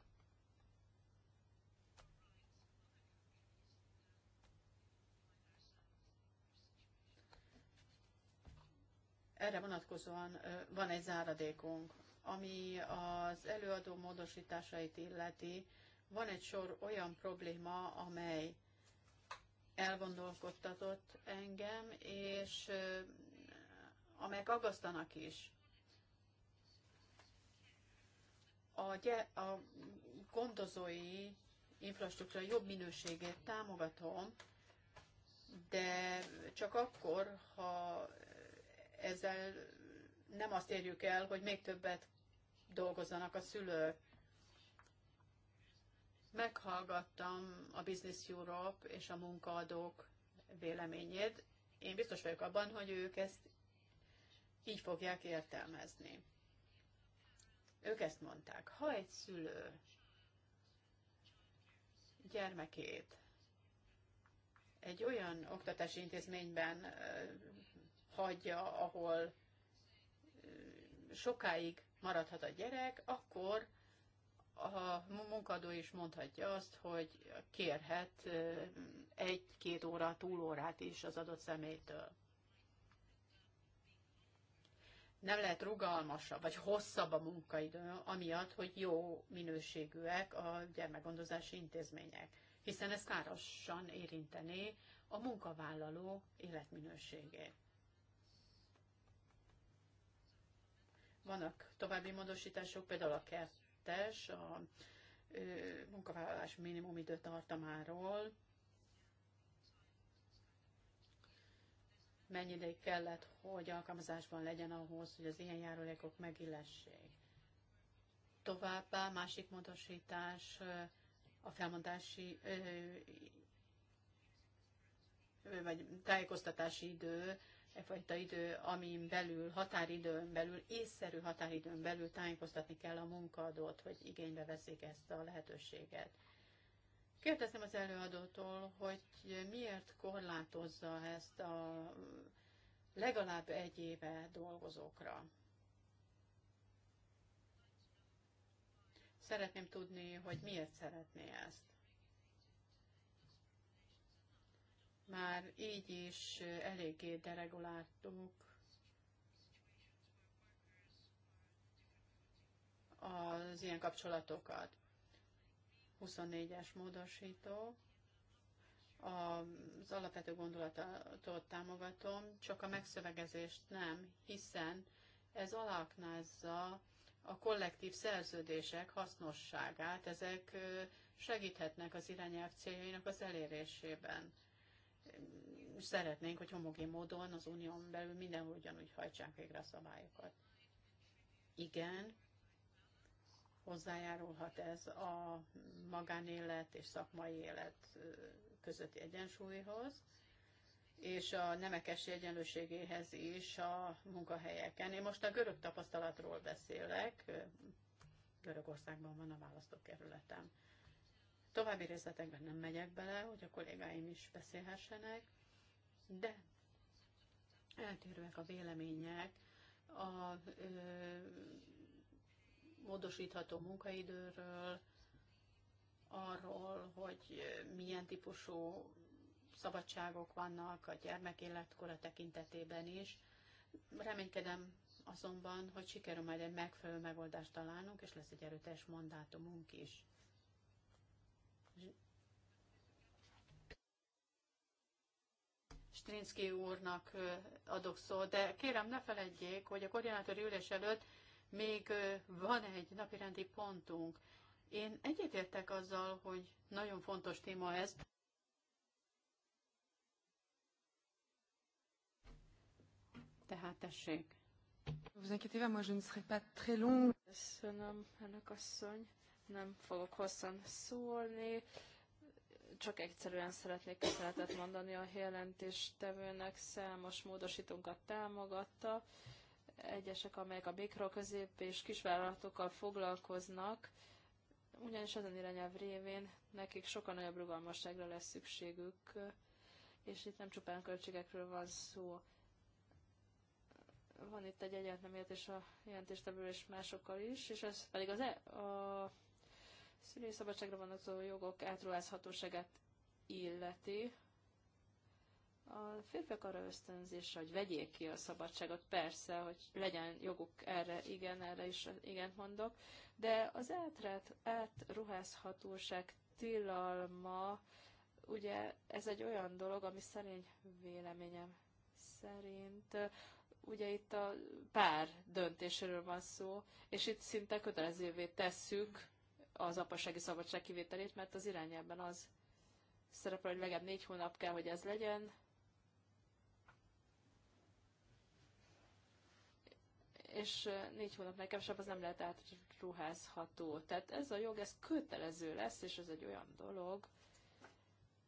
Erre vonatkozóan van egy záradékunk, ami az előadó módosításait illeti, van egy sor olyan probléma, amely elgondolkodtatott engem, és amelyek aggasztanak is. A, gy- a gondozói infrastruktúra jobb minőségét támogatom, de csak akkor, ha ezzel nem azt érjük el, hogy még többet dolgozzanak a szülők. Meghallgattam a Business Europe és a munkaadók véleményét. Én biztos vagyok abban, hogy ők ezt így fogják értelmezni. Ők ezt mondták, ha egy szülő gyermekét egy olyan oktatási intézményben hagyja, ahol sokáig maradhat a gyerek, akkor a munkadó is mondhatja azt, hogy kérhet egy-két óra túlórát is az adott személytől. Nem lehet rugalmasabb vagy hosszabb a munkaidő, amiatt, hogy jó minőségűek a gyermekgondozási intézmények, hiszen ez károsan érintené a munkavállaló életminőségét. Vannak további módosítások, például a kert 2022-es a munkavállalás minimum időtartamáról, mennyi ideig kellett, hogy alkalmazásban legyen ahhoz, hogy az ilyen járulékok megillessék. Továbbá másik módosítás a felmondási vagy tájékoztatási idő e fajta idő, amin belül, határidőn belül, észszerű határidőn belül tájékoztatni kell a munkaadót, hogy igénybe veszik ezt a lehetőséget. Kérdezem az előadótól, hogy miért korlátozza ezt a legalább egy éve dolgozókra. Szeretném tudni, hogy miért szeretné ezt. már így is eléggé dereguláltuk az ilyen kapcsolatokat. 24-es módosító. Az alapvető gondolatot támogatom, csak a megszövegezést nem, hiszen ez aláknázza a kollektív szerződések hasznosságát, ezek segíthetnek az irányelv céljainak az elérésében szeretnénk, hogy homogén módon az unión belül mindenhol ugyanúgy hajtsák végre a szabályokat. Igen, hozzájárulhat ez a magánélet és szakmai élet közötti egyensúlyhoz, és a nemek egyenlőségéhez is a munkahelyeken. Én most a görög tapasztalatról beszélek, Görögországban van a választókerületem. További részletekben nem megyek bele, hogy a kollégáim is beszélhessenek, de eltérőek a vélemények a ö, módosítható munkaidőről, arról, hogy milyen típusú szabadságok vannak a gyermek életkora tekintetében is. Reménykedem azonban, hogy sikerül majd egy megfelelő megoldást találnunk, és lesz egy erőteljes mandátumunk is. Strinski úrnak adok szó, de kérem ne feledjék, hogy a koordinátori ülés előtt még van egy napirendi pontunk. Én egyetértek azzal, hogy nagyon fontos téma ez. Tehát tessék. Köszönöm, elnök asszony. Nem fogok hosszan szólni csak egyszerűen szeretnék köszönetet mondani a jelentéstevőnek, számos módosítónkat támogatta, egyesek, amelyek a mikro, közép és kisvállalatokkal foglalkoznak, ugyanis ezen irányelv révén nekik sokkal nagyobb rugalmasságra lesz szükségük, és itt nem csupán költségekről van szó. Van itt egy egyetlen nem a jelentéstevő és másokkal is, és ez pedig az e- a szülői szabadságra vonatkozó jogok átruházhatóságát illeti. A férfiak arra ösztönzés, hogy vegyék ki a szabadságot, persze, hogy legyen joguk erre, igen, erre is igen mondok, de az átrát, átruházhatóság tilalma, ugye ez egy olyan dolog, ami szerint véleményem szerint, ugye itt a pár döntéséről van szó, és itt szinte kötelezővé tesszük az apasági szabadság kivételét, mert az irányában az szerepel, hogy legalább négy hónap kell, hogy ez legyen. És négy hónapnál kevesebb, az nem lehet átruházható. Tehát ez a jog, ez kötelező lesz, és ez egy olyan dolog,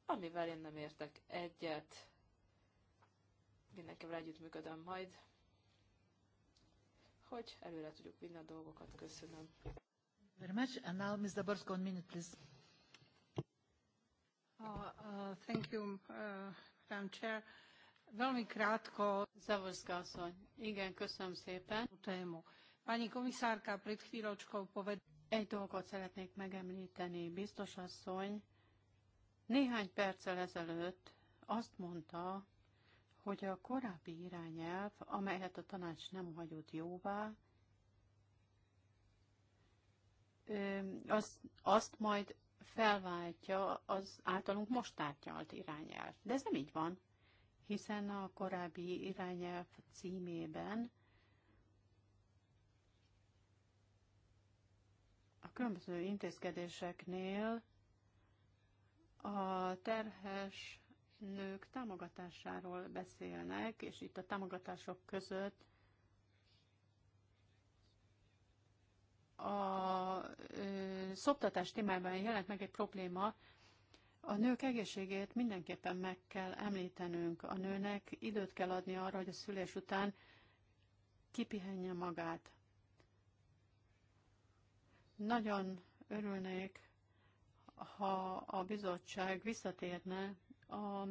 amivel én nem értek egyet. Mindenkivel együttműködöm majd, hogy előre tudjuk vinni a dolgokat. Köszönöm very much. And now Ms. Zaborska, one minute, please. Uh, uh, thank you, uh, Madam Chair. Veľmi krátko. Zaborska asszony. Igen, köszönöm szépen. Tému. Pani komisárka pred chvíľočkou povedala. Egy dolgot szeretnék megemlíteni. Biztos asszony néhány perccel ezelőtt azt mondta, hogy a korábbi irányelv, amelyet a tanács nem hagyott jóvá, az, azt majd felváltja az általunk most tárgyalt irányelv. De ez nem így van, hiszen a korábbi irányelv címében a különböző intézkedéseknél a terhes nők támogatásáról beszélnek, és itt a támogatások között a szoptatás témában jelent meg egy probléma, a nők egészségét mindenképpen meg kell említenünk. A nőnek időt kell adni arra, hogy a szülés után kipihenje magát. Nagyon örülnék, ha a bizottság visszatérne a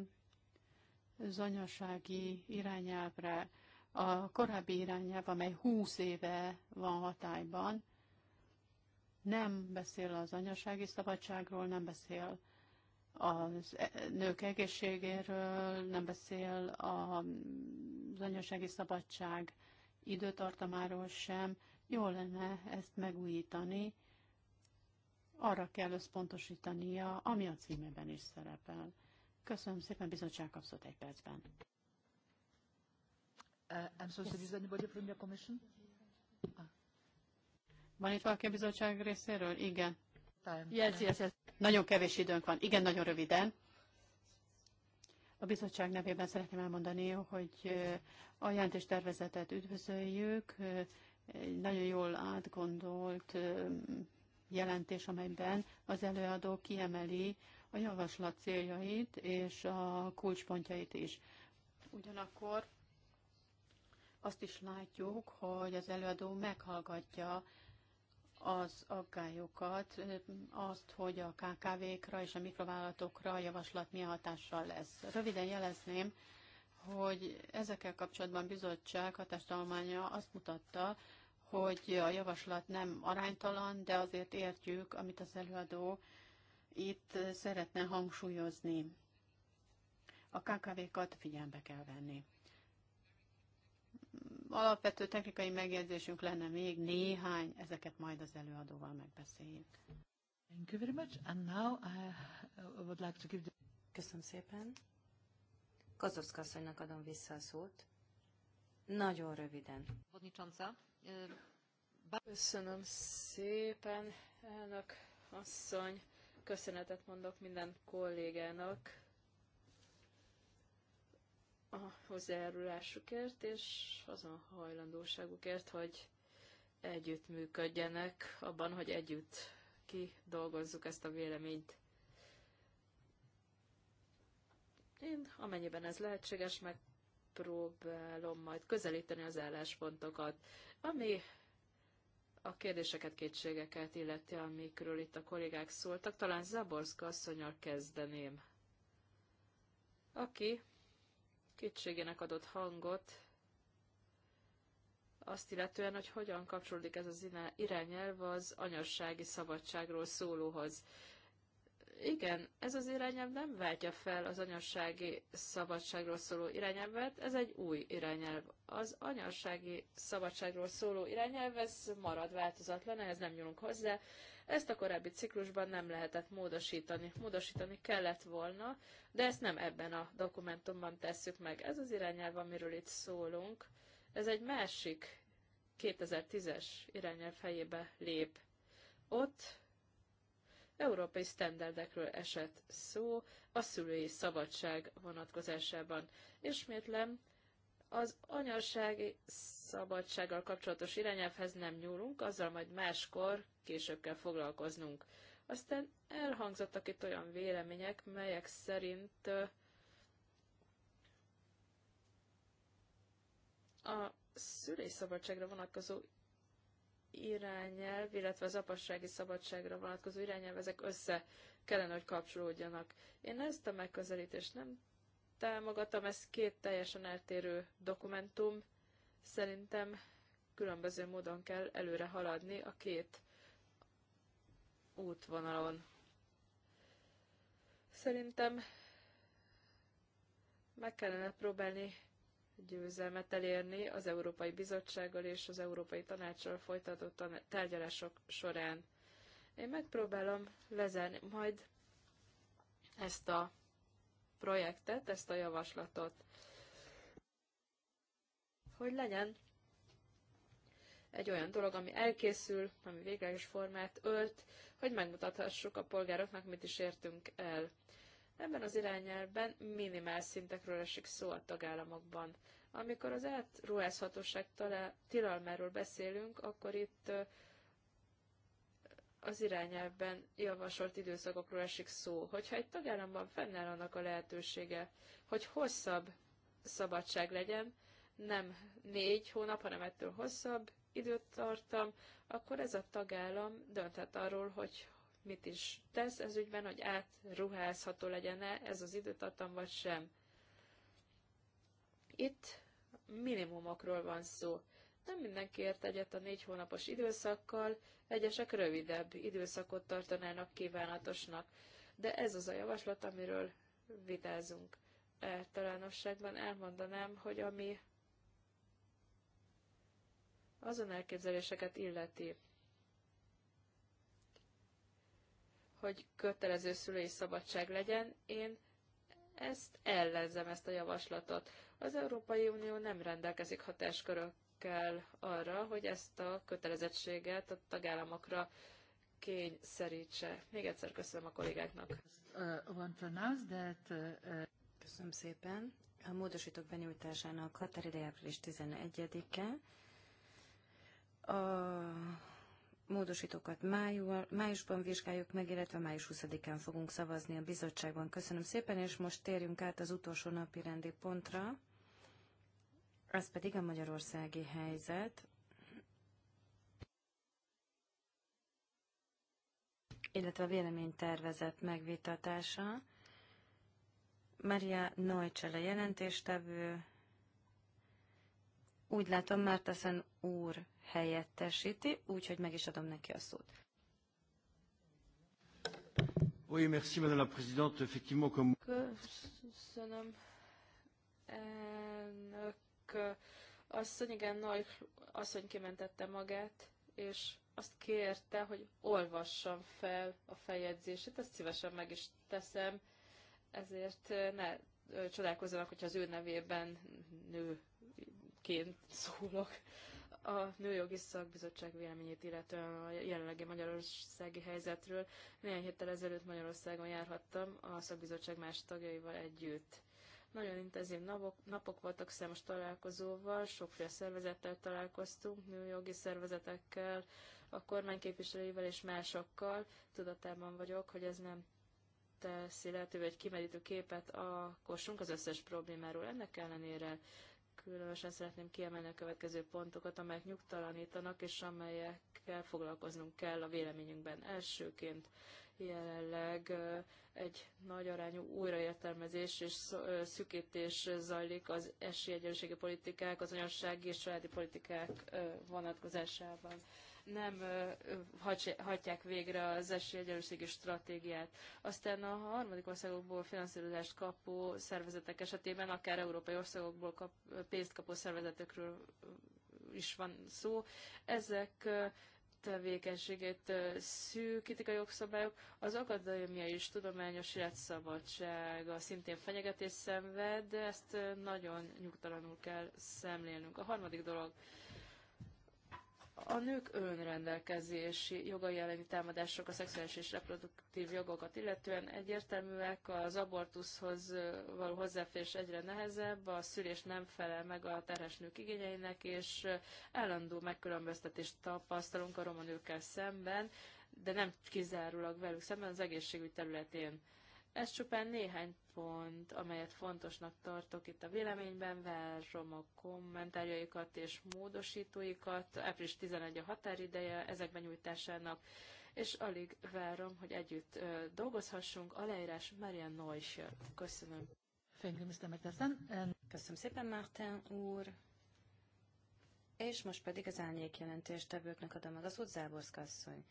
zanyasági irányelvre, a korábbi irányelv, amely 20 éve van hatályban, nem beszél az anyasági szabadságról, nem beszél a e- nők egészségéről, nem beszél az anyasági szabadság időtartamáról sem. Jó lenne ezt megújítani, arra kell összpontosítania, ami a címében is szerepel. Köszönöm szépen, bizottság kapszott egy percben. Uh, I'm sorry, yes. is anybody from the commission? Ah. Van itt valaki a bizottság részéről? Igen. Yes, yes, yes. Nagyon kevés időnk van. Igen, nagyon röviden. A bizottság nevében szeretném elmondani, hogy a jelentés tervezetet üdvözöljük. Egy nagyon jól átgondolt jelentés, amelyben az előadó kiemeli a javaslat céljait és a kulcspontjait is. Ugyanakkor azt is látjuk, hogy az előadó meghallgatja az aggályokat, azt, hogy a KKV-kra és a mikrovállalatokra a javaslat milyen hatással lesz. Röviden jelezném, hogy ezekkel kapcsolatban bizottság hatástalománya azt mutatta, hogy a javaslat nem aránytalan, de azért értjük, amit az előadó itt szeretne hangsúlyozni. A KKV-kat figyelme kell venni alapvető technikai megjegyzésünk lenne még néhány, ezeket majd az előadóval megbeszéljük. Thank you very much. And now I uh, would like to give the... Köszönöm szépen. Kozowska adom vissza a szót. Nagyon röviden. Köszönöm szépen, elnök asszony. Köszönetet mondok minden kollégának a hozzájárulásukért és azon hajlandóságukért, hogy együtt működjenek abban, hogy együtt kidolgozzuk ezt a véleményt. Én, amennyiben ez lehetséges, megpróbálom majd közelíteni az álláspontokat, ami a kérdéseket, kétségeket illeti, amikről itt a kollégák szóltak. Talán Zaborszka asszonyal kezdeném, aki kétségének adott hangot, azt illetően, hogy hogyan kapcsolódik ez az irányelv az anyassági szabadságról szólóhoz. Igen, ez az irányelv nem váltja fel az anyassági szabadságról szóló irányelvet, ez egy új irányelv. Az anyassági szabadságról szóló irányelv, ez marad változatlan, ehhez nem nyúlunk hozzá, ezt a korábbi ciklusban nem lehetett módosítani. Módosítani kellett volna, de ezt nem ebben a dokumentumban tesszük meg. Ez az irányelv, amiről itt szólunk, ez egy másik 2010-es irányelv helyébe lép. Ott európai sztenderdekről esett szó a szülői szabadság vonatkozásában. Ismétlem, az anyasági szabadsággal kapcsolatos irányelvhez nem nyúlunk, azzal majd máskor később kell foglalkoznunk. Aztán elhangzottak itt olyan vélemények, melyek szerint a szülésszabadságra vonatkozó irányelv, illetve az apassági szabadságra vonatkozó irányelv, ezek össze kellene, hogy kapcsolódjanak. Én ezt a megközelítést nem támogatom, ez két teljesen eltérő dokumentum. Szerintem különböző módon kell előre haladni a két útvonalon. Szerintem meg kellene próbálni győzelmet elérni az Európai Bizottsággal és az Európai Tanácssal folytatott tárgyalások során. Én megpróbálom lezárni majd ezt a projektet, ezt a javaslatot. Hogy legyen egy olyan dolog, ami elkészül, ami végleges formát ölt, hogy megmutathassuk a polgároknak, mit is értünk el. Ebben az irányelben minimál szintekről esik szó a tagállamokban. Amikor az átruházhatóság tilalmáról beszélünk, akkor itt az irányelvben javasolt időszakokról esik szó, hogyha egy tagállamban fennáll annak a lehetősége, hogy hosszabb szabadság legyen, nem négy hónap, hanem ettől hosszabb időt tartam, akkor ez a tagállam dönthet arról, hogy mit is tesz ez ügyben, hogy átruházható legyen-e ez az időtartam, vagy sem. Itt minimumokról van szó. Nem mindenki ért egyet a négy hónapos időszakkal, egyesek rövidebb időszakot tartanának kívánatosnak, de ez az a javaslat, amiről vitázunk. Általánosságban e elmondanám, hogy ami azon elképzeléseket illeti, hogy kötelező szülői szabadság legyen, én ezt ellenzem, ezt a javaslatot. Az Európai Unió nem rendelkezik hatáskörök kell arra, hogy ezt a kötelezettséget a tagállamokra kényszerítse. Még egyszer köszönöm a kollégáknak. Uh, uh, uh, köszönöm szépen. A módosítók benyújtásának határideje április 11-e. A módosítókat májúval, májusban vizsgáljuk meg, illetve május 20-án fogunk szavazni a bizottságban. Köszönöm szépen, és most térjünk át az utolsó napi rendi pontra. Az pedig a magyarországi helyzet, illetve a véleménytervezet megvitatása. Maria Neucsel a jelentéstevő, úgy látom, Mártaszen úr helyettesíti, úgyhogy meg is adom neki a szót. Oui, merci, Madame la Présidente. Effectivement, comme... Köszönöm, elnök asszony, igen, nagy asszony kimentette magát, és azt kérte, hogy olvassam fel a feljegyzését, ezt szívesen meg is teszem, ezért ne csodálkozzanak, hogyha az ő nevében nőként szólok. A Nőjogi Szakbizottság véleményét illetően a jelenlegi magyarországi helyzetről. Néhány héttel ezelőtt Magyarországon járhattam a szakbizottság más tagjaival együtt. Nagyon intenzív napok, napok voltak, számos találkozóval, sokféle szervezettel találkoztunk, jogi szervezetekkel, a kormányképviselőivel és másokkal. Tudatában vagyok, hogy ez nem teszi lehetővé egy kimerítő képet alkossunk az összes problémáról. Ennek ellenére különösen szeretném kiemelni a következő pontokat, amelyek nyugtalanítanak, és amelyekkel foglalkoznunk kell a véleményünkben. Elsőként jelenleg egy nagy arányú újraértelmezés és szükítés zajlik az esélyegyenlőségi politikák, az anyassági és családi politikák vonatkozásában. Nem hagyják végre az esélyegyenlőségi stratégiát. Aztán a harmadik országokból finanszírozást kapó szervezetek esetében, akár európai országokból kap, pénzt kapó szervezetekről is van szó. Ezek tevékenységét szűkítik a jogszabályok, az akadémiai és tudományos a szintén fenyegetés szenved, de ezt nagyon nyugtalanul kell szemlélnünk. A harmadik dolog, a nők önrendelkezési jogai elleni támadások a szexuális és reproduktív jogokat illetően egyértelműek, az abortuszhoz való hozzáférés egyre nehezebb, a szülés nem felel meg a terhes nők igényeinek, és állandó megkülönböztetést tapasztalunk a roma nőkkel szemben, de nem kizárólag velük szemben az egészségügy területén. Ez csupán néhány pont, amelyet fontosnak tartok itt a véleményben, várom a kommentárjaikat és módosítóikat. Április 11 a határideje Ezekben nyújtásának, és alig várom, hogy együtt dolgozhassunk. Aláírás Marian Neuscher. Köszönöm. Köszönöm szépen, Márten úr. És most pedig az árnyék jelentéstevőknek adom meg az út Záborszka asszony.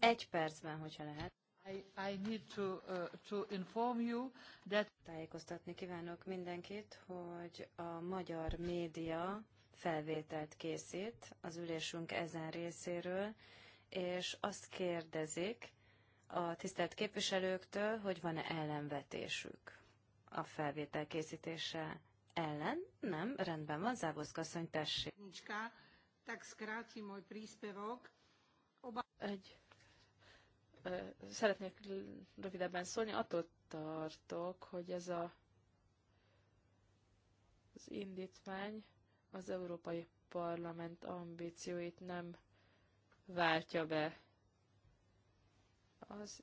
Egy percben, hogyha lehet. I, I need to, uh, to inform you that... Tájékoztatni kívánok mindenkit, hogy a magyar média felvételt készít az ülésünk ezen részéről, és azt kérdezik a tisztelt képviselőktől, hogy van-e ellenvetésük a felvétel készítése ellen. Nem, rendben van, Závoszkasszony, tessék. Egy szeretnék rövidebben szólni, attól tartok, hogy ez a, az indítvány az Európai Parlament ambícióit nem váltja be. Az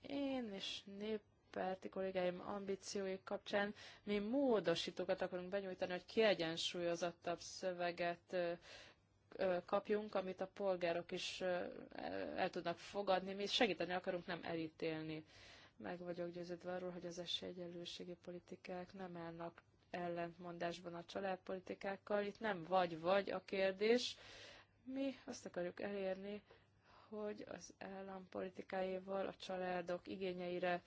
én és néppárti kollégáim ambíciói kapcsán mi módosítókat akarunk benyújtani, hogy kiegyensúlyozottabb szöveget kapjunk, amit a polgárok is el tudnak fogadni. Mi segíteni akarunk, nem elítélni. Meg vagyok győződve arról, hogy az esélyegyenlőségi politikák nem állnak ellentmondásban a családpolitikákkal. Itt nem vagy-vagy a kérdés. Mi azt akarjuk elérni, hogy az állampolitikáival a családok igényeire,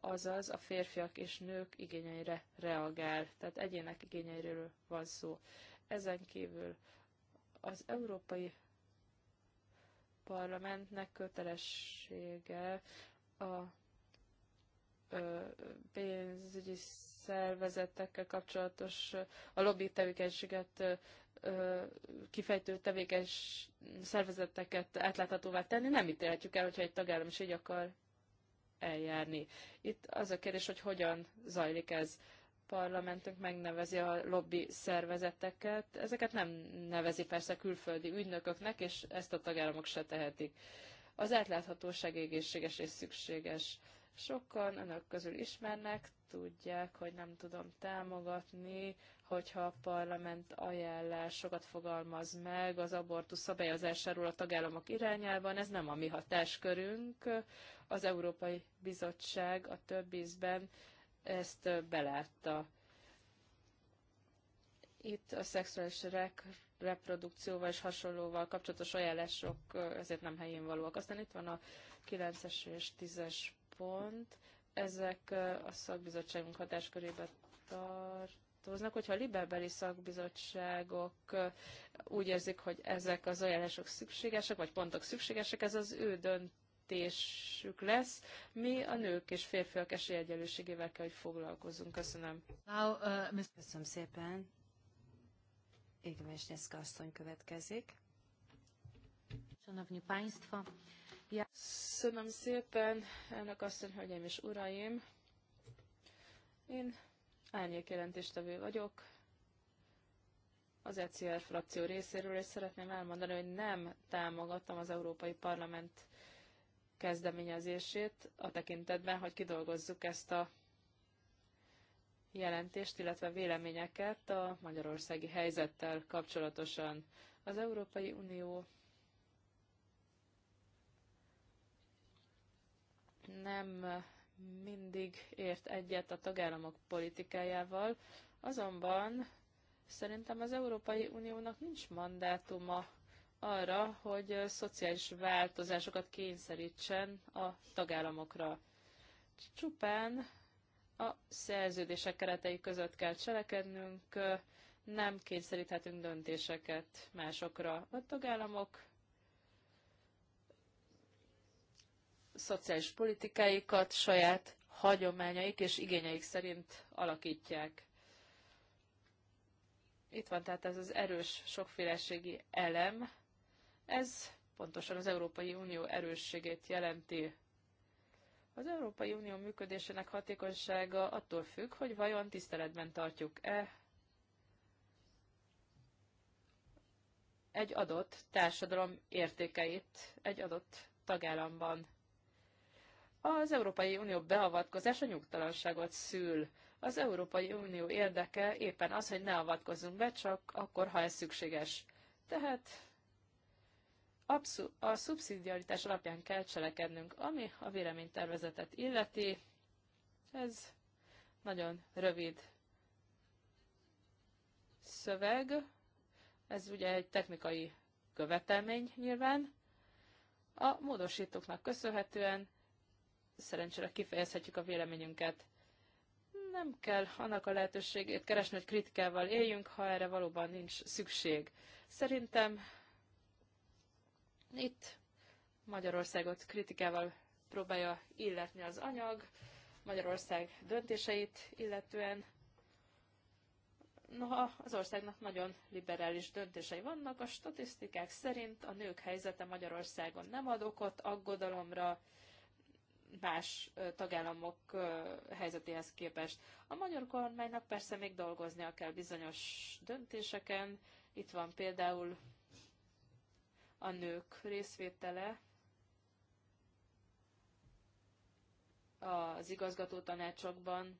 azaz a férfiak és nők igényeire reagál. Tehát egyének igényeiről van szó. Ezen kívül az Európai Parlamentnek kötelessége a pénzügyi szervezetekkel kapcsolatos a lobby tevékenységet kifejtő tevékenys szervezeteket átláthatóvá tenni, nem ítélhetjük el, hogyha egy tagállam is így akar eljárni. Itt az a kérdés, hogy hogyan zajlik ez parlamentünk megnevezi a lobby szervezeteket. Ezeket nem nevezi persze külföldi ügynököknek, és ezt a tagállamok se tehetik. Az átláthatóság egészséges és szükséges. Sokan önök közül ismernek, tudják, hogy nem tudom támogatni, hogyha a parlament ajánlásokat fogalmaz meg az abortusz szabályozásáról a tagállamok irányában. Ez nem a mi hatáskörünk. Az Európai Bizottság a több ízben ezt belátta. Itt a szexuális rek, reprodukcióval és hasonlóval kapcsolatos ajánlások ezért nem helyén valóak. Aztán itt van a 9-es és 10-es pont. Ezek a szakbizottságunk hatáskörébe tart tartoznak, hogyha a liberbeli szakbizottságok úgy érzik, hogy ezek az ajánlások szükségesek, vagy pontok szükségesek, ez az ő dönt jelentésük lesz. Mi a nők és férfiak esélyegyenlőségével kell, hogy foglalkozunk. Köszönöm. Now, uh, Köszönöm szépen. Igmes Nyeszka asszony következik. Szanowni Państwo, ja... Köszönöm szépen, elnök asszony, hölgyeim és uraim. Én árnyékjelentéstevő vagyok, az ECR frakció részéről, és szeretném elmondani, hogy nem támogattam az Európai Parlament kezdeményezését a tekintetben, hogy kidolgozzuk ezt a jelentést, illetve véleményeket a magyarországi helyzettel kapcsolatosan. Az Európai Unió nem mindig ért egyet a tagállamok politikájával, azonban szerintem az Európai Uniónak nincs mandátuma arra, hogy szociális változásokat kényszerítsen a tagállamokra. Csupán a szerződések keretei között kell cselekednünk, nem kényszeríthetünk döntéseket másokra. A tagállamok szociális politikáikat saját hagyományaik és igényeik szerint alakítják. Itt van tehát ez az erős sokféleségi elem, ez pontosan az Európai Unió erősségét jelenti. Az Európai Unió működésének hatékonysága attól függ, hogy vajon tiszteletben tartjuk-e egy adott társadalom értékeit egy adott tagállamban. Az Európai Unió beavatkozása nyugtalanságot szül. Az Európai Unió érdeke éppen az, hogy ne avatkozzunk be, csak akkor, ha ez szükséges. Tehát a szubszidiaritás alapján kell cselekednünk, ami a véleménytervezetet illeti. Ez nagyon rövid szöveg, ez ugye egy technikai követelmény nyilván. A módosítóknak köszönhetően szerencsére kifejezhetjük a véleményünket. Nem kell annak a lehetőségét keresni, hogy kritikával éljünk, ha erre valóban nincs szükség. Szerintem itt Magyarországot kritikával próbálja illetni az anyag, Magyarország döntéseit illetően. Noha az országnak nagyon liberális döntései vannak, a statisztikák szerint a nők helyzete Magyarországon nem ad okot aggodalomra, más tagállamok helyzetéhez képest. A magyar kormánynak persze még dolgoznia kell bizonyos döntéseken. Itt van például a nők részvétele az igazgató tanácsokban,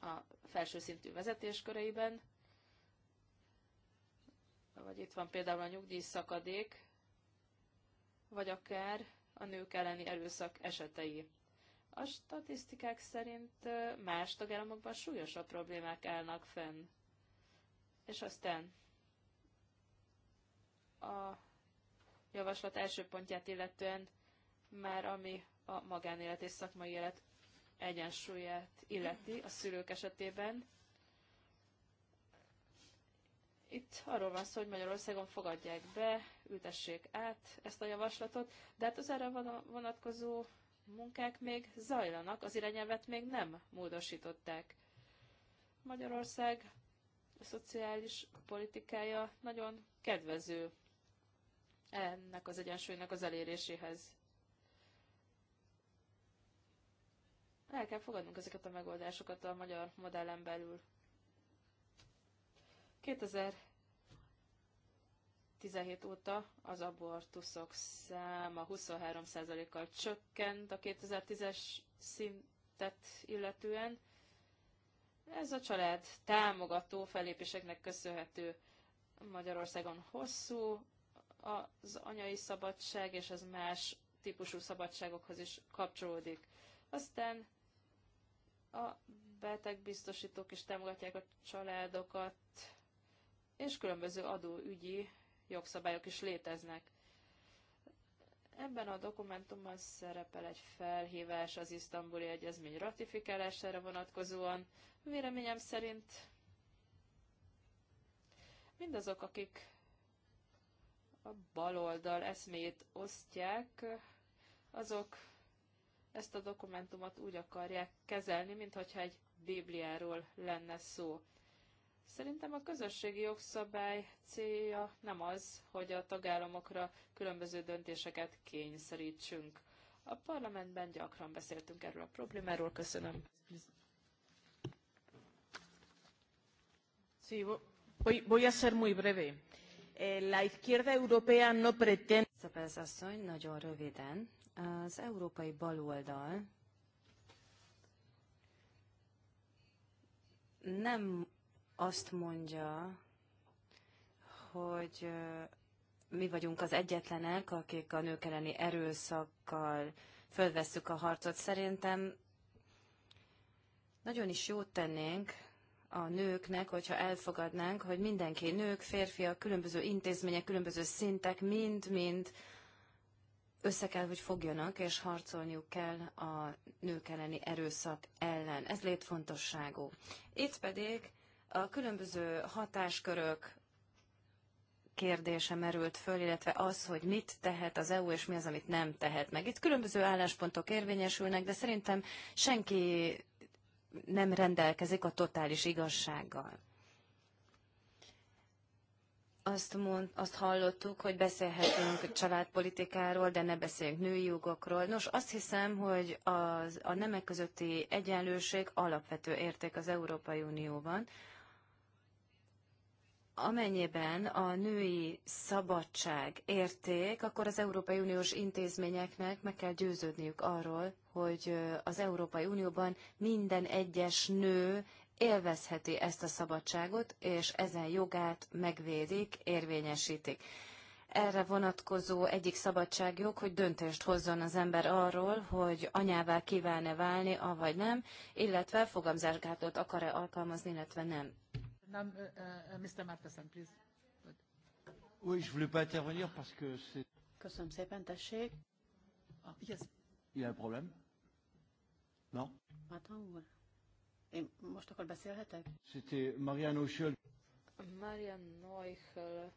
a felső szintű vezetésköreiben, vagy itt van például a nyugdíjszakadék, vagy akár a nők elleni erőszak esetei. A statisztikák szerint más tagállamokban súlyosabb problémák állnak fenn. És aztán a javaslat első pontját illetően már ami a magánélet és szakmai élet egyensúlyát illeti a szülők esetében. Itt arról van szó, hogy Magyarországon fogadják be, ültessék át ezt a javaslatot, de hát az erre vonatkozó munkák még zajlanak, az irányelvet még nem módosították. Magyarország a szociális politikája nagyon kedvező ennek az egyensúlynak az eléréséhez. El kell fogadnunk ezeket a megoldásokat a magyar modellen belül. 2017 óta az abortuszok száma 23%-kal csökkent a 2010-es szintet illetően. Ez a család támogató felépéseknek köszönhető. Magyarországon hosszú az anyai szabadság, és ez más típusú szabadságokhoz is kapcsolódik. Aztán a betegbiztosítók is támogatják a családokat, és különböző adóügyi jogszabályok is léteznek. Ebben a dokumentumban szerepel egy felhívás az isztambuli egyezmény ratifikálására vonatkozóan. Véleményem szerint mindazok, akik a baloldal eszmét osztják, azok ezt a dokumentumot úgy akarják kezelni, mintha egy Bibliáról lenne szó. Szerintem a közösségi jogszabály célja nem az, hogy a tagállamokra különböző döntéseket kényszerítsünk. A parlamentben gyakran beszéltünk erről a problémáról. Köszönöm. Sí, voy a ser muy breve. Eh, la izquierda europea no pretende... Szapez asszony, nagyon röviden. Az európai baloldal nem azt mondja, hogy mi vagyunk az egyetlenek, akik a nők elleni erőszakkal fölvesszük a harcot. Szerintem nagyon is jót tennénk, a nőknek, hogyha elfogadnánk, hogy mindenki, nők, férfiak, különböző intézmények, különböző szintek, mind-mind össze kell, hogy fogjanak, és harcolniuk kell a nők elleni erőszak ellen. Ez létfontosságú. Itt pedig a különböző hatáskörök kérdése merült föl, illetve az, hogy mit tehet az EU, és mi az, amit nem tehet meg. Itt különböző álláspontok érvényesülnek, de szerintem senki nem rendelkezik a totális igazsággal. Azt, mond, azt hallottuk, hogy beszélhetünk családpolitikáról, de ne beszéljünk női jogokról. Nos, azt hiszem, hogy az, a nemek közötti egyenlőség alapvető érték az Európai Unióban amennyiben a női szabadság érték, akkor az Európai Uniós intézményeknek meg kell győződniük arról, hogy az Európai Unióban minden egyes nő élvezheti ezt a szabadságot, és ezen jogát megvédik, érvényesítik. Erre vonatkozó egyik szabadságjog, hogy döntést hozzon az ember arról, hogy anyává kíván-e válni, avagy nem, illetve fogamzásgátot akar-e alkalmazni, illetve nem. Eh, eh, eh, oui, je voulais pas intervenir parce que c'est... Köszönöm szépen, tessék. mi? Ah, yes. Il y a un problème? Non? Matan úr, én most akkor beszélhetek? C'était Marianne Oshel. Marian Neuchel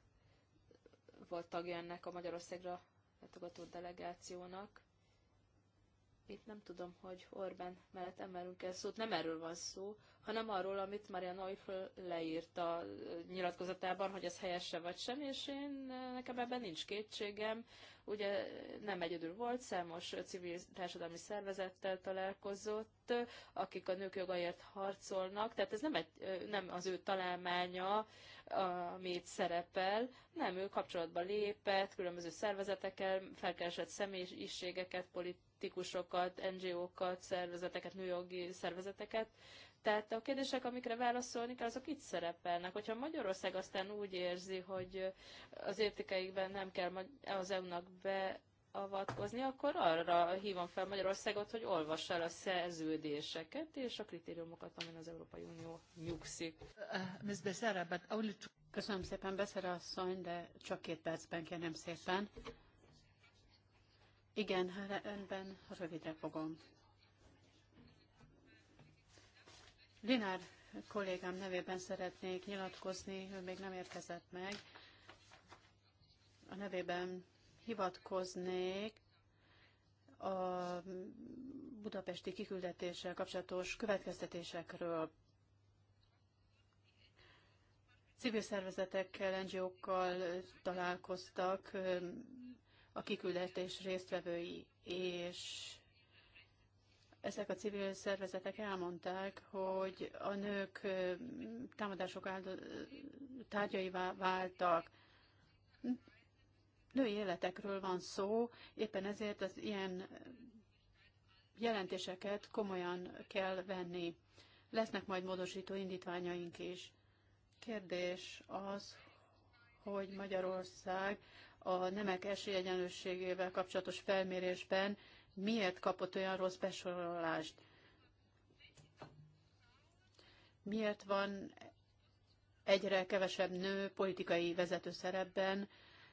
volt tagja ennek a Magyarországra látogató delegációnak. Itt nem tudom, hogy Orbán mellett emelünk el szót. Nem erről van szó, hanem arról, amit Maria Neufel leírt a nyilatkozatában, hogy ez helyese vagy sem, és én nekem ebben nincs kétségem. Ugye nem egyedül volt, számos civil társadalmi szervezettel találkozott, akik a nők jogaiért harcolnak, tehát ez nem, egy, nem az ő találmánya, amit szerepel, nem, ő kapcsolatba lépett, különböző szervezetekkel, felkeresett személyiségeket, politikai politikusokat, NGO-kat, szervezeteket, nőjogi szervezeteket. Tehát a kérdések, amikre válaszolni kell, azok itt szerepelnek. Hogyha Magyarország aztán úgy érzi, hogy az értékeikben nem kell az EU-nak beavatkozni, akkor arra hívom fel Magyarországot, hogy olvassa el a szerződéseket és a kritériumokat, amin az Európai Unió nyugszik. Köszönöm szépen, Beszere asszony, de csak két percben kérem szépen. Igen, Önben, rövidre fogom. Linár kollégám nevében szeretnék nyilatkozni, ő még nem érkezett meg. A nevében hivatkoznék a budapesti kiküldetéssel kapcsolatos következtetésekről. Civil szervezetekkel, NGO-kkal találkoztak, a kiküldetés résztvevői, és ezek a civil szervezetek elmondták, hogy a nők támadások áldoz... tárgyaivá váltak. Női életekről van szó, éppen ezért az ilyen jelentéseket komolyan kell venni. Lesznek majd módosító indítványaink is. Kérdés az, hogy Magyarország a nemek esélyegyenlőségével kapcsolatos felmérésben miért kapott olyan rossz besorolást. Miért van egyre kevesebb nő politikai vezető szerepben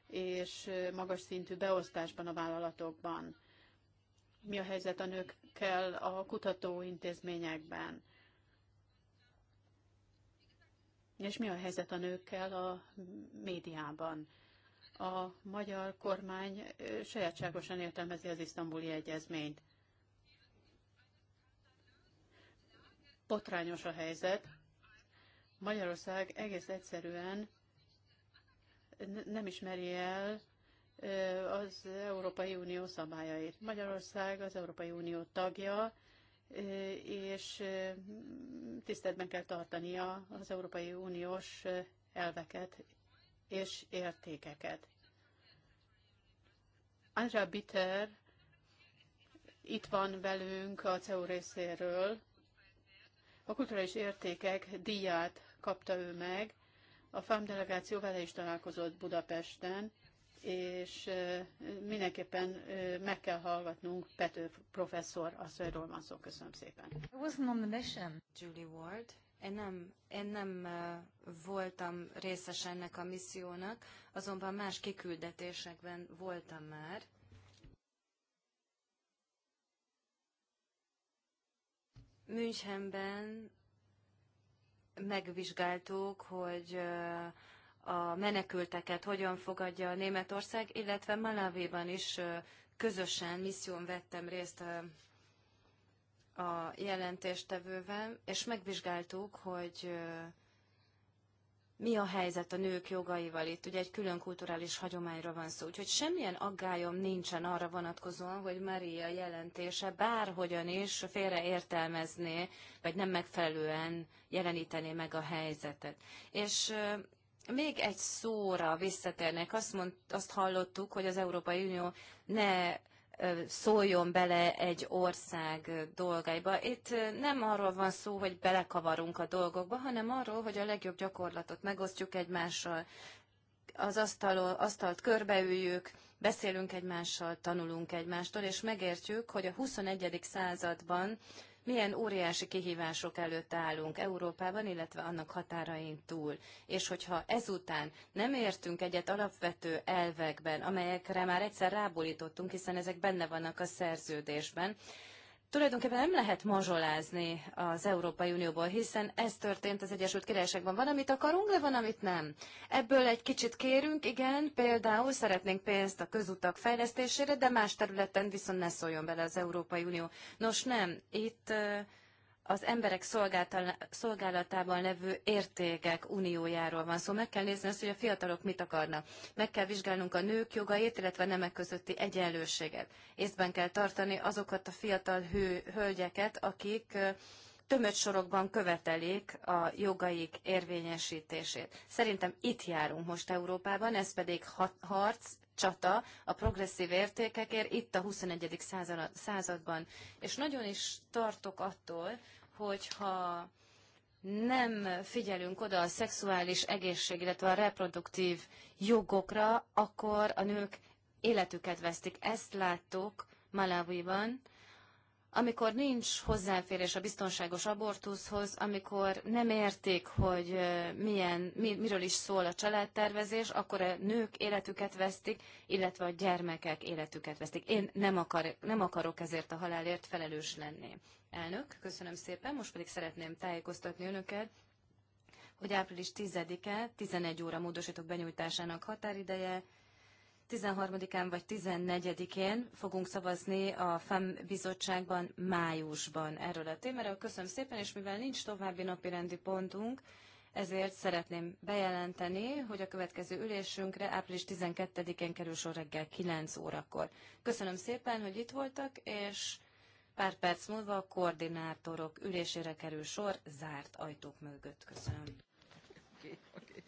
és magas szintű beosztásban a vállalatokban? Mi a helyzet a nőkkel a kutatóintézményekben? És mi a helyzet a nőkkel a médiában? a magyar kormány sajátságosan értelmezi az isztambuli egyezményt. Potrányos a helyzet. Magyarország egész egyszerűen nem ismeri el az Európai Unió szabályait. Magyarország az Európai Unió tagja, és tiszteletben kell tartania az Európai Uniós elveket, és értékeket. Andrea Bitter itt van velünk a CEU részéről. A kulturális értékek díját kapta ő meg. A FAM delegáció vele is találkozott Budapesten, és mindenképpen meg kell hallgatnunk Pető professzor asszonyról van szó. Köszönöm szépen. I wasn't on the mission. Julie Ward. Én nem, én nem voltam részes ennek a missziónak, azonban más kiküldetésekben voltam már. Münchenben megvizsgáltuk, hogy a menekülteket hogyan fogadja a Németország, illetve Malawiban is közösen misszión vettem részt a jelentéstevővel, és megvizsgáltuk, hogy mi a helyzet a nők jogaival itt. Ugye egy külön kulturális hagyományra van szó. Úgyhogy semmilyen aggályom nincsen arra vonatkozóan, hogy Maria jelentése bárhogyan is félreértelmezné, vagy nem megfelelően jelenítené meg a helyzetet. És még egy szóra visszatérnek. Azt, mond, azt hallottuk, hogy az Európai Unió ne szóljon bele egy ország dolgaiba. Itt nem arról van szó, hogy belekavarunk a dolgokba, hanem arról, hogy a legjobb gyakorlatot megosztjuk egymással, az asztalon, asztalt körbeüljük, beszélünk egymással, tanulunk egymástól, és megértjük, hogy a 21. században milyen óriási kihívások előtt állunk Európában, illetve annak határain túl. És hogyha ezután nem értünk egyet alapvető elvekben, amelyekre már egyszer rábólítottunk, hiszen ezek benne vannak a szerződésben, tulajdonképpen nem lehet mazsolázni az Európai Unióból, hiszen ez történt az Egyesült Királyságban. Van, amit akarunk, de van, amit nem. Ebből egy kicsit kérünk, igen, például szeretnénk pénzt a közutak fejlesztésére, de más területen viszont ne szóljon bele az Európai Unió. Nos nem, itt uh, az emberek szolgálatában levő értékek uniójáról van szó. Szóval meg kell nézni azt, hogy a fiatalok mit akarnak. Meg kell vizsgálnunk a nők jogait, illetve nemek közötti egyenlőséget. Észben kell tartani azokat a fiatal hő, hölgyeket, akik tömött sorokban követelik a jogaik érvényesítését. Szerintem itt járunk most Európában, ez pedig harc, csata a progresszív értékekért itt a 21. században. És nagyon is tartok attól, hogyha nem figyelünk oda a szexuális egészség, illetve a reproduktív jogokra, akkor a nők életüket vesztik. Ezt láttuk Malawiban, amikor nincs hozzáférés a biztonságos abortuszhoz, amikor nem értik, hogy milyen, mi, miről is szól a családtervezés, akkor a nők életüket vesztik, illetve a gyermekek életüket vesztik. Én nem, akar, nem akarok ezért a halálért felelős lenni. Elnök, köszönöm szépen, most pedig szeretném tájékoztatni önöket, hogy április 10-e, 11 óra módosítók benyújtásának határideje, 13-án vagy 14-én fogunk szavazni a FEM bizottságban májusban erről a témáról. Köszönöm szépen, és mivel nincs további napi rendi pontunk, ezért szeretném bejelenteni, hogy a következő ülésünkre április 12-én kerül sor reggel 9 órakor. Köszönöm szépen, hogy itt voltak, és pár perc múlva a koordinátorok ülésére kerül sor zárt ajtók mögött. Köszönöm. Okay, okay.